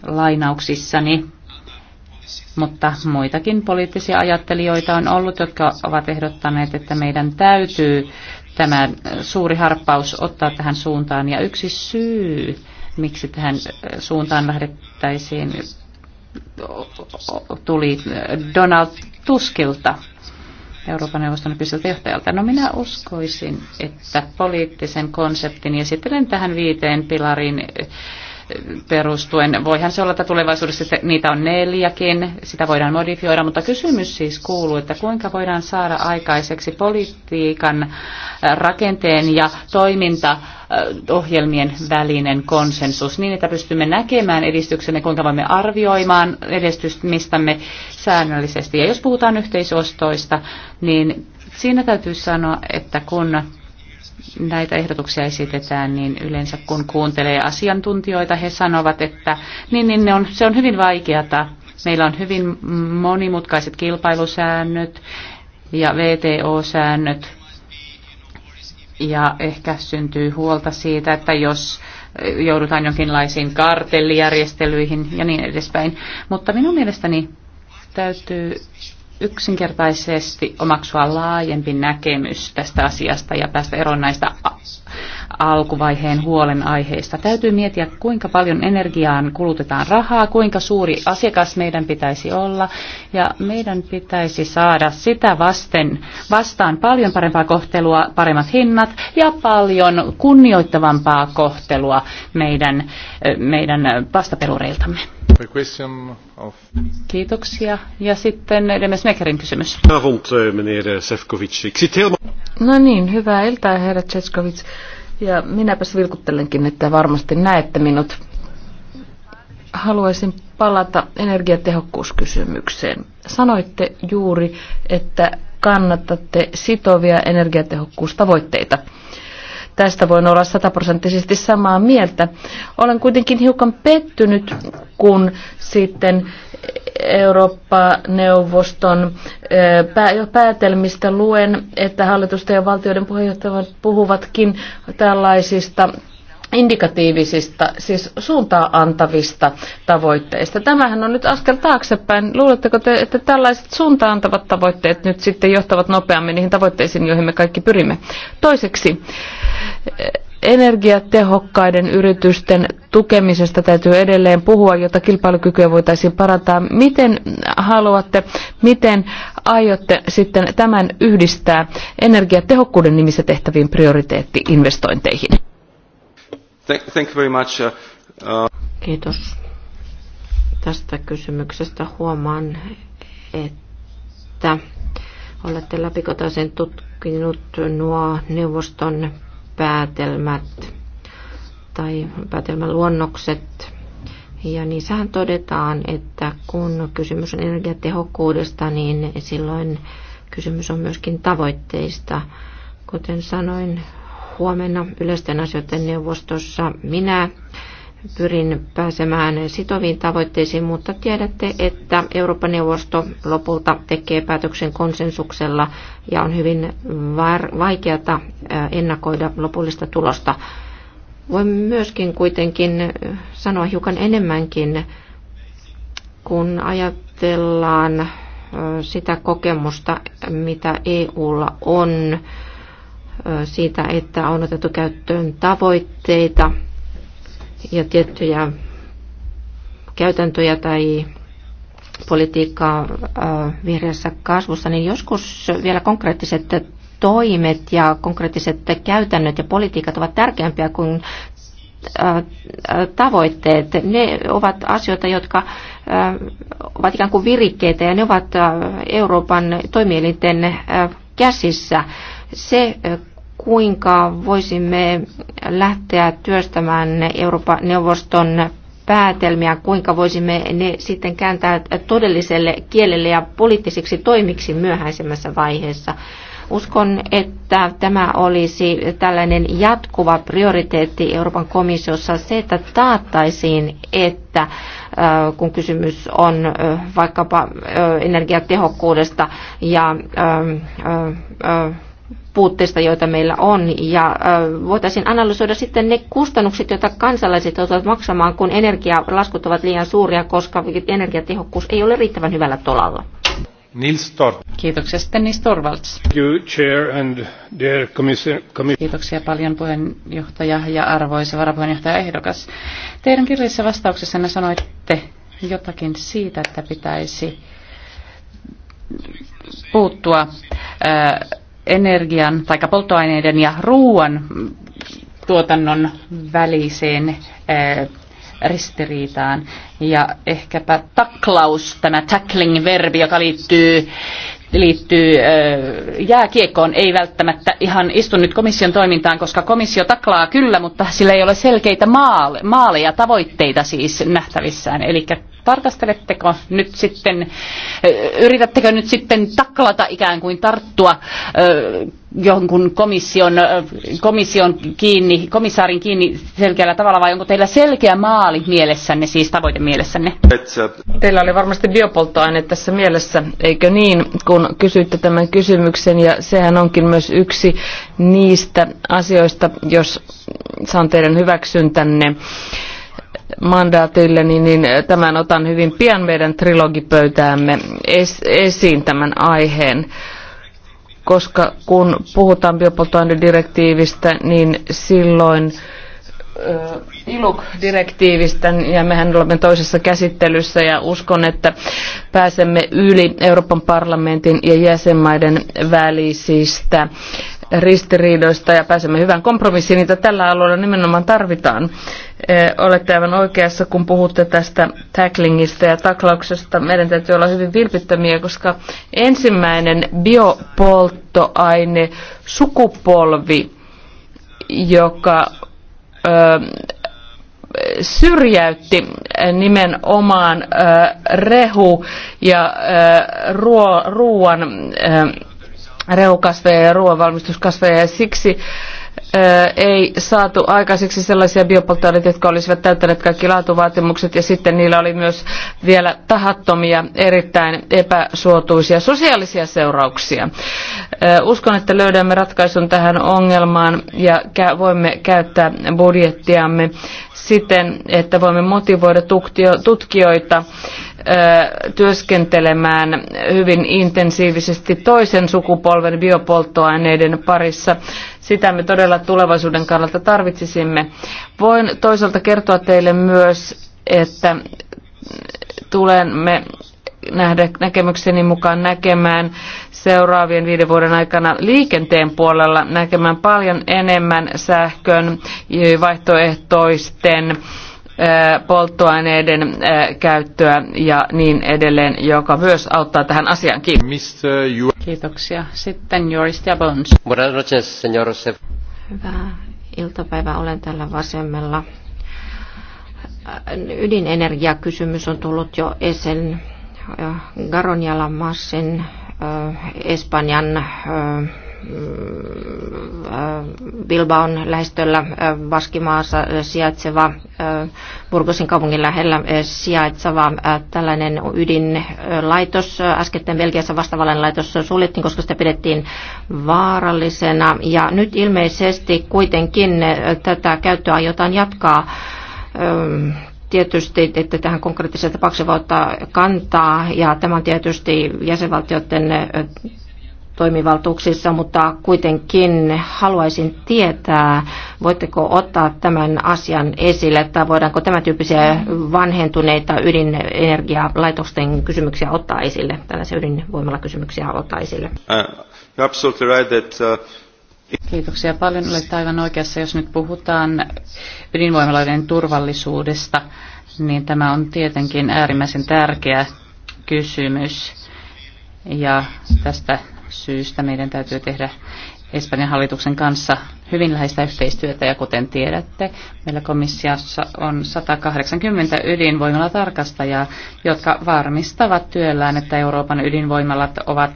lainauksissani mutta muitakin poliittisia ajattelijoita on ollut, jotka ovat ehdottaneet, että meidän täytyy tämä suuri harppaus ottaa tähän suuntaan. Ja yksi syy, miksi tähän suuntaan lähdettäisiin tuli Donald Tuskilta, Euroopan neuvoston nykyiseltä johtajalta. No minä uskoisin, että poliittisen konseptin ja sitten tähän viiteen pilariin eh, perustuen. Voihan se olla, että tulevaisuudessa niitä on neljäkin, sitä voidaan modifioida, mutta kysymys siis kuuluu, että kuinka voidaan saada aikaiseksi politiikan eh, rakenteen ja toiminta ohjelmien välinen konsensus niin, että pystymme näkemään edistyksemme, kuinka voimme arvioimaan edistymistämme säännöllisesti. Ja jos puhutaan yhteisostoista, niin siinä täytyy sanoa, että kun näitä ehdotuksia esitetään, niin yleensä kun kuuntelee asiantuntijoita, he sanovat, että niin, niin ne on, se on hyvin vaikeata. Meillä on hyvin monimutkaiset kilpailusäännöt ja VTO-säännöt ja ehkä syntyy huolta siitä, että jos joudutaan jonkinlaisiin kartellijärjestelyihin ja niin edespäin. Mutta minun mielestäni täytyy yksinkertaisesti omaksua laajempi näkemys tästä asiasta ja päästä eroon näistä alkuvaiheen huolenaiheista. Täytyy miettiä, kuinka paljon energiaan kulutetaan rahaa, kuinka suuri asiakas meidän pitäisi olla ja meidän pitäisi saada sitä vasten, vastaan paljon parempaa kohtelua, paremmat hinnat ja paljon kunnioittavampaa kohtelua meidän, meidän vastapelureiltamme. Kiitoksia. Ja sitten Demes Mekerin kysymys. Äh, no niin, hyvää iltaa, herra Tsetskovic. Ja minäpäs vilkuttelenkin, että varmasti näette minut. Haluaisin palata energiatehokkuuskysymykseen. Sanoitte juuri, että kannatatte sitovia energiatehokkuustavoitteita. Tästä voin olla sataprosenttisesti samaa mieltä. Olen kuitenkin hiukan pettynyt, kun sitten Eurooppa-neuvoston päätelmistä luen, että hallitusten ja valtioiden puheenjohtajat puhuvatkin tällaisista indikatiivisista, siis suuntaa antavista tavoitteista. Tämähän on nyt askel taaksepäin. Luuletteko te, että tällaiset suuntaan antavat tavoitteet nyt sitten johtavat nopeammin niihin tavoitteisiin, joihin me kaikki pyrimme? Toiseksi, energiatehokkaiden yritysten tukemisesta täytyy edelleen puhua, jotta kilpailukykyä voitaisiin parantaa. Miten haluatte, miten aiotte sitten tämän yhdistää energiatehokkuuden nimissä tehtäviin prioriteetti-investointeihin? Thank, you very much. Uh, uh, Kiitos tästä kysymyksestä. Huomaan, että olette läpikotaisen tutkinut nuo neuvoston päätelmät tai päätelmäluonnokset. Ja niissähän todetaan, että kun kysymys on energiatehokkuudesta, niin silloin kysymys on myöskin tavoitteista. Kuten sanoin, huomenna yleisten asioiden neuvostossa. Minä pyrin pääsemään sitoviin tavoitteisiin, mutta tiedätte, että Euroopan neuvosto lopulta tekee päätöksen konsensuksella ja on hyvin vaikeata ennakoida lopullista tulosta. Voin myöskin kuitenkin sanoa hiukan enemmänkin, kun ajatellaan sitä kokemusta, mitä EUlla on siitä, että on otettu käyttöön tavoitteita ja tiettyjä käytäntöjä tai politiikkaa vihreässä kasvussa, niin joskus vielä konkreettiset toimet ja konkreettiset käytännöt ja politiikat ovat tärkeämpiä kuin tavoitteet. Ne ovat asioita, jotka ovat ikään kuin virikkeitä ja ne ovat Euroopan toimielinten käsissä. Se kuinka voisimme lähteä työstämään Euroopan neuvoston päätelmiä, kuinka voisimme ne sitten kääntää todelliselle kielelle ja poliittisiksi toimiksi myöhäisemmässä vaiheessa. Uskon, että tämä olisi tällainen jatkuva prioriteetti Euroopan komissiossa se, että taattaisiin, että kun kysymys on vaikkapa energiatehokkuudesta ja puutteista, joita meillä on, ja voitaisiin analysoida sitten ne kustannukset, joita kansalaiset joutuvat maksamaan, kun energialaskut ovat liian suuria, koska energiatehokkuus ei ole riittävän hyvällä tolalla. Nils Torp. Kiitoksia sitten Nils Torvalds. Kiitoksia paljon puheenjohtaja ja arvoisa varapuheenjohtaja ehdokas. Teidän kirjallisessa vastauksessanne sanoitte jotakin siitä, että pitäisi puuttua äh, energian tai polttoaineiden ja ruoan tuotannon väliseen eh, ristiriitaan. Ja ehkäpä taklaus, tämä tackling-verbi, joka liittyy liittyy jääkiekkoon, ei välttämättä ihan istu nyt komission toimintaan, koska komissio taklaa kyllä, mutta sillä ei ole selkeitä maale, maaleja, tavoitteita siis nähtävissään. Eli tarkasteletteko nyt sitten, yritättekö nyt sitten taklata ikään kuin tarttua jonkun komission, komission kiinni, komissaarin kiinni selkeällä tavalla vai onko teillä selkeä maali mielessänne, siis tavoite mielessänne? Teillä oli varmasti biopolttoaine tässä mielessä, eikö niin, kun kysyitte tämän kysymyksen ja sehän onkin myös yksi niistä asioista, jos saan teidän hyväksyntänne mandaatille, niin, niin tämän otan hyvin pian meidän trilogipöytäämme es, esiin tämän aiheen koska kun puhutaan biopolttoainedirektiivistä, niin silloin ILUK-direktiivistä ja mehän olemme toisessa käsittelyssä ja uskon, että pääsemme yli Euroopan parlamentin ja jäsenmaiden välisistä ristiriidoista ja pääsemme hyvään kompromissiin, niitä tällä alueella nimenomaan tarvitaan olette aivan oikeassa, kun puhutte tästä tacklingista ja taklauksesta. Meidän täytyy olla hyvin vilpittömiä, koska ensimmäinen biopolttoaine, sukupolvi, joka ö, syrjäytti nimenomaan ö, rehu ja ö, ruo, ruoan, ö, rehukasveja ja ruoanvalmistuskasveja ja siksi ö, ei saatu aikaiseksi sellaisia biopolttoaineita, jotka olisivat täyttäneet kaikki laatuvaatimukset ja sitten niillä oli myös vielä tahattomia, erittäin epäsuotuisia sosiaalisia seurauksia. Uskon, että löydämme ratkaisun tähän ongelmaan ja voimme käyttää budjettiamme siten, että voimme motivoida tutkijoita työskentelemään hyvin intensiivisesti toisen sukupolven biopolttoaineiden parissa. Sitä me todella tulevaisuuden kannalta tarvitsisimme. Voin toisaalta kertoa teille myös, että tulemme nähdä, näkemykseni mukaan näkemään seuraavien viiden vuoden aikana liikenteen puolella näkemään paljon enemmän sähkön vaihtoehtoisten polttoaineiden käyttöä ja niin edelleen, joka myös auttaa tähän asiaan. Kiitoksia. Sitten Joris ja Buenas noches, señor Hyvää iltapäivää. Olen täällä vasemmalla. Ydinenergiakysymys on tullut jo esiin. Garoniala Massin Espanjan Bilbaon lähestöllä Baskimaassa sijaitseva, Burgosin kaupungin lähellä sijaitseva tällainen ydinlaitos, äskettäin Belgiassa vastaavallainen laitos suljettiin, koska sitä pidettiin vaarallisena. Ja nyt ilmeisesti kuitenkin tätä käyttöä aiotaan jatkaa tietysti, että tähän konkreettiseen tapaukseen voi ottaa kantaa, ja tämä on tietysti jäsenvaltioiden toimivaltuuksissa, mutta kuitenkin haluaisin tietää, voitteko ottaa tämän asian esille, tai voidaanko tämän tyyppisiä vanhentuneita ydinenergialaitosten kysymyksiä ottaa esille, tällaisia ydinvoimalakysymyksiä ottaa esille? Uh, uh, Kiitoksia paljon. Olet aivan oikeassa, jos nyt puhutaan ydinvoimaloiden turvallisuudesta, niin tämä on tietenkin äärimmäisen tärkeä kysymys. Ja tästä syystä meidän täytyy tehdä Espanjan hallituksen kanssa hyvin läheistä yhteistyötä ja kuten tiedätte, meillä komissiossa on 180 ydinvoimalatarkastajaa, jotka varmistavat työllään, että Euroopan ydinvoimalat ovat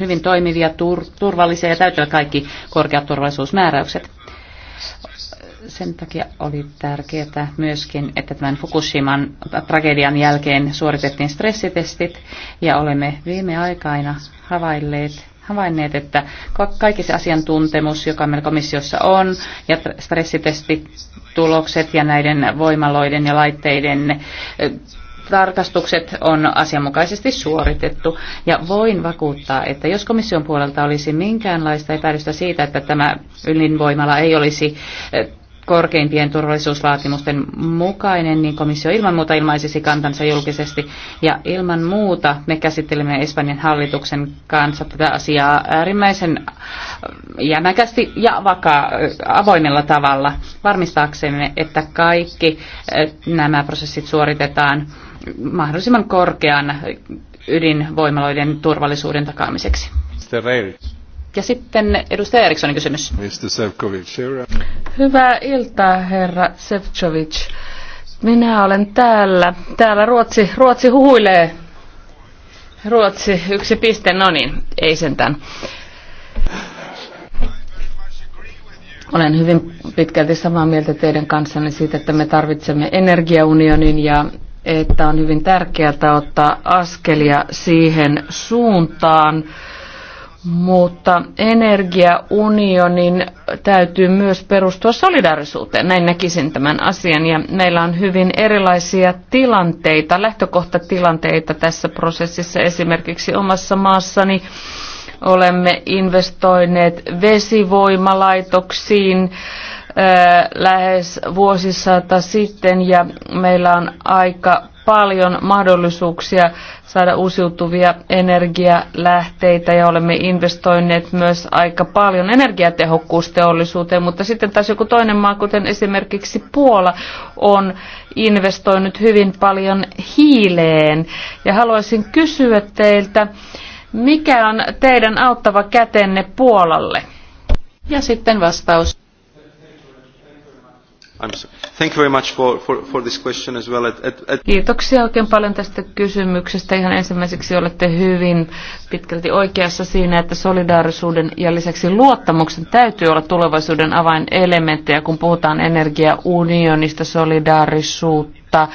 hyvin toimivia, tur- turvallisia ja täyttävät kaikki korkeat turvallisuusmääräykset. Sen takia oli tärkeää myöskin, että tämän Fukushiman tragedian jälkeen suoritettiin stressitestit ja olemme viime aikaina havainneet, havainneet, että kaikki se asiantuntemus, joka meillä komissiossa on, ja stressitestitulokset ja näiden voimaloiden ja laitteiden tarkastukset on asianmukaisesti suoritettu. Ja voin vakuuttaa, että jos komission puolelta olisi minkäänlaista epäilystä siitä, että tämä ylinvoimala ei olisi korkeimpien turvallisuusvaatimusten mukainen, niin komissio ilman muuta ilmaisisi kantansa julkisesti. Ja ilman muuta me käsittelemme Espanjan hallituksen kanssa tätä asiaa äärimmäisen jämäkästi ja vakaa, avoimella tavalla varmistaaksemme, että kaikki eh, nämä prosessit suoritetaan mahdollisimman korkean ydinvoimaloiden turvallisuuden takaamiseksi. Ja sitten edustaja Erikssonin kysymys. Hyvää iltaa, herra Sevcovic. Minä olen täällä. Täällä Ruotsi, Ruotsi huilee. Ruotsi, yksi piste, no niin, ei sentään. Olen hyvin pitkälti samaa mieltä teidän kanssanne siitä, että me tarvitsemme energiaunionin ja että on hyvin tärkeää ottaa askelia siihen suuntaan mutta energiaunionin täytyy myös perustua solidaarisuuteen. Näin näkisin tämän asian ja meillä on hyvin erilaisia tilanteita, lähtökohtatilanteita tässä prosessissa. Esimerkiksi omassa maassani olemme investoineet vesivoimalaitoksiin, lähes vuosisata sitten ja meillä on aika paljon mahdollisuuksia saada uusiutuvia energialähteitä ja olemme investoineet myös aika paljon energiatehokkuusteollisuuteen, mutta sitten taas joku toinen maa, kuten esimerkiksi Puola, on investoinut hyvin paljon hiileen. Ja haluaisin kysyä teiltä, mikä on teidän auttava kätenne Puolalle? Ja sitten vastaus. Kiitoksia oikein paljon tästä kysymyksestä. Ihan ensimmäiseksi olette hyvin pitkälti oikeassa siinä, että solidaarisuuden ja lisäksi luottamuksen täytyy olla tulevaisuuden avainelementtejä, kun puhutaan energiaunionista, solidaarisuutta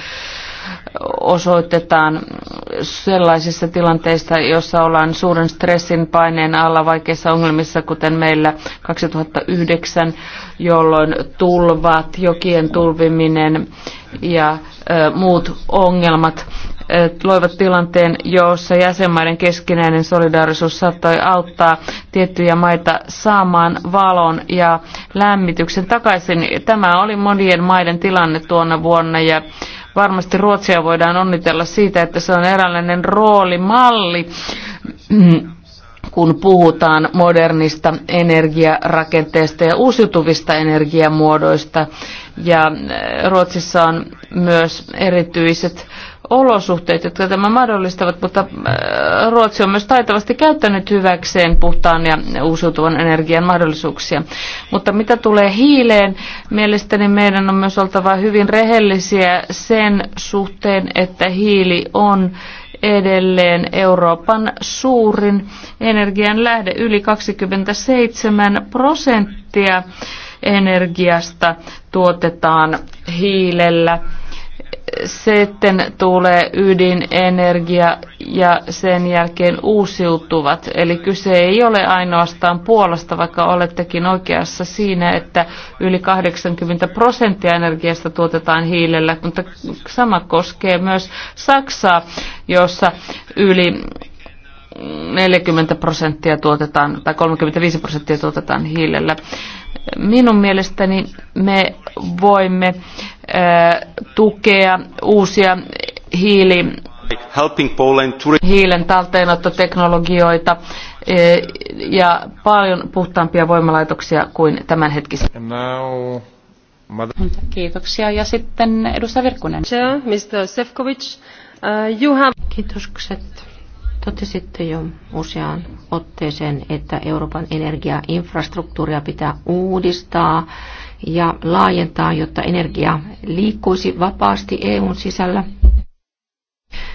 osoitetaan sellaisissa tilanteissa, joissa ollaan suuren stressin paineen alla vaikeissa ongelmissa, kuten meillä 2009, jolloin tulvat, jokien tulviminen ja muut ongelmat loivat tilanteen, jossa jäsenmaiden keskinäinen solidaarisuus saattoi auttaa tiettyjä maita saamaan valon ja lämmityksen takaisin. Tämä oli monien maiden tilanne tuona vuonna ja Varmasti Ruotsia voidaan onnitella siitä, että se on eräänlainen roolimalli kun puhutaan modernista energiarakenteesta ja uusiutuvista energiamuodoista. Ja eh, Ruotsissa on myös erityiset olosuhteet, jotka tämä mahdollistavat, mutta äh, Ruotsi on myös taitavasti käyttänyt hyväkseen puhtaan ja uusiutuvan energian mahdollisuuksia. Mutta mitä tulee hiileen, mielestäni meidän on myös oltava hyvin rehellisiä sen suhteen, että hiili on edelleen Euroopan suurin energian lähde, yli 27 prosenttia energiasta tuotetaan hiilellä sitten tulee ydinenergia ja sen jälkeen uusiutuvat. Eli kyse ei ole ainoastaan Puolasta, vaikka olettekin oikeassa siinä, että yli 80 prosenttia energiasta tuotetaan hiilellä, mutta sama koskee myös Saksaa, jossa yli 40 prosenttia tuotetaan, tai 35 prosenttia tuotetaan hiilellä. Minun mielestäni me voimme tukea uusia hiili, hiilen talteenottoteknologioita ja paljon puhtaampia voimalaitoksia kuin tämänhetkiset. Kiitoksia. Ja sitten edustaja Virkkunen. Mr. Sefcovic, uh, you have... Kiitokset Totesitte jo useaan otteeseen, että Euroopan energiainfrastruktuuria pitää uudistaa ja laajentaa, jotta energia liikkuisi vapaasti EUn sisällä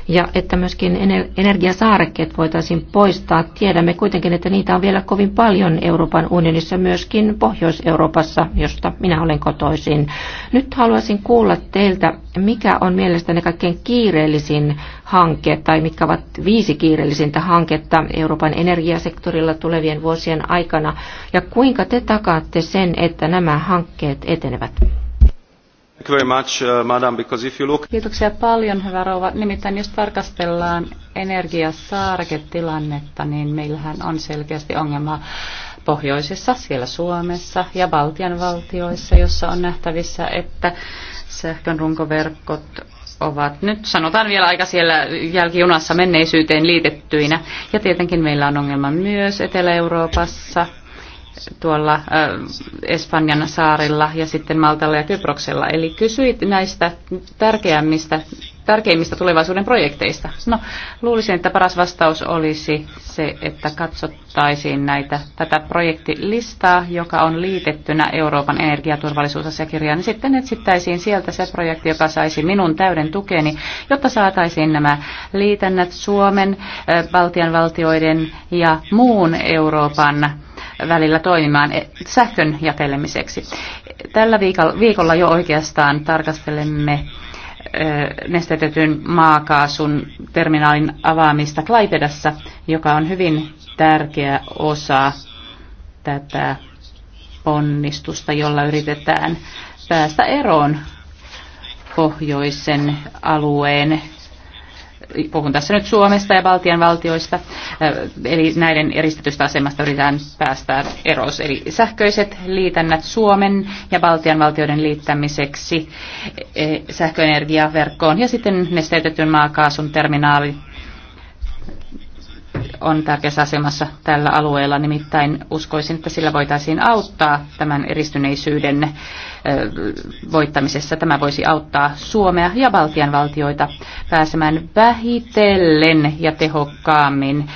ja että myöskin energiasaarekkeet voitaisiin poistaa. Tiedämme kuitenkin, että niitä on vielä kovin paljon Euroopan unionissa, myöskin Pohjois-Euroopassa, josta minä olen kotoisin. Nyt haluaisin kuulla teiltä, mikä on mielestäni kaikkein kiireellisin hanke, tai mitkä ovat viisi kiireellisintä hanketta Euroopan energiasektorilla tulevien vuosien aikana, ja kuinka te takaatte sen, että nämä hankkeet etenevät? Kiitoksia paljon, hyvä rouva. Nimittäin jos tarkastellaan energiasaarketilannetta, niin meillähän on selkeästi ongelma pohjoisessa, siellä Suomessa ja Baltian valtioissa, jossa on nähtävissä, että sähkön runkoverkot ovat nyt sanotaan vielä aika siellä jälkijunassa menneisyyteen liitettyinä. Ja tietenkin meillä on ongelma myös Etelä-Euroopassa, tuolla äh, Espanjan saarilla ja sitten Maltalla ja Kyproksella. Eli kysyit näistä tärkeimmistä, tärkeimmistä tulevaisuuden projekteista. No, luulisin, että paras vastaus olisi se, että katsottaisiin näitä, tätä projektilistaa, joka on liitettynä Euroopan energiaturvallisuusasiakirjaan, niin sitten etsittäisiin sieltä se projekti, joka saisi minun täyden tukeni, jotta saataisiin nämä liitännät Suomen, äh, Baltian valtioiden ja muun Euroopan välillä toimimaan sähkön jakelemiseksi. Tällä viikolla jo oikeastaan tarkastelemme nestetetyn maakaasun terminaalin avaamista Klaipedassa, joka on hyvin tärkeä osa tätä ponnistusta, jolla yritetään päästä eroon pohjoisen alueen puhun tässä nyt Suomesta ja Baltian valtioista, eli näiden eristetystä asemasta yritetään päästä eroon. Eli sähköiset liitännät Suomen ja Baltian valtioiden liittämiseksi e, sähköenergiaverkkoon ja sitten nesteytetyn maakaasun terminaali on tärkeässä asemassa tällä alueella. Nimittäin uskoisin, että sillä voitaisiin auttaa tämän eristyneisyyden voittamisessa. Tämä voisi auttaa Suomea ja Baltian valtioita pääsemään vähitellen ja tehokkaammin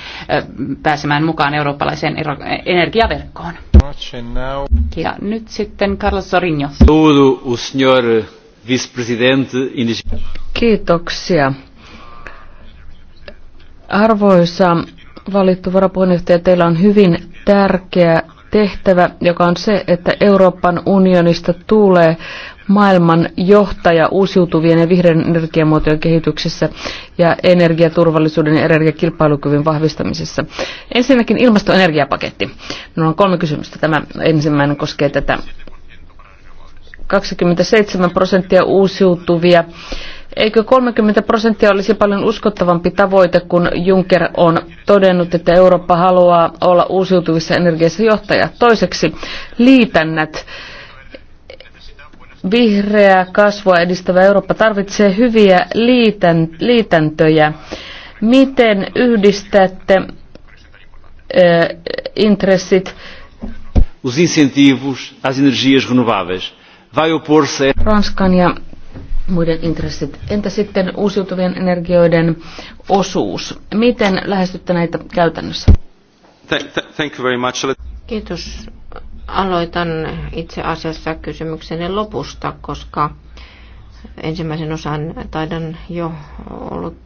pääsemään mukaan eurooppalaiseen energiaverkkoon. Ja nyt sitten Carlos Sorinho. Kiitoksia. Arvoisa valittu varapuheenjohtaja, teillä on hyvin tärkeä tehtävä, joka on se, että Euroopan unionista tulee maailman johtaja uusiutuvien ja vihreän energiamuotojen kehityksessä ja energiaturvallisuuden ja energiakilpailukyvyn vahvistamisessa. Ensinnäkin ilmastoenergiapaketti. Minulla on kolme kysymystä. Tämä ensimmäinen koskee tätä 27 prosenttia uusiutuvia Eikö 30 prosenttia olisi paljon uskottavampi tavoite, kun Juncker on todennut, että Eurooppa haluaa olla uusiutuvissa energiassa johtaja? Toiseksi, liitännät. Vihreää kasvua edistävä Eurooppa tarvitsee hyviä liitän, liitäntöjä. Miten yhdistätte ö, intressit? Os incentivos às energias renováveis. Vai opor-se... Ranskan ja muiden intressit. Entä sitten uusiutuvien energioiden osuus? Miten lähestytte näitä käytännössä? Thank you very much. Kiitos. Aloitan itse asiassa kysymyksenne lopusta, koska ensimmäisen osan taidan jo ollut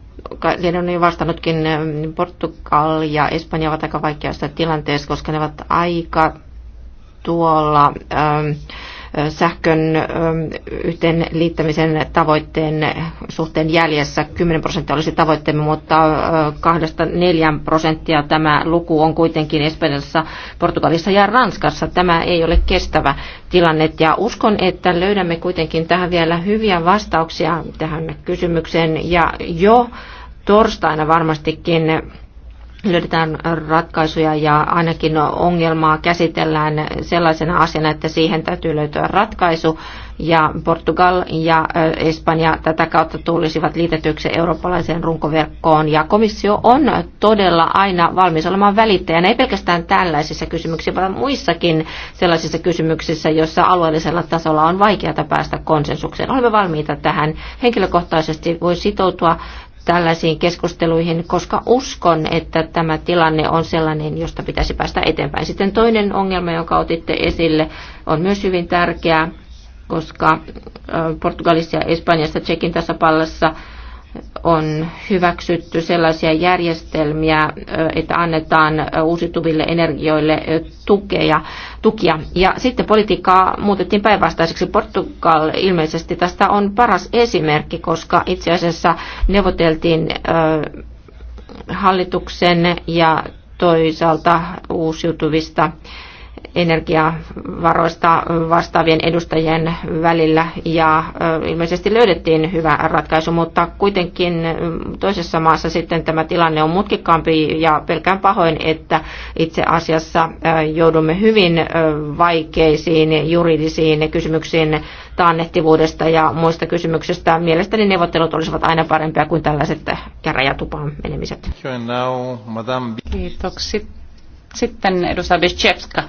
Liedon on jo vastannutkin, ähm, Portugal ja Espanja ovat aika vaikeassa tilanteessa, koska ne ovat aika tuolla ähm, sähkön ähm, liittämisen tavoitteen suhteen jäljessä. 10 prosenttia olisi tavoitteemme, mutta 2-4 äh, prosenttia tämä luku on kuitenkin Espanjassa, Portugalissa ja Ranskassa. Tämä ei ole kestävä tilanne ja uskon, että löydämme kuitenkin tähän vielä hyviä vastauksia tähän kysymykseen ja jo torstaina varmastikin löydetään ratkaisuja ja ainakin ongelmaa käsitellään sellaisena asiana, että siihen täytyy löytyä ratkaisu. Ja Portugal ja Espanja tätä kautta tulisivat liitetyksi eurooppalaiseen runkoverkkoon. Ja komissio on todella aina valmis olemaan välittäjänä, ei pelkästään tällaisissa kysymyksissä, vaan muissakin sellaisissa kysymyksissä, joissa alueellisella tasolla on vaikeata päästä konsensukseen. Olemme valmiita tähän. Henkilökohtaisesti voi sitoutua tällaisiin keskusteluihin, koska uskon, että tämä tilanne on sellainen, josta pitäisi päästä eteenpäin. Sitten toinen ongelma, jonka otitte esille, on myös hyvin tärkeä, koska Portugalissa ja Espanjassa, Tsekin tasapallossa on hyväksytty sellaisia järjestelmiä, että annetaan uusiutuville energioille tukea, tukia. Ja sitten politiikkaa muutettiin päinvastaiseksi. Portugal ilmeisesti tästä on paras esimerkki, koska itse asiassa neuvoteltiin hallituksen ja toisaalta uusiutuvista energiavaroista vastaavien edustajien välillä ja ilmeisesti löydettiin hyvä ratkaisu, mutta kuitenkin toisessa maassa sitten tämä tilanne on mutkikkaampi ja pelkään pahoin, että itse asiassa joudumme hyvin vaikeisiin juridisiin kysymyksiin taannehtivuudesta ja muista kysymyksistä. Mielestäni neuvottelut olisivat aina parempia kuin tällaiset käräjätupaan menemiset. Kiitoksia. Sitten edustaja Bischewska.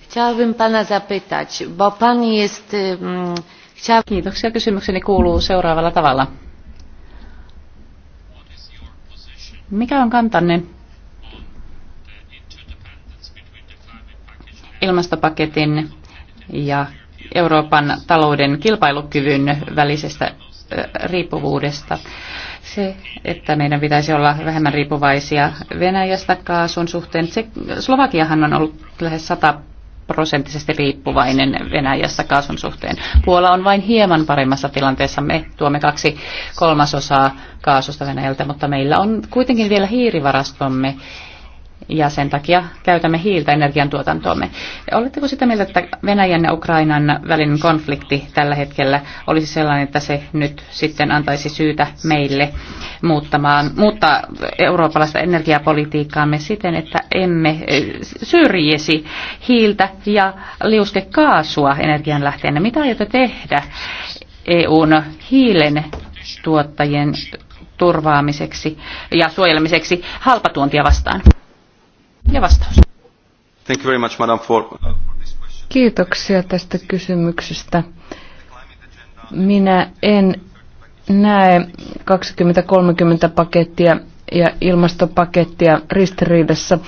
Chciałabym pana zapytać, bo pan jest... Chciał... Kiitoksia. Kysymykseni kuuluu seuraavalla tavalla. Mikä on kantanne ilmastopaketin ja Euroopan talouden kilpailukyvyn välisestä riippuvuudesta. Se, että meidän pitäisi olla vähemmän riippuvaisia Venäjästä kaasun suhteen. Se, Slovakiahan on ollut lähes 100 prosenttisesti riippuvainen Venäjässä kaasun suhteen. Puola on vain hieman paremmassa tilanteessa. Me tuomme kaksi kolmasosaa kaasusta Venäjältä, mutta meillä on kuitenkin vielä hiirivarastomme ja sen takia käytämme hiiltä energiantuotantoomme. Oletteko sitä mieltä, että Venäjän ja Ukrainan välinen konflikti tällä hetkellä olisi sellainen, että se nyt sitten antaisi syytä meille muuttamaan, muuttaa eurooppalaista energiapolitiikkaamme siten, että emme eh, syrjisi hiiltä ja kaasua energianlähteenä? Mitä aiotte tehdä EUn hiilen tuottajien turvaamiseksi ja suojelemiseksi halpatuontia vastaan? ja vastaus. Thank you very much, Madam Kiitoksia tästä kysymyksestä. Minä en näe 2030 pakettia ja ilmastopakettia ristiriidassa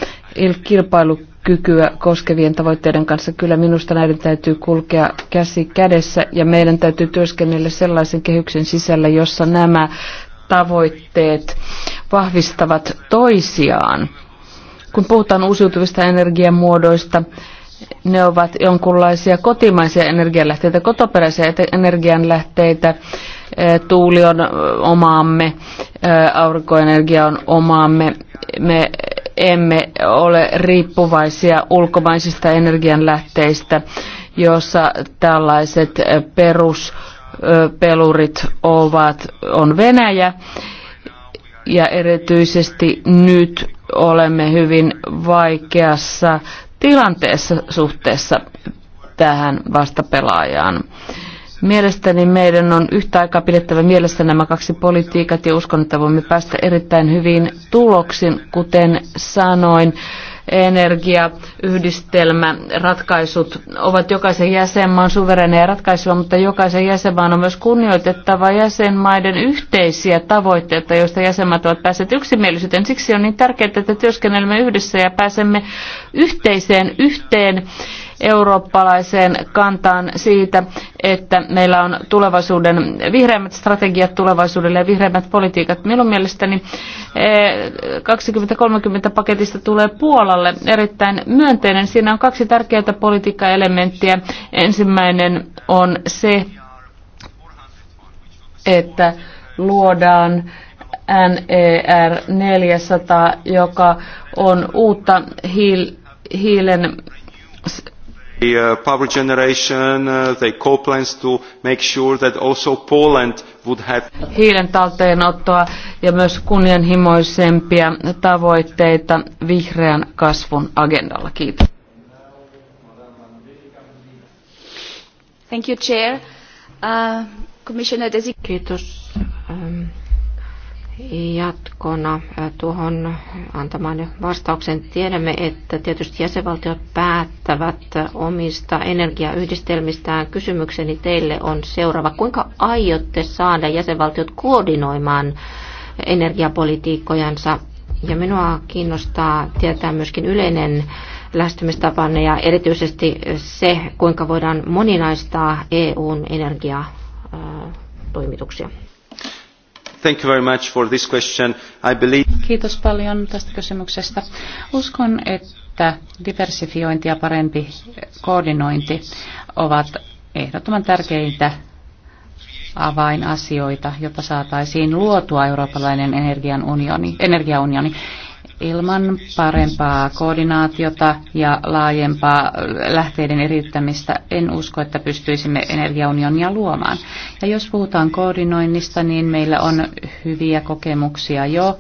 kilpailukykyä koskevien tavoitteiden kanssa. Kyllä minusta näiden täytyy kulkea käsi kädessä ja meidän täytyy työskennellä sellaisen kehyksen sisällä, jossa nämä tavoitteet vahvistavat toisiaan kun puhutaan uusiutuvista energiamuodoista, ne ovat jonkunlaisia kotimaisia energianlähteitä, kotoperäisiä energianlähteitä. Tuuli on omaamme, aurinkoenergia on omaamme. Me emme ole riippuvaisia ulkomaisista energianlähteistä, jossa tällaiset peruspelurit ovat, on Venäjä. Ja erityisesti nyt olemme hyvin vaikeassa tilanteessa suhteessa tähän vastapelaajaan. Mielestäni meidän on yhtä aikaa pidettävä mielessä nämä kaksi politiikat ja uskon, että voimme päästä erittäin hyvin tuloksiin, kuten sanoin energiayhdistelmä, ratkaisut ovat jokaisen jäsenmaan suvereneja ratkaisuja, mutta jokaisen jäsenmaan on myös kunnioitettava jäsenmaiden yhteisiä tavoitteita, joista jäsenmaat ovat päässeet yksimielisyyteen. Siksi on niin tärkeää, että työskennelemme yhdessä ja pääsemme yhteiseen yhteen eurooppalaiseen kantaan siitä, että meillä on tulevaisuuden vihreämmät strategiat tulevaisuudelle ja vihreämmät politiikat. Minun mielestäni 2030 eh, paketista tulee Puolalle erittäin myönteinen. Siinä on kaksi tärkeää politiikkaelementtiä. Ensimmäinen on se, että luodaan e NER 400, joka on uutta hiil, hiilen the uh, power generation, uh, the co-plans to make sure that also Poland would have... Hiilen talteenottoa ja myös kunnianhimoisempia tavoitteita vihreän kasvun agendalla. Kiitos. Thank you, Chair. Uh, Commissioner Desi- Kiitos Um, Jatkona tuohon antamaan vastauksen tiedämme, että tietysti jäsenvaltiot päättävät omista energiayhdistelmistään. Kysymykseni teille on seuraava. Kuinka aiotte saada jäsenvaltiot koordinoimaan energiapolitiikkojansa? Ja minua kiinnostaa tietää myöskin yleinen lähestymistapanne ja erityisesti se, kuinka voidaan moninaistaa EUn energiatoimituksia. Thank you very much for this question. I believe... Kiitos paljon tästä kysymyksestä. Uskon, että diversifiointi ja parempi koordinointi ovat ehdottoman tärkeitä avainasioita, jotta saataisiin luotua eurooppalainen energiaunioni ilman parempaa koordinaatiota ja laajempaa lähteiden eriyttämistä en usko, että pystyisimme energiaunionia luomaan. Ja jos puhutaan koordinoinnista, niin meillä on hyviä kokemuksia jo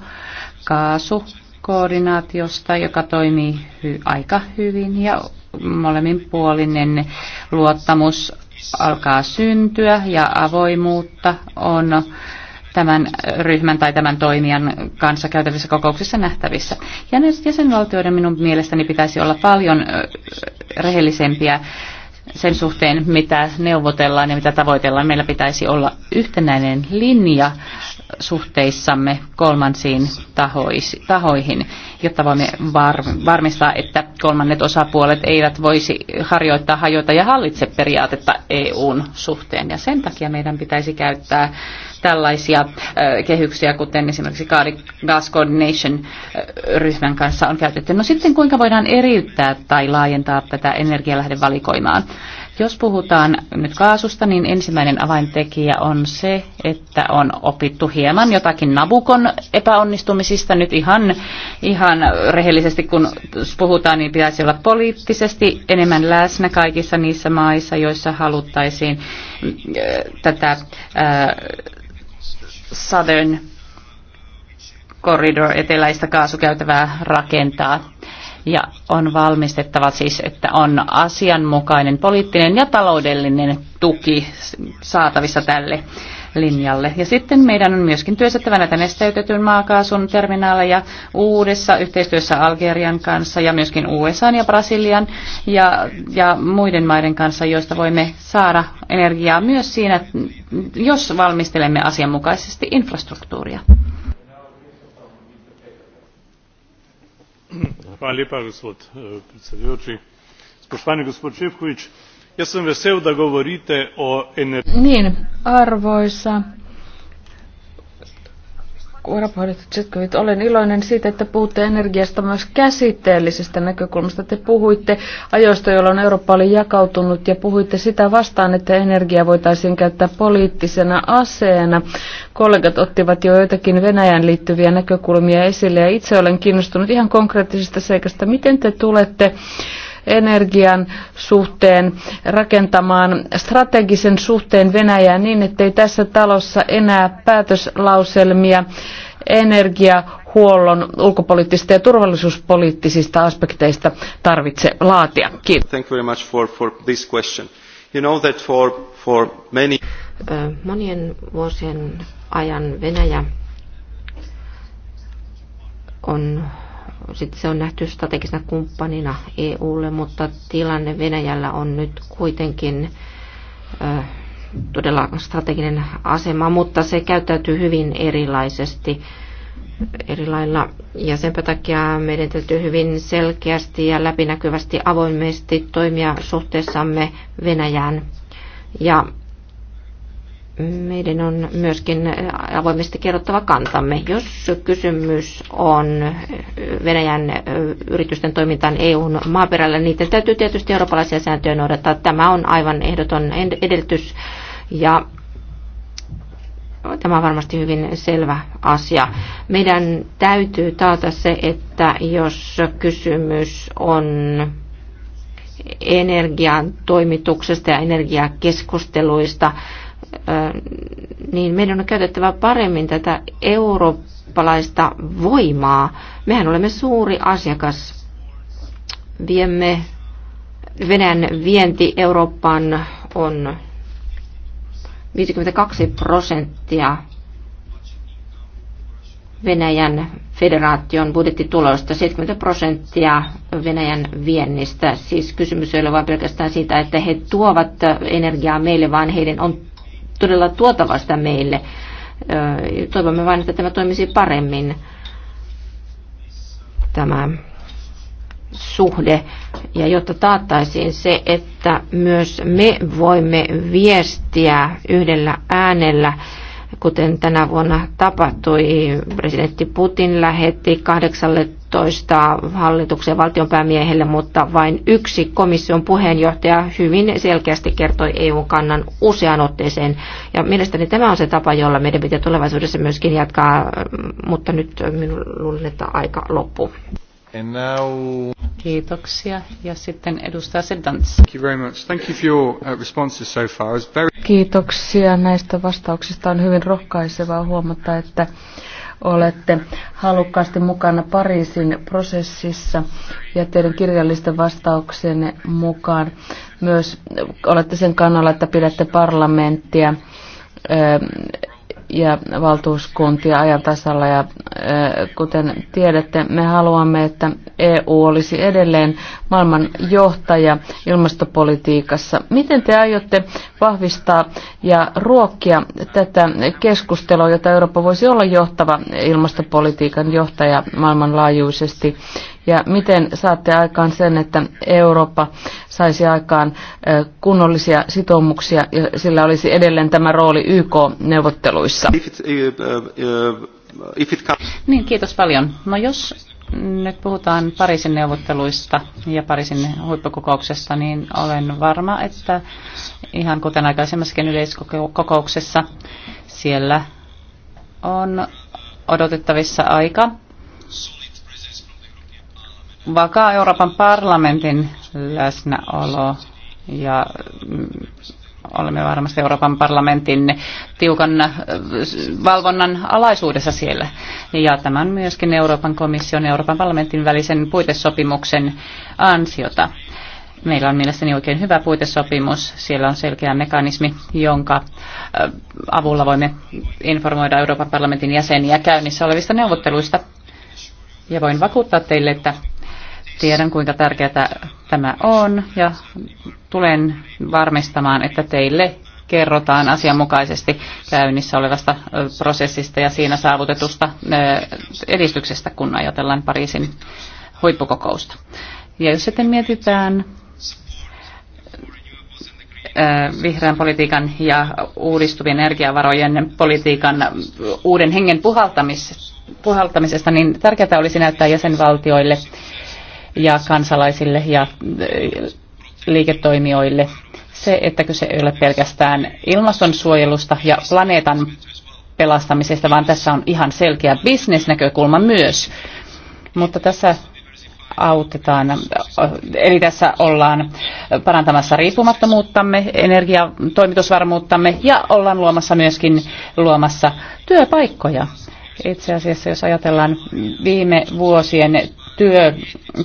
kaasukoordinaatiosta, joka toimii hy- aika hyvin ja molemminpuolinen luottamus alkaa syntyä ja avoimuutta on tämän ryhmän tai tämän toimijan kanssa käytävissä kokouksissa nähtävissä. Ja jäsenvaltioiden minun mielestäni pitäisi olla paljon rehellisempiä sen suhteen, mitä neuvotellaan ja mitä tavoitellaan. Meillä pitäisi olla yhtenäinen linja suhteissamme kolmansiin tahoisi, tahoihin, jotta voimme var, varmistaa, että kolmannet osapuolet eivät voisi harjoittaa, hajota ja hallitse periaatetta EUn suhteen. Ja sen takia meidän pitäisi käyttää tällaisia kehyksiä, kuten esimerkiksi Gas Coordination-ryhmän kanssa on käytetty. No sitten kuinka voidaan eriyttää tai laajentaa tätä energialähdevalikoimaa? Jos puhutaan nyt kaasusta, niin ensimmäinen avaintekijä on se, että on opittu hieman jotakin Nabukon epäonnistumisista. Nyt ihan, ihan rehellisesti, kun puhutaan, niin pitäisi olla poliittisesti enemmän läsnä kaikissa niissä maissa, joissa haluttaisiin mm, tätä Southern Corridor eteläistä kaasukäytävää rakentaa. Ja on valmistettava siis, että on asianmukainen poliittinen ja taloudellinen tuki saatavissa tälle linjalle. Ja sitten meidän on myöskin työstettävä näitä nesteytetyn maakaasun terminaaleja uudessa yhteistyössä Algerian kanssa ja myöskin USA ja Brasilian ja, ja muiden maiden kanssa, joista voimme saada energiaa myös siinä, jos valmistelemme asianmukaisesti infrastruktuuria. Hvala lepa, gospod eh, predsedujoči. Spoštovani gospod Šefkovič, vesel, da govorite o energiji. Niin, arvoisa varapuheenjohtaja Tsetkovit, olen iloinen siitä, että puhutte energiasta myös käsitteellisestä näkökulmasta. Te puhuitte ajoista, jolloin Eurooppa oli jakautunut ja puhuitte sitä vastaan, että energia voitaisiin käyttää poliittisena aseena. Kollegat ottivat jo joitakin Venäjän liittyviä näkökulmia esille ja itse olen kiinnostunut ihan konkreettisesta seikasta. Miten te tulette energian suhteen, rakentamaan strategisen suhteen Venäjään niin, ettei tässä talossa enää päätöslauselmia energiahuollon ulkopoliittisista ja turvallisuuspoliittisista aspekteista tarvitse laatia. Kiitos. Thank you very much for, for this question. You know that for, for many... Monien vuosien ajan Venäjä on sitten se on nähty strategisena kumppanina EUlle, mutta tilanne Venäjällä on nyt kuitenkin todella strateginen asema, mutta se käyttäytyy hyvin erilaisesti eri lailla. Ja sen takia meidän täytyy hyvin selkeästi ja läpinäkyvästi avoimesti toimia suhteessamme Venäjään. Ja meidän on myöskin avoimesti kerrottava kantamme. Jos kysymys on Venäjän yritysten toimintaan EUn maaperällä, niitä täytyy tietysti eurooppalaisia sääntöjä noudattaa. Tämä on aivan ehdoton edellytys ja tämä on varmasti hyvin selvä asia. Meidän täytyy taata se, että jos kysymys on energian toimituksesta ja energiakeskusteluista, keskusteluista, niin meidän on käytettävä paremmin tätä eurooppalaista voimaa. Mehän olemme suuri asiakas. Viemme Venäjän vienti Eurooppaan on 52 prosenttia Venäjän federaation budjettituloista 70 prosenttia Venäjän viennistä. Siis kysymys ei ole vain pelkästään siitä, että he tuovat energiaa meille, vaan heidän on todella tuotava sitä meille. Toivomme vain, että tämä toimisi paremmin, tämä suhde, ja jotta taattaisiin se, että myös me voimme viestiä yhdellä äänellä, kuten tänä vuonna tapahtui. Presidentti Putin lähetti kahdeksalle 12 hallituksen valtionpäämiehelle, mutta vain yksi komission puheenjohtaja hyvin selkeästi kertoi EU-kannan useaan otteeseen. Ja mielestäni tämä on se tapa, jolla meidän pitää tulevaisuudessa myöskin jatkaa, mutta nyt minun luulen, että aika loppuu. Now... Kiitoksia. Ja sitten edustaja Sedans. Thank you very much. Thank you for your uh, responses so far. Very... Kiitoksia näistä vastauksista. On hyvin rohkaisevaa huomata, että olette halukkaasti mukana Pariisin prosessissa ja teidän kirjallisten vastauksenne mukaan myös olette sen kannalla, että pidätte parlamenttia ja valtuuskuntia ajan tasalla. Ja kuten tiedätte, me haluamme, että EU olisi edelleen maailman johtaja ilmastopolitiikassa. Miten te aiotte vahvistaa ja ruokkia tätä keskustelua, jota Eurooppa voisi olla johtava ilmastopolitiikan johtaja maailmanlaajuisesti? ja miten saatte aikaan sen, että Eurooppa saisi aikaan kunnollisia sitoumuksia ja sillä olisi edelleen tämä rooli YK-neuvotteluissa? Uh, uh, niin, kiitos paljon. No jos nyt puhutaan Pariisin neuvotteluista ja Pariisin huippukokouksesta, niin olen varma, että ihan kuten aikaisemmassakin yleiskokouksessa, siellä on odotettavissa aika vakaa Euroopan parlamentin läsnäolo ja mm, olemme varmasti Euroopan parlamentin tiukan äh, valvonnan alaisuudessa siellä. Ja tämän myöskin Euroopan komission ja Euroopan parlamentin välisen puitesopimuksen ansiota. Meillä on mielestäni oikein hyvä puitesopimus. Siellä on selkeä mekanismi, jonka äh, avulla voimme informoida Euroopan parlamentin jäseniä käynnissä olevista neuvotteluista. Ja voin vakuuttaa teille, että Tiedän, kuinka tärkeää tämä on ja tulen varmistamaan, että teille kerrotaan asianmukaisesti käynnissä olevasta prosessista ja siinä saavutetusta edistyksestä, kun ajatellaan Pariisin huippukokousta. Ja jos sitten mietitään vihreän politiikan ja uudistuvien energiavarojen politiikan uuden hengen puhaltamisesta, niin tärkeää olisi näyttää jäsenvaltioille ja kansalaisille ja äh, liiketoimijoille se, että kyse ei ole pelkästään ilmastonsuojelusta ja planeetan pelastamisesta, vaan tässä on ihan selkeä bisnesnäkökulma myös. Mutta tässä autetaan, äh, eli tässä ollaan parantamassa riippumattomuuttamme, energiatoimitusvarmuuttamme ja ollaan luomassa myöskin luomassa työpaikkoja. Itse asiassa, jos ajatellaan viime vuosien työ,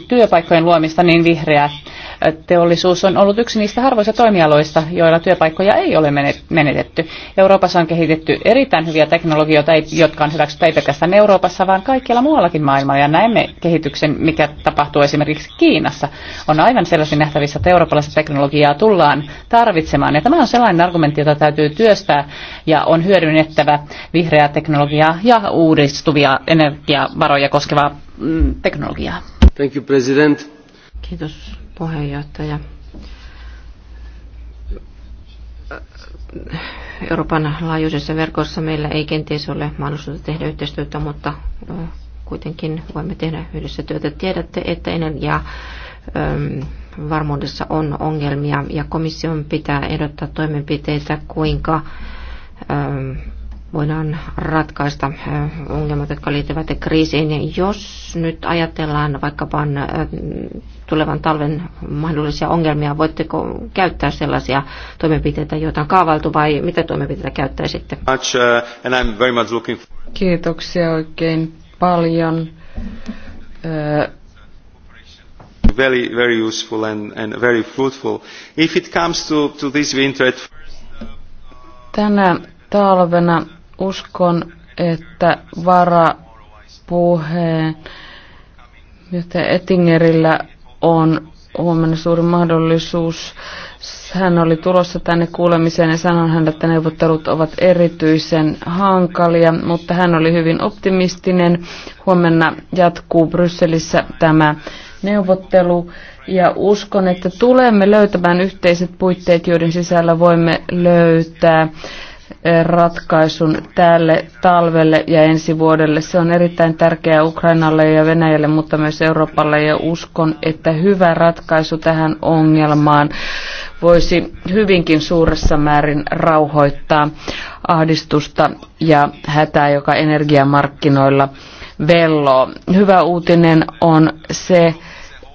työpaikkojen luomista, niin vihreä teollisuus on ollut yksi niistä harvoista toimialoista, joilla työpaikkoja ei ole menetetty. Euroopassa on kehitetty erittäin hyviä teknologioita, jotka on hyväksytty ei pelkästään Euroopassa, vaan kaikkialla muuallakin maailmalla. Ja näemme kehityksen, mikä tapahtuu esimerkiksi Kiinassa. On aivan selvästi nähtävissä, että eurooppalaista teknologiaa tullaan tarvitsemaan. Ja tämä on sellainen argumentti, jota täytyy työstää ja on hyödynnettävä vihreää teknologiaa ja uudistuvia energiavaroja koskevaa Mm, teknologiaa. Thank you, president. Kiitos puheenjohtaja. Euroopan laajuisessa verkossa meillä ei kenties ole mahdollisuutta tehdä yhteistyötä, mutta kuitenkin voimme tehdä yhdessä työtä. Tiedätte, että energia varmuudessa on ongelmia ja komission pitää ehdottaa toimenpiteitä, kuinka voidaan ratkaista ongelmat, jotka liittyvät kriisiin. Jos nyt ajatellaan vaikkapa tulevan talven mahdollisia ongelmia, voitteko käyttää sellaisia toimenpiteitä, joita on kaavailtu, vai mitä toimenpiteitä käyttäisitte? Kiitoksia oikein paljon. Very, very useful and, and very fruitful. If it comes to, to this winter, at... Tänä talvena uskon, että varapuheen Ettingerillä on huomenna suuri mahdollisuus. Hän oli tulossa tänne kuulemiseen ja sanoi hän, että neuvottelut ovat erityisen hankalia, mutta hän oli hyvin optimistinen. Huomenna jatkuu Brysselissä tämä neuvottelu ja uskon, että tulemme löytämään yhteiset puitteet, joiden sisällä voimme löytää ratkaisun tälle talvelle ja ensi vuodelle. Se on erittäin tärkeää Ukrainalle ja Venäjälle, mutta myös Euroopalle ja uskon, että hyvä ratkaisu tähän ongelmaan voisi hyvinkin suuressa määrin rauhoittaa ahdistusta ja hätää, joka energiamarkkinoilla velloo. Hyvä uutinen on se,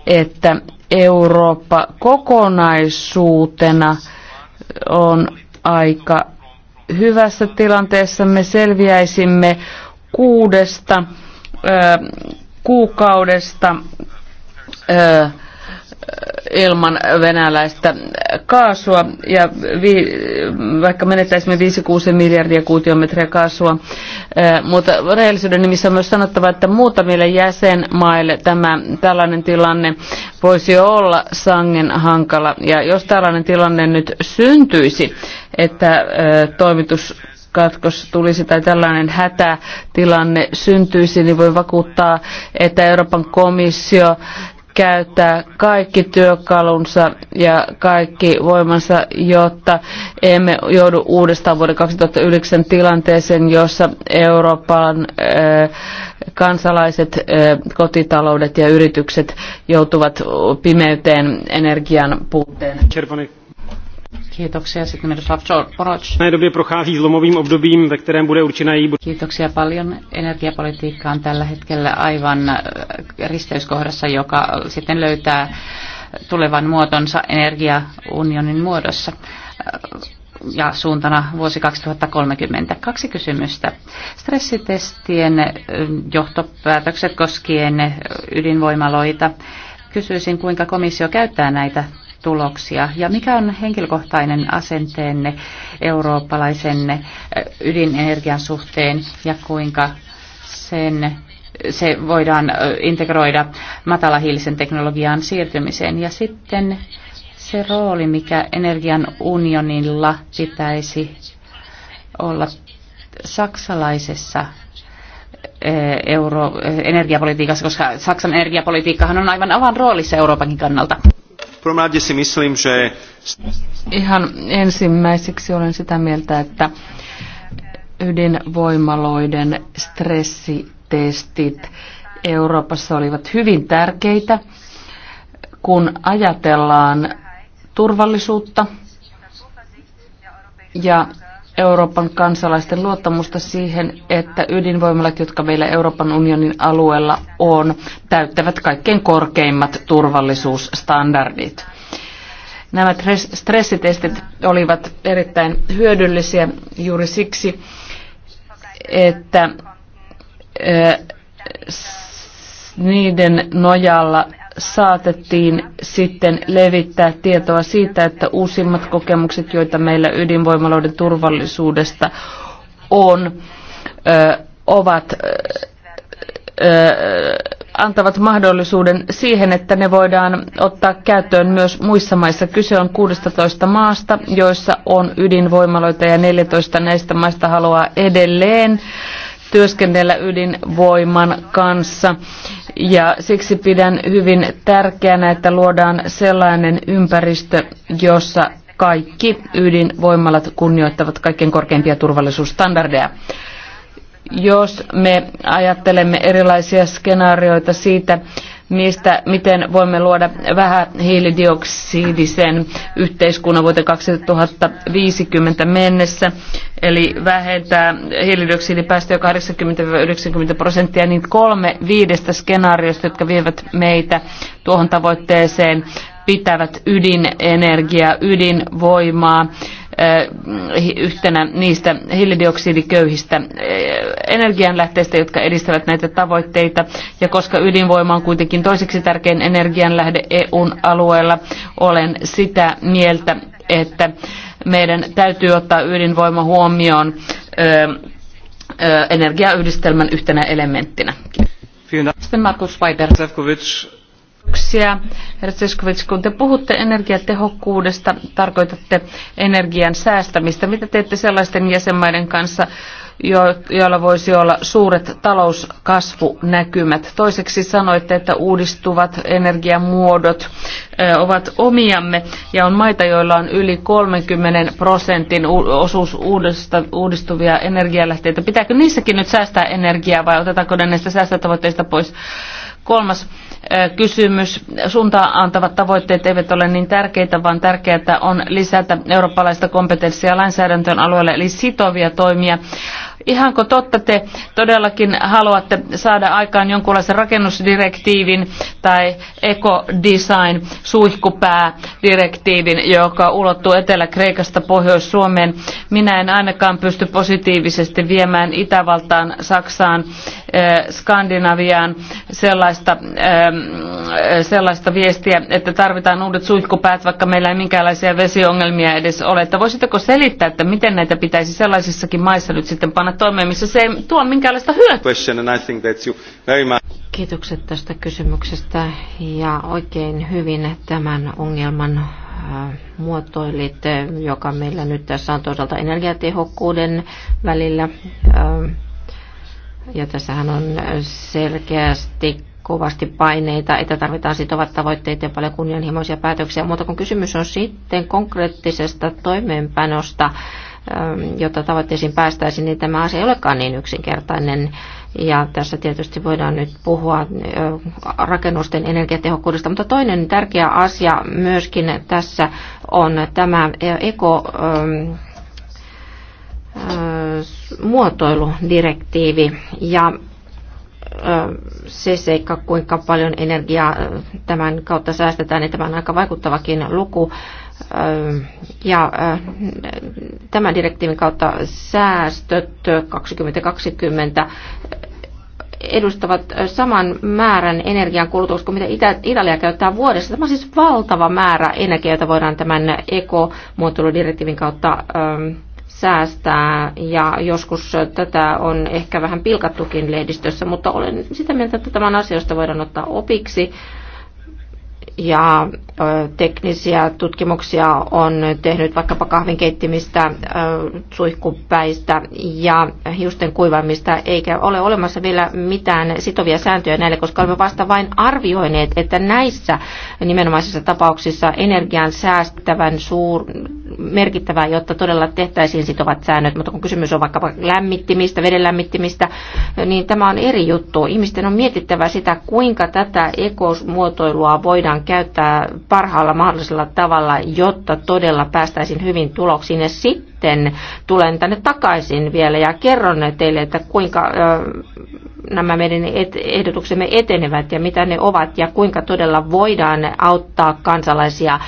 että Eurooppa kokonaisuutena on aika hyvässä tilanteessa me selviäisimme kuudesta ö, kuukaudesta ö, ilman venäläistä kaasua. Ja vi, vaikka menettäisimme 5-6 miljardia kuutiometriä kaasua, eh, mutta rehellisyyden nimissä on myös sanottava, että muutamille jäsenmaille tämä tällainen tilanne voisi olla sangen hankala. Ja jos tällainen tilanne nyt syntyisi, että eh, toimitus katkos tulisi tai tällainen hätätilanne syntyisi, niin voi vakuuttaa, että Euroopan komissio käyttää kaikki työkalunsa ja kaikki voimansa, jotta emme joudu uudestaan vuoden 2009 tilanteeseen, jossa Euroopan äh, kansalaiset, äh, kotitaloudet ja yritykset joutuvat pimeyteen energian puutteen. Kiitoksia. Sitten Miroslav Poroc. Najdobě prochází zlomovým obdobím, ve kterém bude určena její... Kiitoksia paljon. Energiapolitiikka on tällä hetkellä aivan äh, risteyskohdassa, joka äh, sitten löytää tulevan muotonsa energiaunionin muodossa äh, ja suuntana vuosi 2030. Kaksi kysymystä. Stressitestien johtopäätökset koskien ydinvoimaloita. Kysyisin, kuinka komissio käyttää näitä tuloksia? Ja mikä on henkilökohtainen asenteenne eurooppalaisen ydinenergian suhteen ja kuinka sen se voidaan integroida matalahiilisen teknologiaan siirtymiseen. Ja sitten se rooli, mikä energian unionilla pitäisi olla saksalaisessa euro, energiapolitiikassa, koska Saksan energiapolitiikkahan on aivan avan roolissa Euroopankin kannalta prvom rade si myslím, že... Ihan ensimmäiseksi olen sitä mieltä, että ydinvoimaloiden stressitestit Euroopassa olivat hyvin tärkeitä, kun ajatellaan turvallisuutta ja Euroopan kansalaisten luottamusta siihen, että ydinvoimalat, jotka meillä Euroopan unionin alueella on, täyttävät kaikkein korkeimmat turvallisuusstandardit. Nämä stressitestit olivat erittäin hyödyllisiä juuri siksi, että niiden nojalla saatettiin sitten levittää tietoa siitä, että uusimmat kokemukset, joita meillä ydinvoimaloiden turvallisuudesta on, ö, ovat ö, antavat mahdollisuuden siihen, että ne voidaan ottaa käyttöön myös muissa maissa. Kyse on 16 maasta, joissa on ydinvoimaloita ja 14 näistä maista haluaa edelleen työskennellä ydinvoiman kanssa. Ja siksi pidän hyvin tärkeänä, että luodaan sellainen ympäristö, jossa kaikki ydinvoimalat kunnioittavat kaikkein korkeimpia turvallisuusstandardeja jos me ajattelemme erilaisia skenaarioita siitä, niistä, miten voimme luoda vähän hiilidioksidisen yhteiskunnan vuoteen 2050 mennessä, eli vähentää hiilidioksidipäästöjä 80-90 prosenttia, niin kolme viidestä skenaariosta, jotka vievät meitä tuohon tavoitteeseen, pitävät ydinenergiaa, ydinvoimaa, yhtenä niistä hiilidioksidiköyhistä energianlähteistä, jotka edistävät näitä tavoitteita. Ja koska ydinvoima on kuitenkin toiseksi tärkein energianlähde EUn alueella, olen sitä mieltä, että meidän täytyy ottaa ydinvoima huomioon energiayhdistelmän yhtenä elementtinä. Sitten Markus Weiber. Kiitoksia, herra Seskovits. Kun te puhutte energiatehokkuudesta, tarkoitatte energian säästämistä. Mitä teette sellaisten jäsenmaiden kanssa, joilla voisi olla suuret talouskasvunäkymät. Toiseksi sanoitte, että uudistuvat energiamuodot ovat omiamme ja on maita, joilla on yli 30 prosentin osuus uudesta, uudistuvia energialähteitä. Pitääkö niissäkin nyt säästää energiaa vai otetaanko ne näistä säästötavoitteista pois? Kolmas kysymys. Suuntaan antavat tavoitteet eivät ole niin tärkeitä, vaan tärkeää on lisätä eurooppalaista kompetenssia lainsäädäntöön alueelle, eli sitovia toimia. Ihanko totta te todellakin haluatte saada aikaan jonkunlaisen rakennusdirektiivin tai ekodesign suihkupäädirektiivin, joka ulottuu Etelä-Kreikasta Pohjois-Suomeen? Minä en ainakaan pysty positiivisesti viemään Itävaltaan, Saksaan Eh, Skandinaviaan sellaista, eh, sellaista viestiä, että tarvitaan uudet suihkupäät, vaikka meillä ei minkäänlaisia vesiongelmia edes ole. Että voisitteko selittää, että miten näitä pitäisi sellaisissakin maissa nyt sitten panna toimeen, missä se ei tuo minkäänlaista hyötyä? Kiitokset tästä kysymyksestä ja oikein hyvin tämän ongelman äh, muotoilit, äh, joka meillä nyt tässä on toisaalta energiatehokkuuden välillä äh, ja tässähän on selkeästi kovasti paineita, että tarvitaan sitovat tavoitteet ja paljon kunnianhimoisia päätöksiä, mutta kun kysymys on sitten konkreettisesta toimeenpanosta, ähm, jotta tavoitteisiin päästäisiin, niin tämä asia ei olekaan niin yksinkertainen. Ja tässä tietysti voidaan nyt puhua äh, rakennusten energiatehokkuudesta, mutta toinen tärkeä asia myöskin tässä on tämä äh, eko ähm, muotoiludirektiivi ja se seikka, kuinka paljon energiaa tämän kautta säästetään, niin tämä on aika vaikuttavakin luku. Ja tämän direktiivin kautta säästöt 2020 edustavat saman määrän energiankulutusta kuin mitä Itä- Italia käyttää vuodessa. Tämä on siis valtava määrä energiaa, jota voidaan tämän ekomuotoiludirektiivin kautta säästää ja joskus tätä on ehkä vähän pilkattukin lehdistössä, mutta olen sitä mieltä, että tämän asioista voidaan ottaa opiksi ja teknisiä tutkimuksia on tehnyt vaikkapa kahvinkeittimistä, suihkupäistä ja hiusten kuivamista, eikä ole olemassa vielä mitään sitovia sääntöjä näille, koska olemme vasta vain arvioineet, että näissä nimenomaisissa tapauksissa energian säästävän suur, merkittävää, jotta todella tehtäisiin sitovat säännöt, mutta kun kysymys on vaikkapa lämmittimistä, veden lämmittimistä, niin tämä on eri juttu. Ihmisten on mietittävä sitä, kuinka tätä ekosmuotoilua voidaan käyttää parhaalla mahdollisella tavalla, jotta todella päästäisiin hyvin tuloksiin. Ja sitten tulen tänne takaisin vielä ja kerron teille, että kuinka nämä meidän ehdotuksemme etenevät ja mitä ne ovat ja kuinka todella voidaan auttaa kansalaisia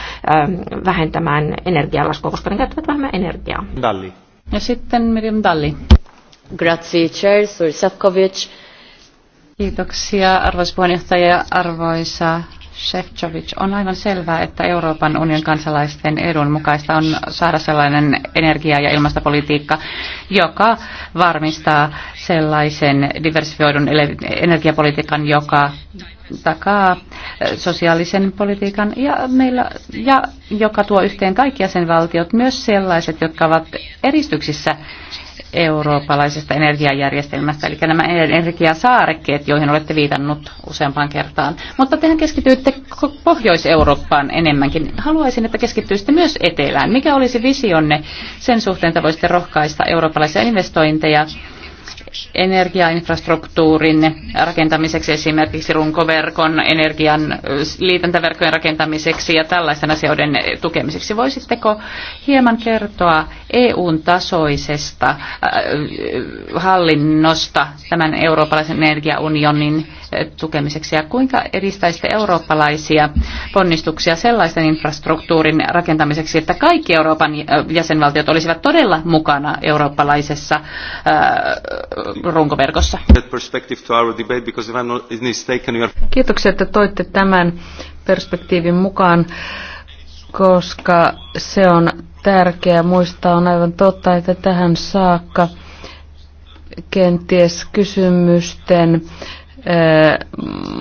vähentämään energialaskua, koska ne käyttävät vähemmän energiaa. Dalli. Ja sitten Miriam Dalli. Grazie, Chair Suri Kiitoksia arvoisa puheenjohtaja, arvoisa Shevchovic, on aivan selvää, että Euroopan unionin kansalaisten edun mukaista on saada sellainen energia- ja ilmastopolitiikka, joka varmistaa sellaisen diversifioidun energiapolitiikan, joka takaa eh, sosiaalisen politiikan ja, meillä, ja joka tuo yhteen kaikki jäsenvaltiot, myös sellaiset, jotka ovat eristyksissä eurooppalaisesta energiajärjestelmästä, eli nämä energiasaarekkeet, joihin olette viitannut useampaan kertaan. Mutta tehän keskityitte Pohjois-Eurooppaan enemmänkin. Haluaisin, että keskittyisitte myös etelään. Mikä olisi visionne sen suhteen, että voisitte rohkaista eurooppalaisia investointeja energiainfrastruktuurin rakentamiseksi, esimerkiksi runkoverkon, energian liitäntäverkkojen rakentamiseksi ja tällaisten asioiden tukemiseksi. Voisitteko hieman kertoa EUn tasoisesta hallinnosta tämän eurooppalaisen energiaunionin tukemiseksi ja kuinka edistäisitte eurooppalaisia ponnistuksia sellaisen infrastruktuurin rakentamiseksi, että kaikki Euroopan jäsenvaltiot olisivat todella mukana eurooppalaisessa runkoverkossa. Kiitoksia, että toitte tämän perspektiivin mukaan, koska se on tärkeää muistaa. On aivan totta, että tähän saakka kenties kysymysten äh,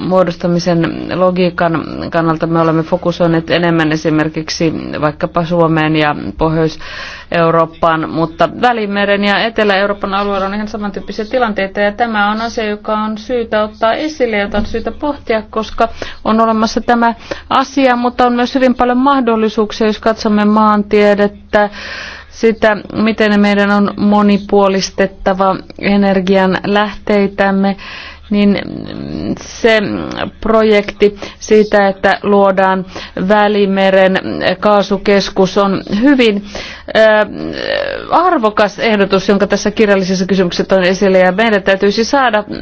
muodostamisen logiikan kannalta me olemme fokusoineet enemmän esimerkiksi vaikkapa Suomeen ja Pohjois-Eurooppaan, mutta Välimeren ja Etelä-Euroopan alueella on ihan samantyyppisiä tilanteita ja tämä on asia, joka on syytä ottaa esille, ja on syytä pohtia, koska on olemassa tämä asia, mutta on myös hyvin paljon mahdollisuuksia, jos katsomme maantiedettä, sitä, miten meidän on monipuolistettava energian lähteitämme niin se projekti siitä, että luodaan Välimeren kaasukeskus on hyvin äh, arvokas ehdotus, jonka tässä kirjallisessa kysymyksessä on esille. Ja meidän täytyisi saada äh,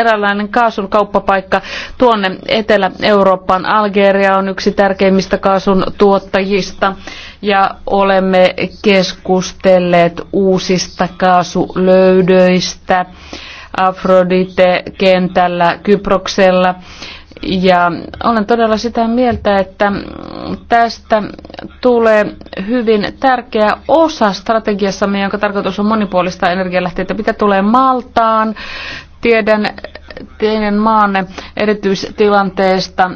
eräänlainen kaasun kauppapaikka tuonne Etelä-Eurooppaan. Algeria on yksi tärkeimmistä kaasun tuottajista ja olemme keskustelleet uusista kaasulöydöistä. Afrodite-kentällä Kyproksella. Ja olen todella sitä mieltä, että tästä tulee hyvin tärkeä osa strategiassamme, jonka tarkoitus on monipuolista energialähteitä. Mitä tulee Maltaan, tiedän teidän maanne erityistilanteesta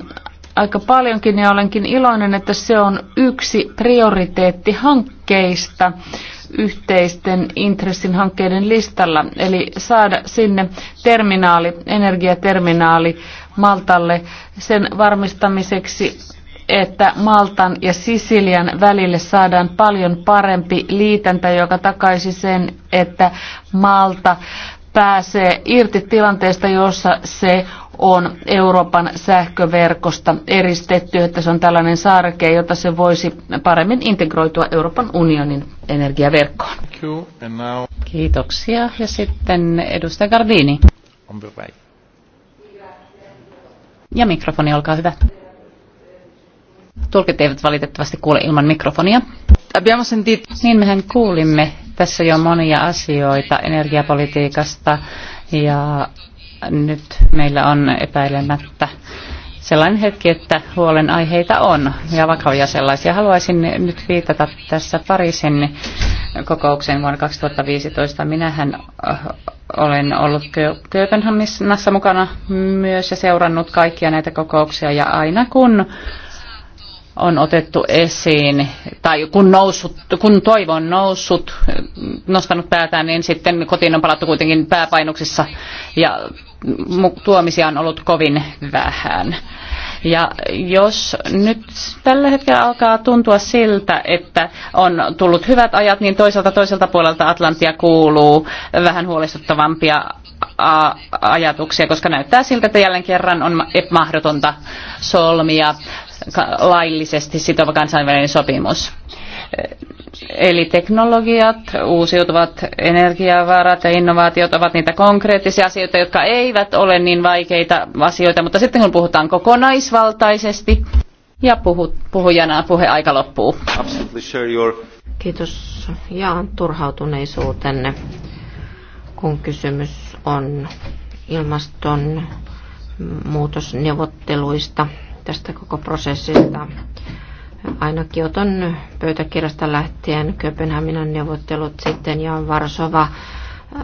aika paljonkin ja olenkin iloinen, että se on yksi prioriteettihankkeista. hankkeista yhteisten intressin hankkeiden listalla, eli saada sinne terminaali, energiaterminaali Maltalle sen varmistamiseksi, että Maltan ja Sisilian välille saadaan paljon parempi liitäntä, joka takaisi sen, että Malta pääsee irti tilanteesta, jossa se on Euroopan sähköverkosta eristetty, että se on tällainen saareke, jota se voisi paremmin integroitua Euroopan unionin energiaverkkoon. Kiitoksia. Ja sitten edustaja Gardini. Ja mikrofoni, olkaa hyvä. Tulkit eivät valitettavasti kuule ilman mikrofonia. Niin mehän kuulimme tässä jo monia asioita energiapolitiikasta ja nyt meillä on epäilemättä sellainen hetki, että huolenaiheita on ja vakavia sellaisia. Haluaisin nyt viitata tässä Pariisin kokouksen vuonna 2015. Minähän äh, olen ollut Kööpenhaminassa mukana myös ja seurannut kaikkia näitä kokouksia ja aina kun on otettu esiin, tai kun, noussut, kun toivo on noussut, nostanut päätään, niin sitten kotiin on palattu kuitenkin pääpainoksissa ja tuomisia on ollut kovin vähän. Ja jos nyt tällä hetkellä alkaa tuntua siltä, että on tullut hyvät ajat, niin toisaalta toiselta puolelta Atlantia kuuluu vähän huolestuttavampia ajatuksia, koska näyttää siltä, että jälleen kerran on mahdotonta solmia laillisesti sitova kansainvälinen sopimus Eli teknologiat, uusiutuvat energiavarat ja innovaatiot ovat niitä konkreettisia asioita, jotka eivät ole niin vaikeita asioita, mutta sitten kun puhutaan kokonaisvaltaisesti ja puhu, puhujana aika loppuu. Kiitos. Jaan turhautuneisuutenne, kun kysymys on ilmastonmuutosneuvotteluista, tästä koko prosessista aina Kioton pöytäkirjasta lähtien, Kööpenhaminan neuvottelut sitten ja Varsova.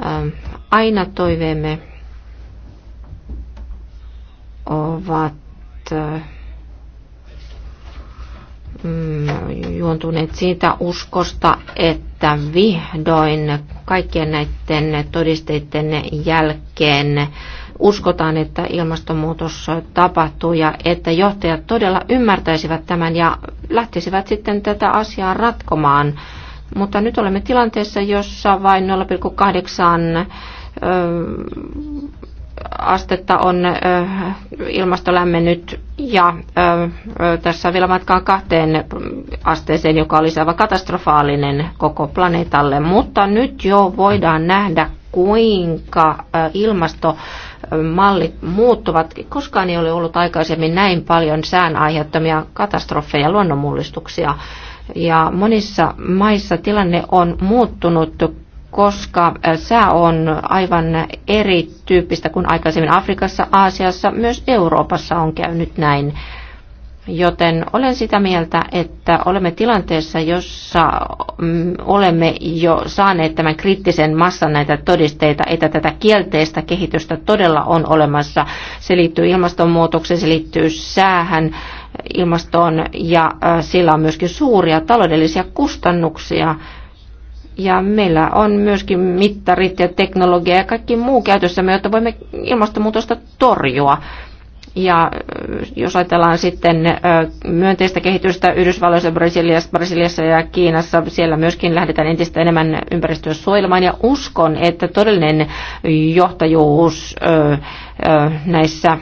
Ähm, aina toiveemme ovat äh, mm, juontuneet siitä uskosta, että vihdoin kaikkien näiden todisteiden jälkeen uskotaan, että ilmastonmuutos tapahtuu ja että johtajat todella ymmärtäisivät tämän ja lähtisivät sitten tätä asiaa ratkomaan. Mutta nyt olemme tilanteessa, jossa vain 0,8 astetta on ilmasto lämmennyt ja tässä on vielä matkaan kahteen asteeseen, joka olisi aivan katastrofaalinen koko planeetalle. Mutta nyt jo voidaan nähdä, kuinka ilmasto mallit muuttuvat. Koskaan ei ole ollut aikaisemmin näin paljon sään aiheuttamia katastrofeja, luonnonmullistuksia. Ja monissa maissa tilanne on muuttunut koska sää on aivan erityyppistä kuin aikaisemmin Afrikassa, Aasiassa, myös Euroopassa on käynyt näin. Joten olen sitä mieltä, että olemme tilanteessa, jossa mm, olemme jo saaneet tämän kriittisen massan näitä todisteita, että tätä kielteistä kehitystä todella on olemassa. Se liittyy ilmastonmuutokseen, se liittyy säähän, ilmastoon ja sillä on myöskin suuria taloudellisia kustannuksia ja meillä on myöskin mittarit ja teknologia ja kaikki muu käytössämme, jotta voimme ilmastonmuutosta torjua. Ja jos ajatellaan sitten myönteistä kehitystä Yhdysvalloissa, Brasiliassa, Brasiliassa ja Kiinassa, siellä myöskin lähdetään entistä enemmän ympäristöä suojelemaan. Ja uskon, että todellinen johtajuus näissä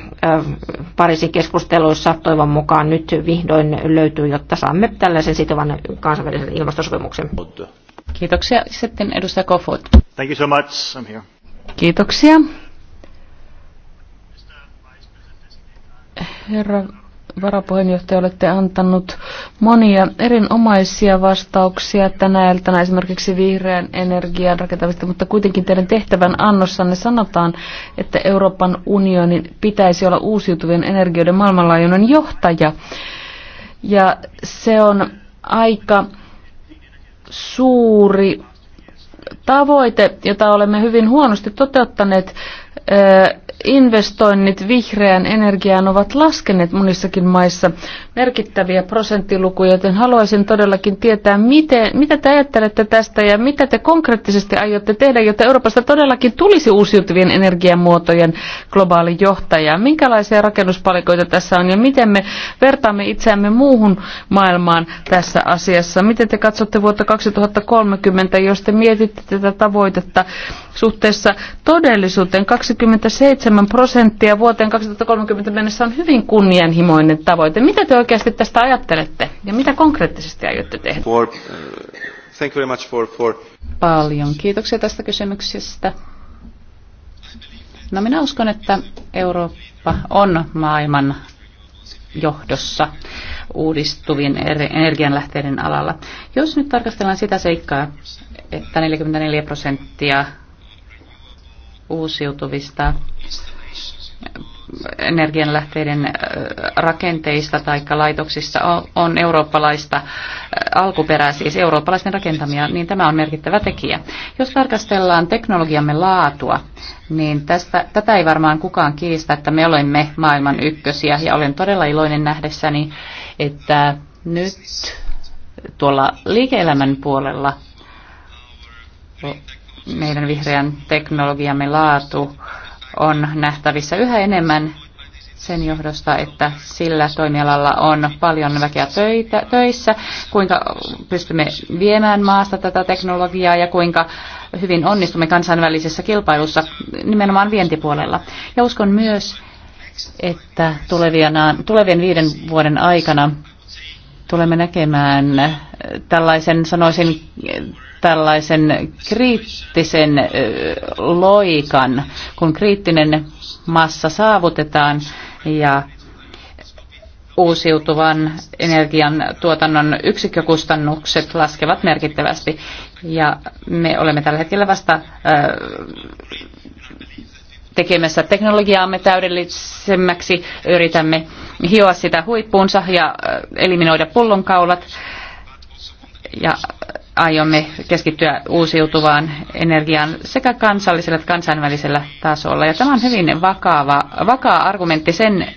Pariisin keskusteluissa toivon mukaan nyt vihdoin löytyy, jotta saamme tällaisen sitovan kansainvälisen ilmastosopimuksen. Kiitoksia. Sitten edustaja Kofod. Thank you so much. I'm here. Kiitoksia. Herra varapuheenjohtaja, olette antanut monia erinomaisia vastauksia tänä iltana esimerkiksi vihreän energian rakentamista, mutta kuitenkin teidän tehtävän annossanne sanotaan, että Euroopan unionin pitäisi olla uusiutuvien energioiden maailmanlaajuinen johtaja. Ja se on aika suuri tavoite, jota olemme hyvin huonosti toteuttaneet investoinnit vihreään energiaan ovat laskeneet monissakin maissa merkittäviä prosenttilukuja, joten haluaisin todellakin tietää, miten, mitä te ajattelette tästä ja mitä te konkreettisesti aiotte tehdä, jotta Euroopasta todellakin tulisi uusiutuvien energiamuotojen globaali johtaja. Minkälaisia rakennuspalikoita tässä on ja miten me vertaamme itseämme muuhun maailmaan tässä asiassa? Miten te katsotte vuotta 2030, jos te mietitte tätä tavoitetta suhteessa todellisuuteen 27 7 prosenttia vuoteen 2030 mennessä on hyvin kunnianhimoinen tavoite. Mitä te oikeasti tästä ajattelette ja mitä konkreettisesti aiotte tehdä? For, uh, thank you very much for, for... Paljon kiitoksia tästä kysymyksestä. No minä uskon, että Eurooppa on maailman johdossa uudistuvien energianlähteiden alalla. Jos nyt tarkastellaan sitä seikkaa, että 44 prosenttia uusiutuvista energianlähteiden rakenteista tai laitoksissa on eurooppalaista alkuperää, siis eurooppalaisten rakentamia, niin tämä on merkittävä tekijä. Jos tarkastellaan teknologiamme laatua, niin tästä, tätä ei varmaan kukaan kiistä, että me olemme maailman ykkösiä ja olen todella iloinen nähdessäni, että nyt tuolla liike-elämän puolella meidän vihreän teknologiamme laatu on nähtävissä yhä enemmän sen johdosta, että sillä toimialalla on paljon väkeä töitä, töissä, kuinka pystymme viemään maasta tätä teknologiaa ja kuinka hyvin onnistumme kansainvälisessä kilpailussa nimenomaan vientipuolella. Ja uskon myös, että tulevien viiden vuoden aikana tulemme näkemään tällaisen, sanoisin, tällaisen kriittisen loikan, kun kriittinen massa saavutetaan ja uusiutuvan energian tuotannon yksikkökustannukset laskevat merkittävästi. Ja me olemme tällä hetkellä vasta tekemässä teknologiaamme täydellisemmäksi, yritämme hioa sitä huippuunsa ja äh, eliminoida pullonkaulat ja äh, aiomme keskittyä uusiutuvaan energiaan sekä kansallisella että kansainvälisellä tasolla. Ja tämä on hyvin vakava, vakaa argumentti sen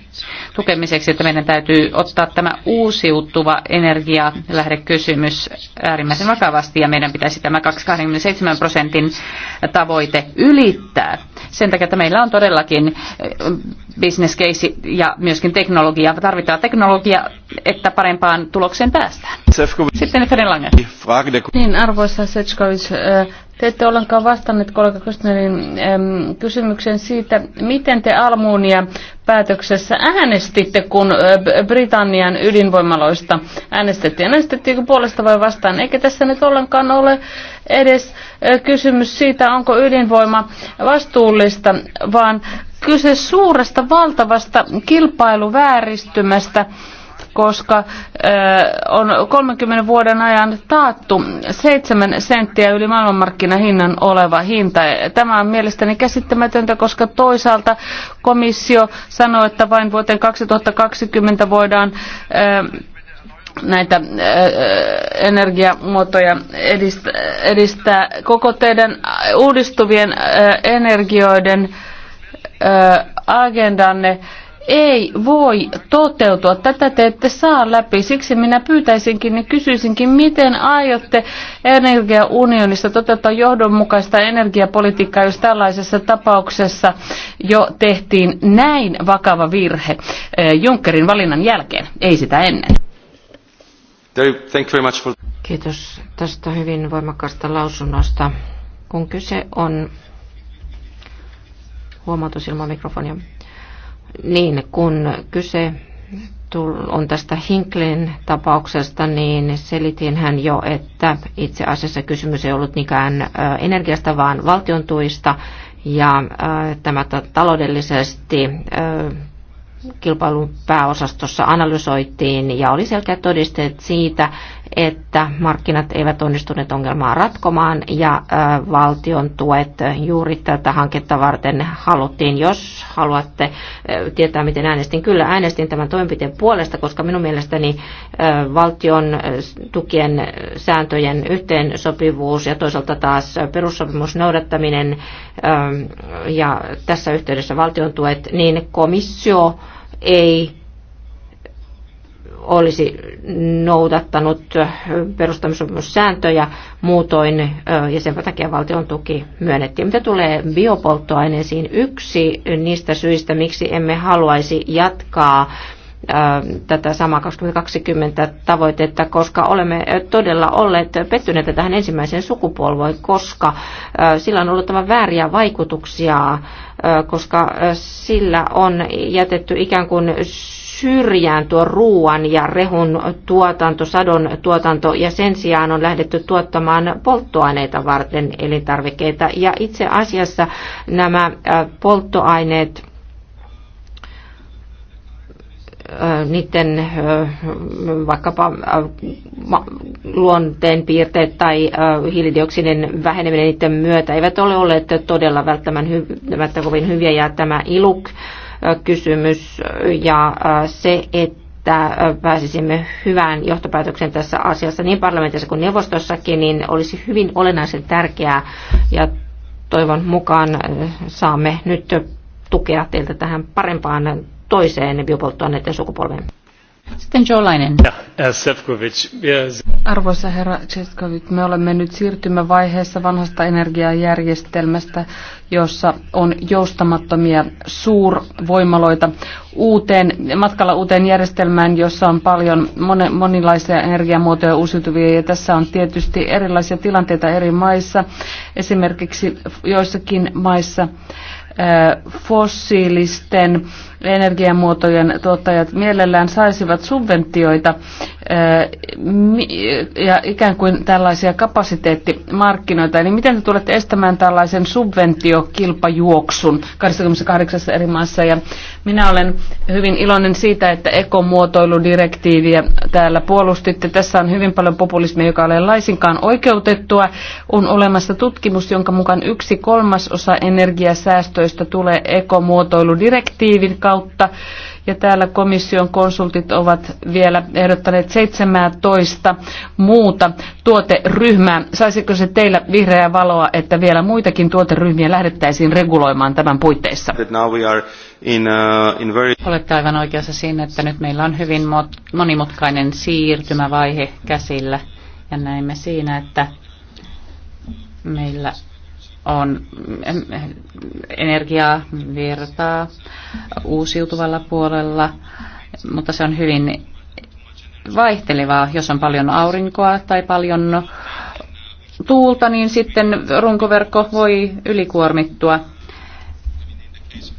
tukemiseksi, että meidän täytyy ottaa tämä uusiutuva energia lähdekysymys äärimmäisen vakavasti ja meidän pitäisi tämä 27 prosentin tavoite ylittää. Sen takia, että meillä on todellakin eh, business case ja myöskin teknologia. Tarvitaan teknologia, että parempaan tulokseen päästään. Sitten Feren Lange. Niin, arvoisa Sechkovic, eh, te ette ollenkaan vastanneet kollega Kostnerin kysymykseen siitä, miten te Almuunia päätöksessä äänestitte, kun eh, Britannian ydinvoimaloista äänestettiin. Äänestettiinkö puolesta vai vastaan? Eikä tässä nyt ollenkaan ole edes kysymys siitä, onko ydinvoima vastuullista, vaan kyse suuresta valtavasta kilpailuvääristymästä, koska on 30 vuoden ajan taattu 7 senttiä yli maailmanmarkkinahinnan oleva hinta. Tämä on mielestäni käsittämätöntä, koska toisaalta komissio sanoo, että vain vuoteen 2020 voidaan näitä energiamuotoja edistää, edistää koko teidän uudistuvien energioiden agendanne ei voi toteutua. Tätä te ette saa läpi. Siksi minä pyytäisinkin ja kysyisinkin, miten aiotte energiaunionissa toteuttaa johdonmukaista energiapolitiikkaa, jos tällaisessa tapauksessa jo tehtiin näin vakava virhe Junckerin valinnan jälkeen, ei sitä ennen. Kiitos tästä hyvin voimakkaasta lausunnosta. Kun kyse on huomautus ilman mikrofonia. Niin, kun kyse on tästä Hinklin tapauksesta, niin selitin hän jo, että itse asiassa kysymys ei ollut niinkään energiasta, vaan valtion tuista. Ja tämä taloudellisesti kilpailun pääosastossa analysoitiin ja oli selkeät todisteet siitä, että markkinat eivät onnistuneet ongelmaa ratkomaan ja valtion tuet juuri tätä hanketta varten haluttiin. Jos haluatte tietää, miten äänestin, kyllä äänestin tämän toimenpiteen puolesta, koska minun mielestäni valtion tukien sääntöjen yhteensopivuus ja toisaalta taas perussopimus noudattaminen ja tässä yhteydessä valtion tuet, niin komissio ei olisi noudattanut perustamisopimussääntöjä muutoin ja sen takia valtion tuki myönnettiin. Mitä tulee biopolttoaineisiin, yksi niistä syistä, miksi emme haluaisi jatkaa tätä samaa 2020 tavoitetta, koska olemme todella olleet pettyneitä tähän ensimmäiseen sukupolvoon, koska sillä on ollut tämä vääriä vaikutuksia, koska sillä on jätetty ikään kuin syrjään tuo ruoan ja rehun tuotanto, sadon tuotanto ja sen sijaan on lähdetty tuottamaan polttoaineita varten elintarvikkeita. Ja itse asiassa nämä äh, polttoaineet äh, niiden äh, vaikkapa luonteen piirteet tai hiilidioksidin väheneminen niiden myötä eivät ole olleet todella välttämättä kovin hyviä ja tämä iluk kysymys ja se, että että pääsisimme hyvään johtopäätökseen tässä asiassa niin parlamentissa kuin neuvostossakin, niin olisi hyvin olennaisen tärkeää ja toivon mukaan saamme nyt tukea teiltä tähän parempaan toiseen biopolttoaineiden sukupolveen. Sitten Jolainen. Äh, Arvoisa herra Tsetkovic, me olemme nyt siirtymävaiheessa vanhasta energiajärjestelmästä jossa on joustamattomia suurvoimaloita uuteen, matkalla uuteen järjestelmään, jossa on paljon mon, monilaisia energiamuotoja uusiutuvia. Ja tässä on tietysti erilaisia tilanteita eri maissa. Esimerkiksi joissakin maissa fossiilisten energiamuotojen tuottajat mielellään saisivat subventioita ja ikään kuin tällaisia kapasiteettimarkkinoita. Eli miten te tulette estämään tällaisen subventiokilpajuoksun 28 eri maassa? Ja minä olen hyvin iloinen siitä, että ekomuotoiludirektiiviä täällä puolustitte. Tässä on hyvin paljon populismia, joka ei ole laisinkaan oikeutettua. On olemassa tutkimus, jonka mukaan yksi kolmasosa energiasäästöistä säännöistä tulee ekomuotoiludirektiivin kautta. Ja täällä komission konsultit ovat vielä ehdottaneet 17 muuta tuoteryhmää. Saisiko se teillä vihreää valoa, että vielä muitakin tuoteryhmiä lähdettäisiin reguloimaan tämän puitteissa? In, uh, in very... Olette aivan oikeassa siinä, että nyt meillä on hyvin monimutkainen siirtymävaihe käsillä. Ja näemme siinä, että meillä on energiaa virtaa uusiutuvalla puolella, mutta se on hyvin vaihtelevaa. Jos on paljon aurinkoa tai paljon tuulta, niin sitten runkoverkko voi ylikuormittua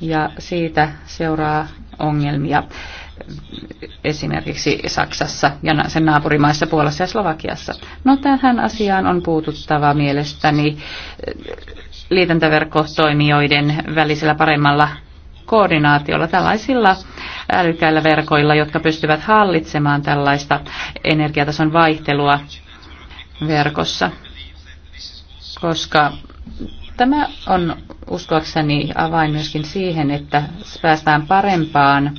ja siitä seuraa ongelmia esimerkiksi Saksassa ja sen naapurimaissa Puolassa ja Slovakiassa. No tähän asiaan on puututtava mielestäni liitäntäverkkotoimijoiden välisellä paremmalla koordinaatiolla tällaisilla älykkäillä verkoilla, jotka pystyvät hallitsemaan tällaista energiatason vaihtelua verkossa, koska tämä on uskoakseni avain myöskin siihen, että päästään parempaan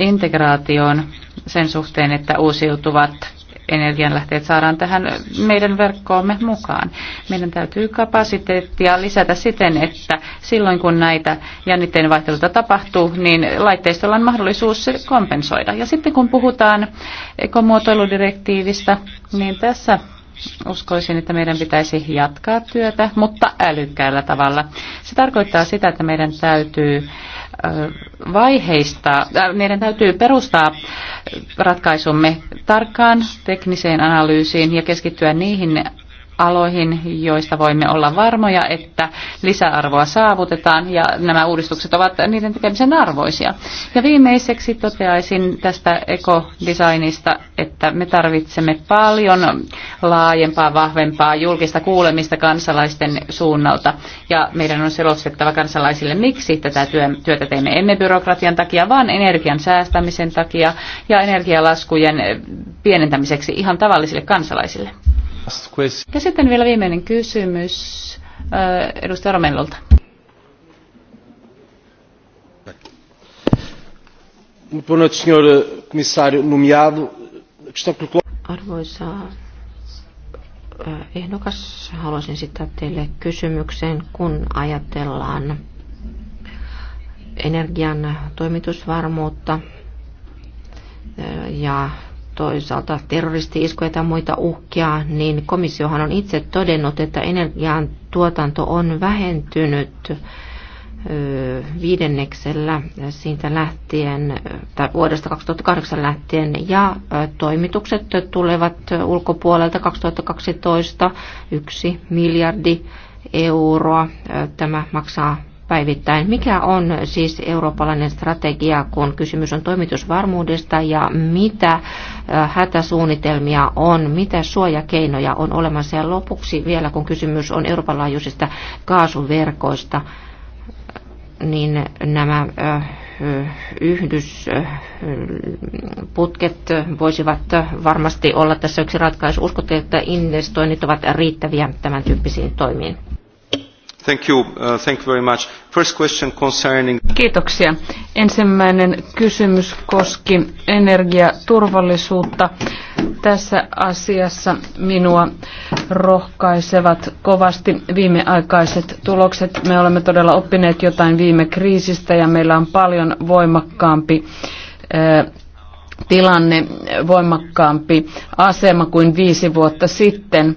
integraatioon sen suhteen, että uusiutuvat energianlähteet saadaan tähän meidän verkkoomme mukaan. Meidän täytyy kapasiteettia lisätä siten, että silloin kun näitä jännitteen vaihteluita tapahtuu, niin laitteistolla on mahdollisuus se kompensoida. Ja sitten kun puhutaan ekomuotoiludirektiivistä, niin tässä uskoisin, että meidän pitäisi jatkaa työtä, mutta älykkäällä tavalla. Se tarkoittaa sitä, että meidän täytyy vaiheista, meidän täytyy perustaa ratkaisumme tarkkaan tekniseen analyysiin ja keskittyä niihin aloihin, joista voimme olla varmoja, että lisäarvoa saavutetaan ja nämä uudistukset ovat niiden tekemisen arvoisia. Ja viimeiseksi toteaisin tästä ekodesignista, että me tarvitsemme paljon laajempaa, vahvempaa julkista kuulemista kansalaisten suunnalta ja meidän on selostettava kansalaisille, miksi tätä työtä teemme emme byrokratian takia, vaan energian säästämisen takia ja energialaskujen pienentämiseksi ihan tavallisille kansalaisille. Ja sitten vielä viimeinen kysymys äh, edustaja Romenlolta. Eh, Arvoisa eh, ehdokas, haluaisin sitä teille kysymyksen, kun ajatellaan energian toimitusvarmuutta eh, ja toisaalta terroristi-iskuja tai muita uhkia, niin komissiohan on itse todennut, että energian tuotanto on vähentynyt viidenneksellä siitä lähtien, tai vuodesta 2008 lähtien, ja toimitukset tulevat ulkopuolelta 2012 yksi miljardi euroa. Tämä maksaa päivittäin. Mikä on siis eurooppalainen strategia, kun kysymys on toimitusvarmuudesta ja mitä hätäsuunnitelmia on, mitä suojakeinoja on olemassa ja lopuksi vielä, kun kysymys on Euroopan laajuisista kaasuverkoista, niin nämä yhdysputket voisivat varmasti olla tässä yksi ratkaisu. Uskotte, että investoinnit ovat riittäviä tämän tyyppisiin toimiin? Kiitoksia. Ensimmäinen kysymys koski energiaturvallisuutta. Tässä asiassa minua rohkaisevat kovasti viimeaikaiset tulokset. Me olemme todella oppineet jotain viime kriisistä ja meillä on paljon voimakkaampi tilanne voimakkaampi asema kuin viisi vuotta sitten.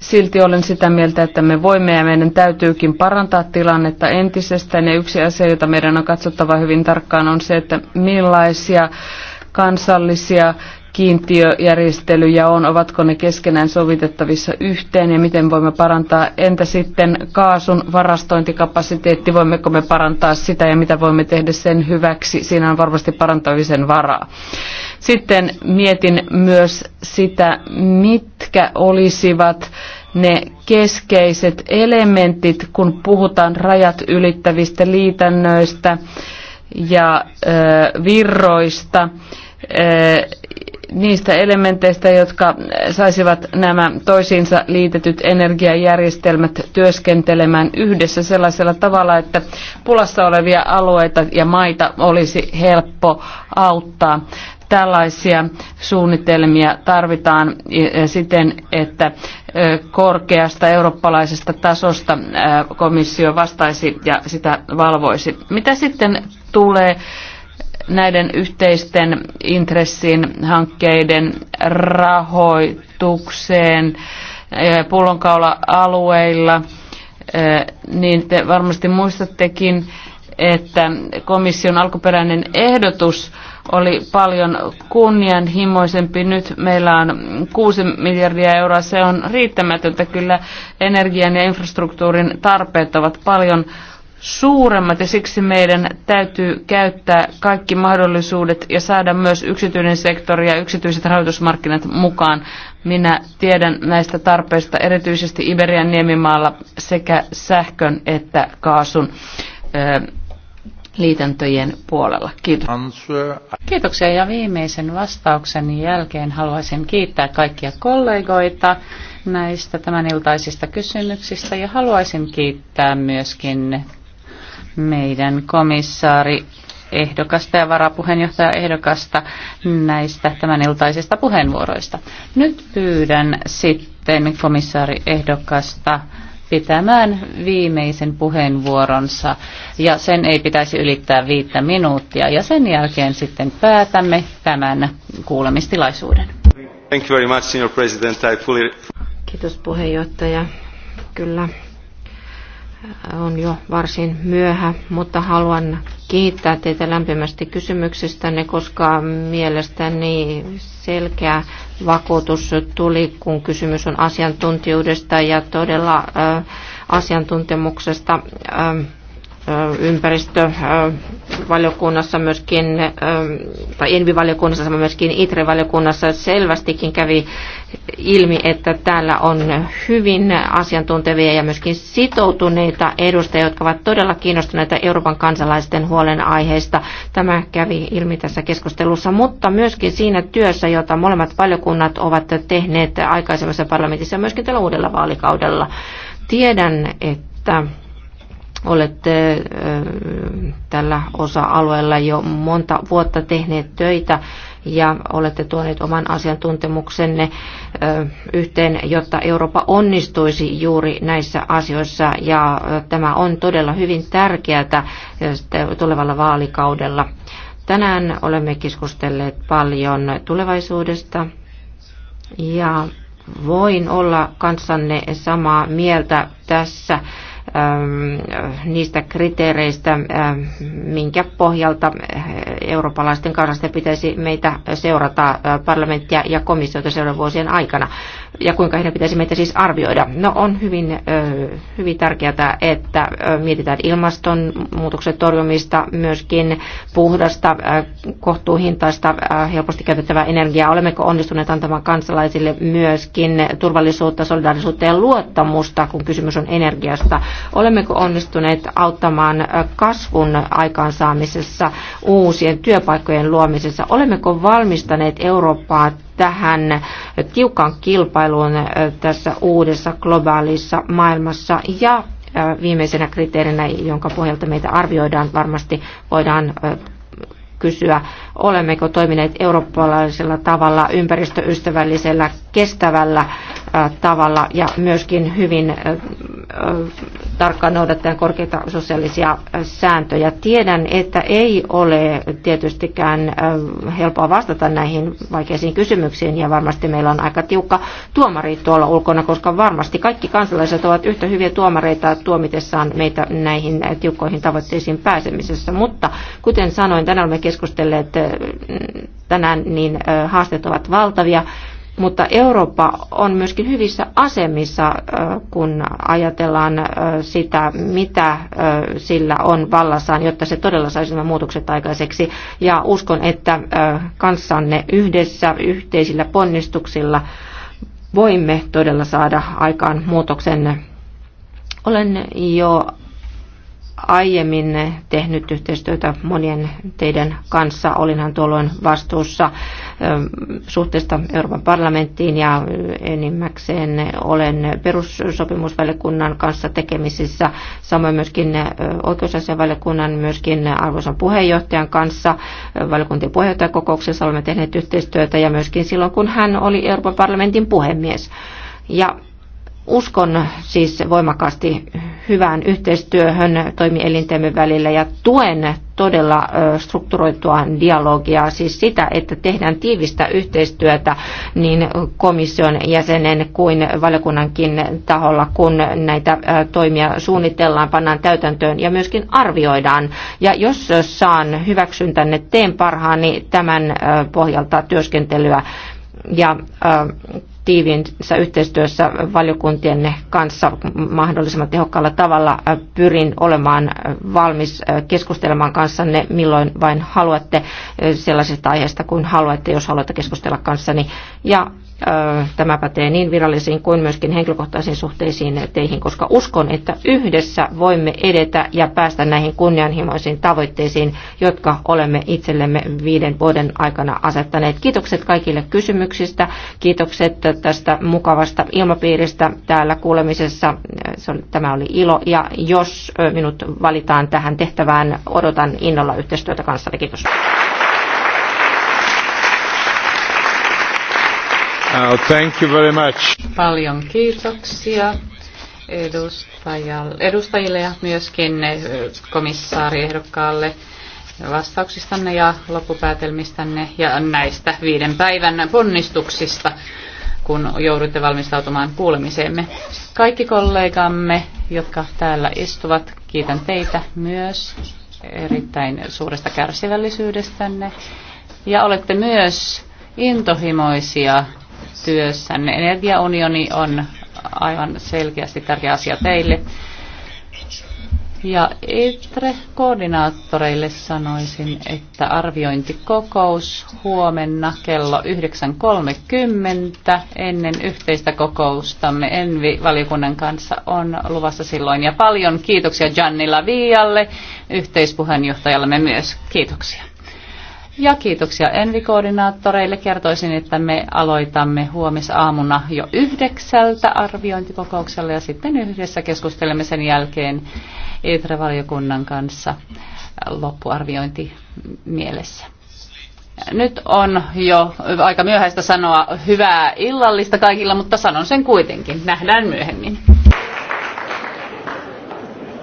Silti olen sitä mieltä, että me voimme ja meidän täytyykin parantaa tilannetta entisestään. Ja yksi asia, jota meidän on katsottava hyvin tarkkaan, on se, että millaisia kansallisia kiintiöjärjestelyjä on, ovatko ne keskenään sovitettavissa yhteen ja miten voimme parantaa, entä sitten kaasun varastointikapasiteetti, voimmeko me parantaa sitä ja mitä voimme tehdä sen hyväksi, siinä on varmasti parantamisen varaa. Sitten mietin myös sitä, mitkä olisivat ne keskeiset elementit, kun puhutaan rajat ylittävistä liitännöistä ja ö, virroista niistä elementeistä, jotka saisivat nämä toisiinsa liitetyt energiajärjestelmät työskentelemään yhdessä sellaisella tavalla, että pulassa olevia alueita ja maita olisi helppo auttaa. Tällaisia suunnitelmia tarvitaan e, siten, että e, korkeasta eurooppalaisesta tasosta e, komissio vastaisi ja sitä valvoisi. Mitä sitten tulee näiden yhteisten intressin hankkeiden rahoitukseen eh, pullonkaula-alueilla, eh, niin te varmasti muistattekin, että komission alkuperäinen ehdotus oli paljon kunnianhimoisempi. Nyt meillä on 6 miljardia euroa. Se on riittämätöntä. Kyllä energian ja infrastruktuurin tarpeet ovat paljon suuremmat ja siksi meidän täytyy käyttää kaikki mahdollisuudet ja saada myös yksityinen sektori ja yksityiset rahoitusmarkkinat mukaan. Minä tiedän näistä tarpeista erityisesti Iberian niemimaalla sekä sähkön että kaasun ö, liitäntöjen puolella. Kiitos. Kiitoksia ja viimeisen vastauksen jälkeen haluaisin kiittää kaikkia kollegoita näistä tämän iltaisista kysymyksistä ja haluaisin kiittää myöskin meidän komissaari ehdokasta ja varapuheenjohtaja ehdokasta näistä tämän iltaisista puheenvuoroista. Nyt pyydän sitten komissaari ehdokasta pitämään viimeisen puheenvuoronsa ja sen ei pitäisi ylittää viittä minuuttia ja sen jälkeen sitten päätämme tämän kuulemistilaisuuden. Thank you very much, President. I fully... Kiitos puheenjohtaja. Kyllä on jo varsin myöhä, mutta haluan kiittää teitä lämpimästi kysymyksestänne, koska mielestäni selkeä vakuutus tuli, kun kysymys on asiantuntijuudesta ja todella asiantuntemuksesta. Äh, ympäristövaliokunnassa myöskin, tai Envi-valiokunnassa, myöskin ITRE-valiokunnassa selvästikin kävi ilmi, että täällä on hyvin asiantuntevia ja myöskin sitoutuneita edustajia, jotka ovat todella kiinnostuneita Euroopan kansalaisten huolenaiheista. Tämä kävi ilmi tässä keskustelussa, mutta myöskin siinä työssä, jota molemmat valiokunnat ovat tehneet aikaisemmassa parlamentissa ja myöskin tällä uudella vaalikaudella. Tiedän, että olette tällä osa-alueella jo monta vuotta tehneet töitä ja olette tuoneet oman asiantuntemuksenne yhteen, jotta Eurooppa onnistuisi juuri näissä asioissa. Ja tämä on todella hyvin tärkeää tulevalla vaalikaudella. Tänään olemme keskustelleet paljon tulevaisuudesta ja voin olla kanssanne samaa mieltä tässä Ähm, niistä kriteereistä, ähm, minkä pohjalta äh, eurooppalaisten kansalaisten pitäisi meitä seurata äh, parlamenttia ja komissiota seuraavan vuosien aikana, ja kuinka heidän pitäisi meitä siis arvioida. No on hyvin, äh, hyvin tärkeää, että mietitään ilmastonmuutoksen torjumista, myöskin puhdasta, kohtuuhintaista, helposti käytettävää energiaa. Olemmeko onnistuneet antamaan kansalaisille myöskin turvallisuutta, solidaarisuutta ja luottamusta, kun kysymys on energiasta? Olemmeko onnistuneet auttamaan kasvun aikaansaamisessa, uusien työpaikkojen luomisessa? Olemmeko valmistaneet Eurooppaa tähän tiukan kilpailuun tässä uudessa globaalissa maailmassa ja viimeisenä kriteerinä, jonka pohjalta meitä arvioidaan, varmasti voidaan kysyä, olemmeko toimineet eurooppalaisella tavalla, ympäristöystävällisellä, kestävällä tavalla ja myöskin hyvin tarkkaan noudattaen korkeita sosiaalisia sääntöjä. Tiedän, että ei ole tietystikään helppoa vastata näihin vaikeisiin kysymyksiin ja varmasti meillä on aika tiukka tuomari tuolla ulkona, koska varmasti kaikki kansalaiset ovat yhtä hyviä tuomareita tuomitessaan meitä näihin tiukkoihin tavoitteisiin pääsemisessä. Mutta kuten sanoin, tänään olemme keskustelleet tänään, niin haasteet ovat valtavia. Mutta Eurooppa on myöskin hyvissä asemissa, kun ajatellaan sitä, mitä sillä on vallassaan, jotta se todella saisi nämä muutokset aikaiseksi. Ja uskon, että kanssanne yhdessä, yhteisillä ponnistuksilla voimme todella saada aikaan muutoksen. Olen jo aiemmin tehnyt yhteistyötä monien teidän kanssa. Olinhan tuolloin vastuussa ähm, suhteesta Euroopan parlamenttiin ja enimmäkseen olen perussopimusvaliokunnan kanssa tekemisissä, samoin myöskin äh, oikeusasianvaliokunnan, myöskin arvoisan puheenjohtajan kanssa. Äh, valiokuntien puheenjohtajakokouksessa olemme tehneet yhteistyötä ja myöskin silloin, kun hän oli Euroopan parlamentin puhemies. Ja Uskon siis voimakkaasti hyvään yhteistyöhön toimielintemme välillä ja tuen todella strukturoitua dialogia, siis sitä, että tehdään tiivistä yhteistyötä niin komission jäsenen kuin valiokunnankin taholla, kun näitä toimia suunnitellaan, pannaan täytäntöön ja myöskin arvioidaan. Ja jos saan tänne, teen parhaani tämän pohjalta työskentelyä ja tiiviinsä yhteistyössä valiokuntien kanssa mahdollisimman tehokkaalla tavalla. Pyrin olemaan valmis äh, keskustelemaan kanssanne milloin vain haluatte äh, sellaisesta aiheesta kuin haluatte, jos haluatte keskustella kanssani. Ja Tämä pätee niin virallisiin kuin myöskin henkilökohtaisiin suhteisiin teihin, koska uskon, että yhdessä voimme edetä ja päästä näihin kunnianhimoisiin tavoitteisiin, jotka olemme itsellemme viiden vuoden aikana asettaneet. Kiitokset kaikille kysymyksistä, kiitokset tästä mukavasta ilmapiiristä täällä kuulemisessa. Tämä oli ilo ja jos minut valitaan tähän tehtävään, odotan innolla yhteistyötä kanssanne. Kiitos. Uh, thank you very much. Paljon kiitoksia edustajille ja myöskin eh, komissaariehdokkaalle vastauksistanne ja loppupäätelmistänne ja näistä viiden päivän ponnistuksista, kun joudutte valmistautumaan kuulemiseemme. Kaikki kollegamme, jotka täällä istuvat, kiitän teitä myös erittäin suuresta kärsivällisyydestänne ja olette myös intohimoisia työssänne. Energiaunioni on aivan selkeästi tärkeä asia teille. Ja ITRE-koordinaattoreille sanoisin, että arviointikokous huomenna kello 9.30 ennen yhteistä kokoustamme Envi-valiokunnan kanssa on luvassa silloin. Ja paljon kiitoksia Gianni Lavialle, yhteispuheenjohtajallemme myös. Kiitoksia. Ja kiitoksia Envi-koordinaattoreille. Kertoisin, että me aloitamme huomisaamuna jo yhdeksältä arviointikokouksella ja sitten yhdessä keskustelemme sen jälkeen ITRE-valiokunnan kanssa loppuarviointi mielessä. Nyt on jo aika myöhäistä sanoa hyvää illallista kaikilla, mutta sanon sen kuitenkin. Nähdään myöhemmin.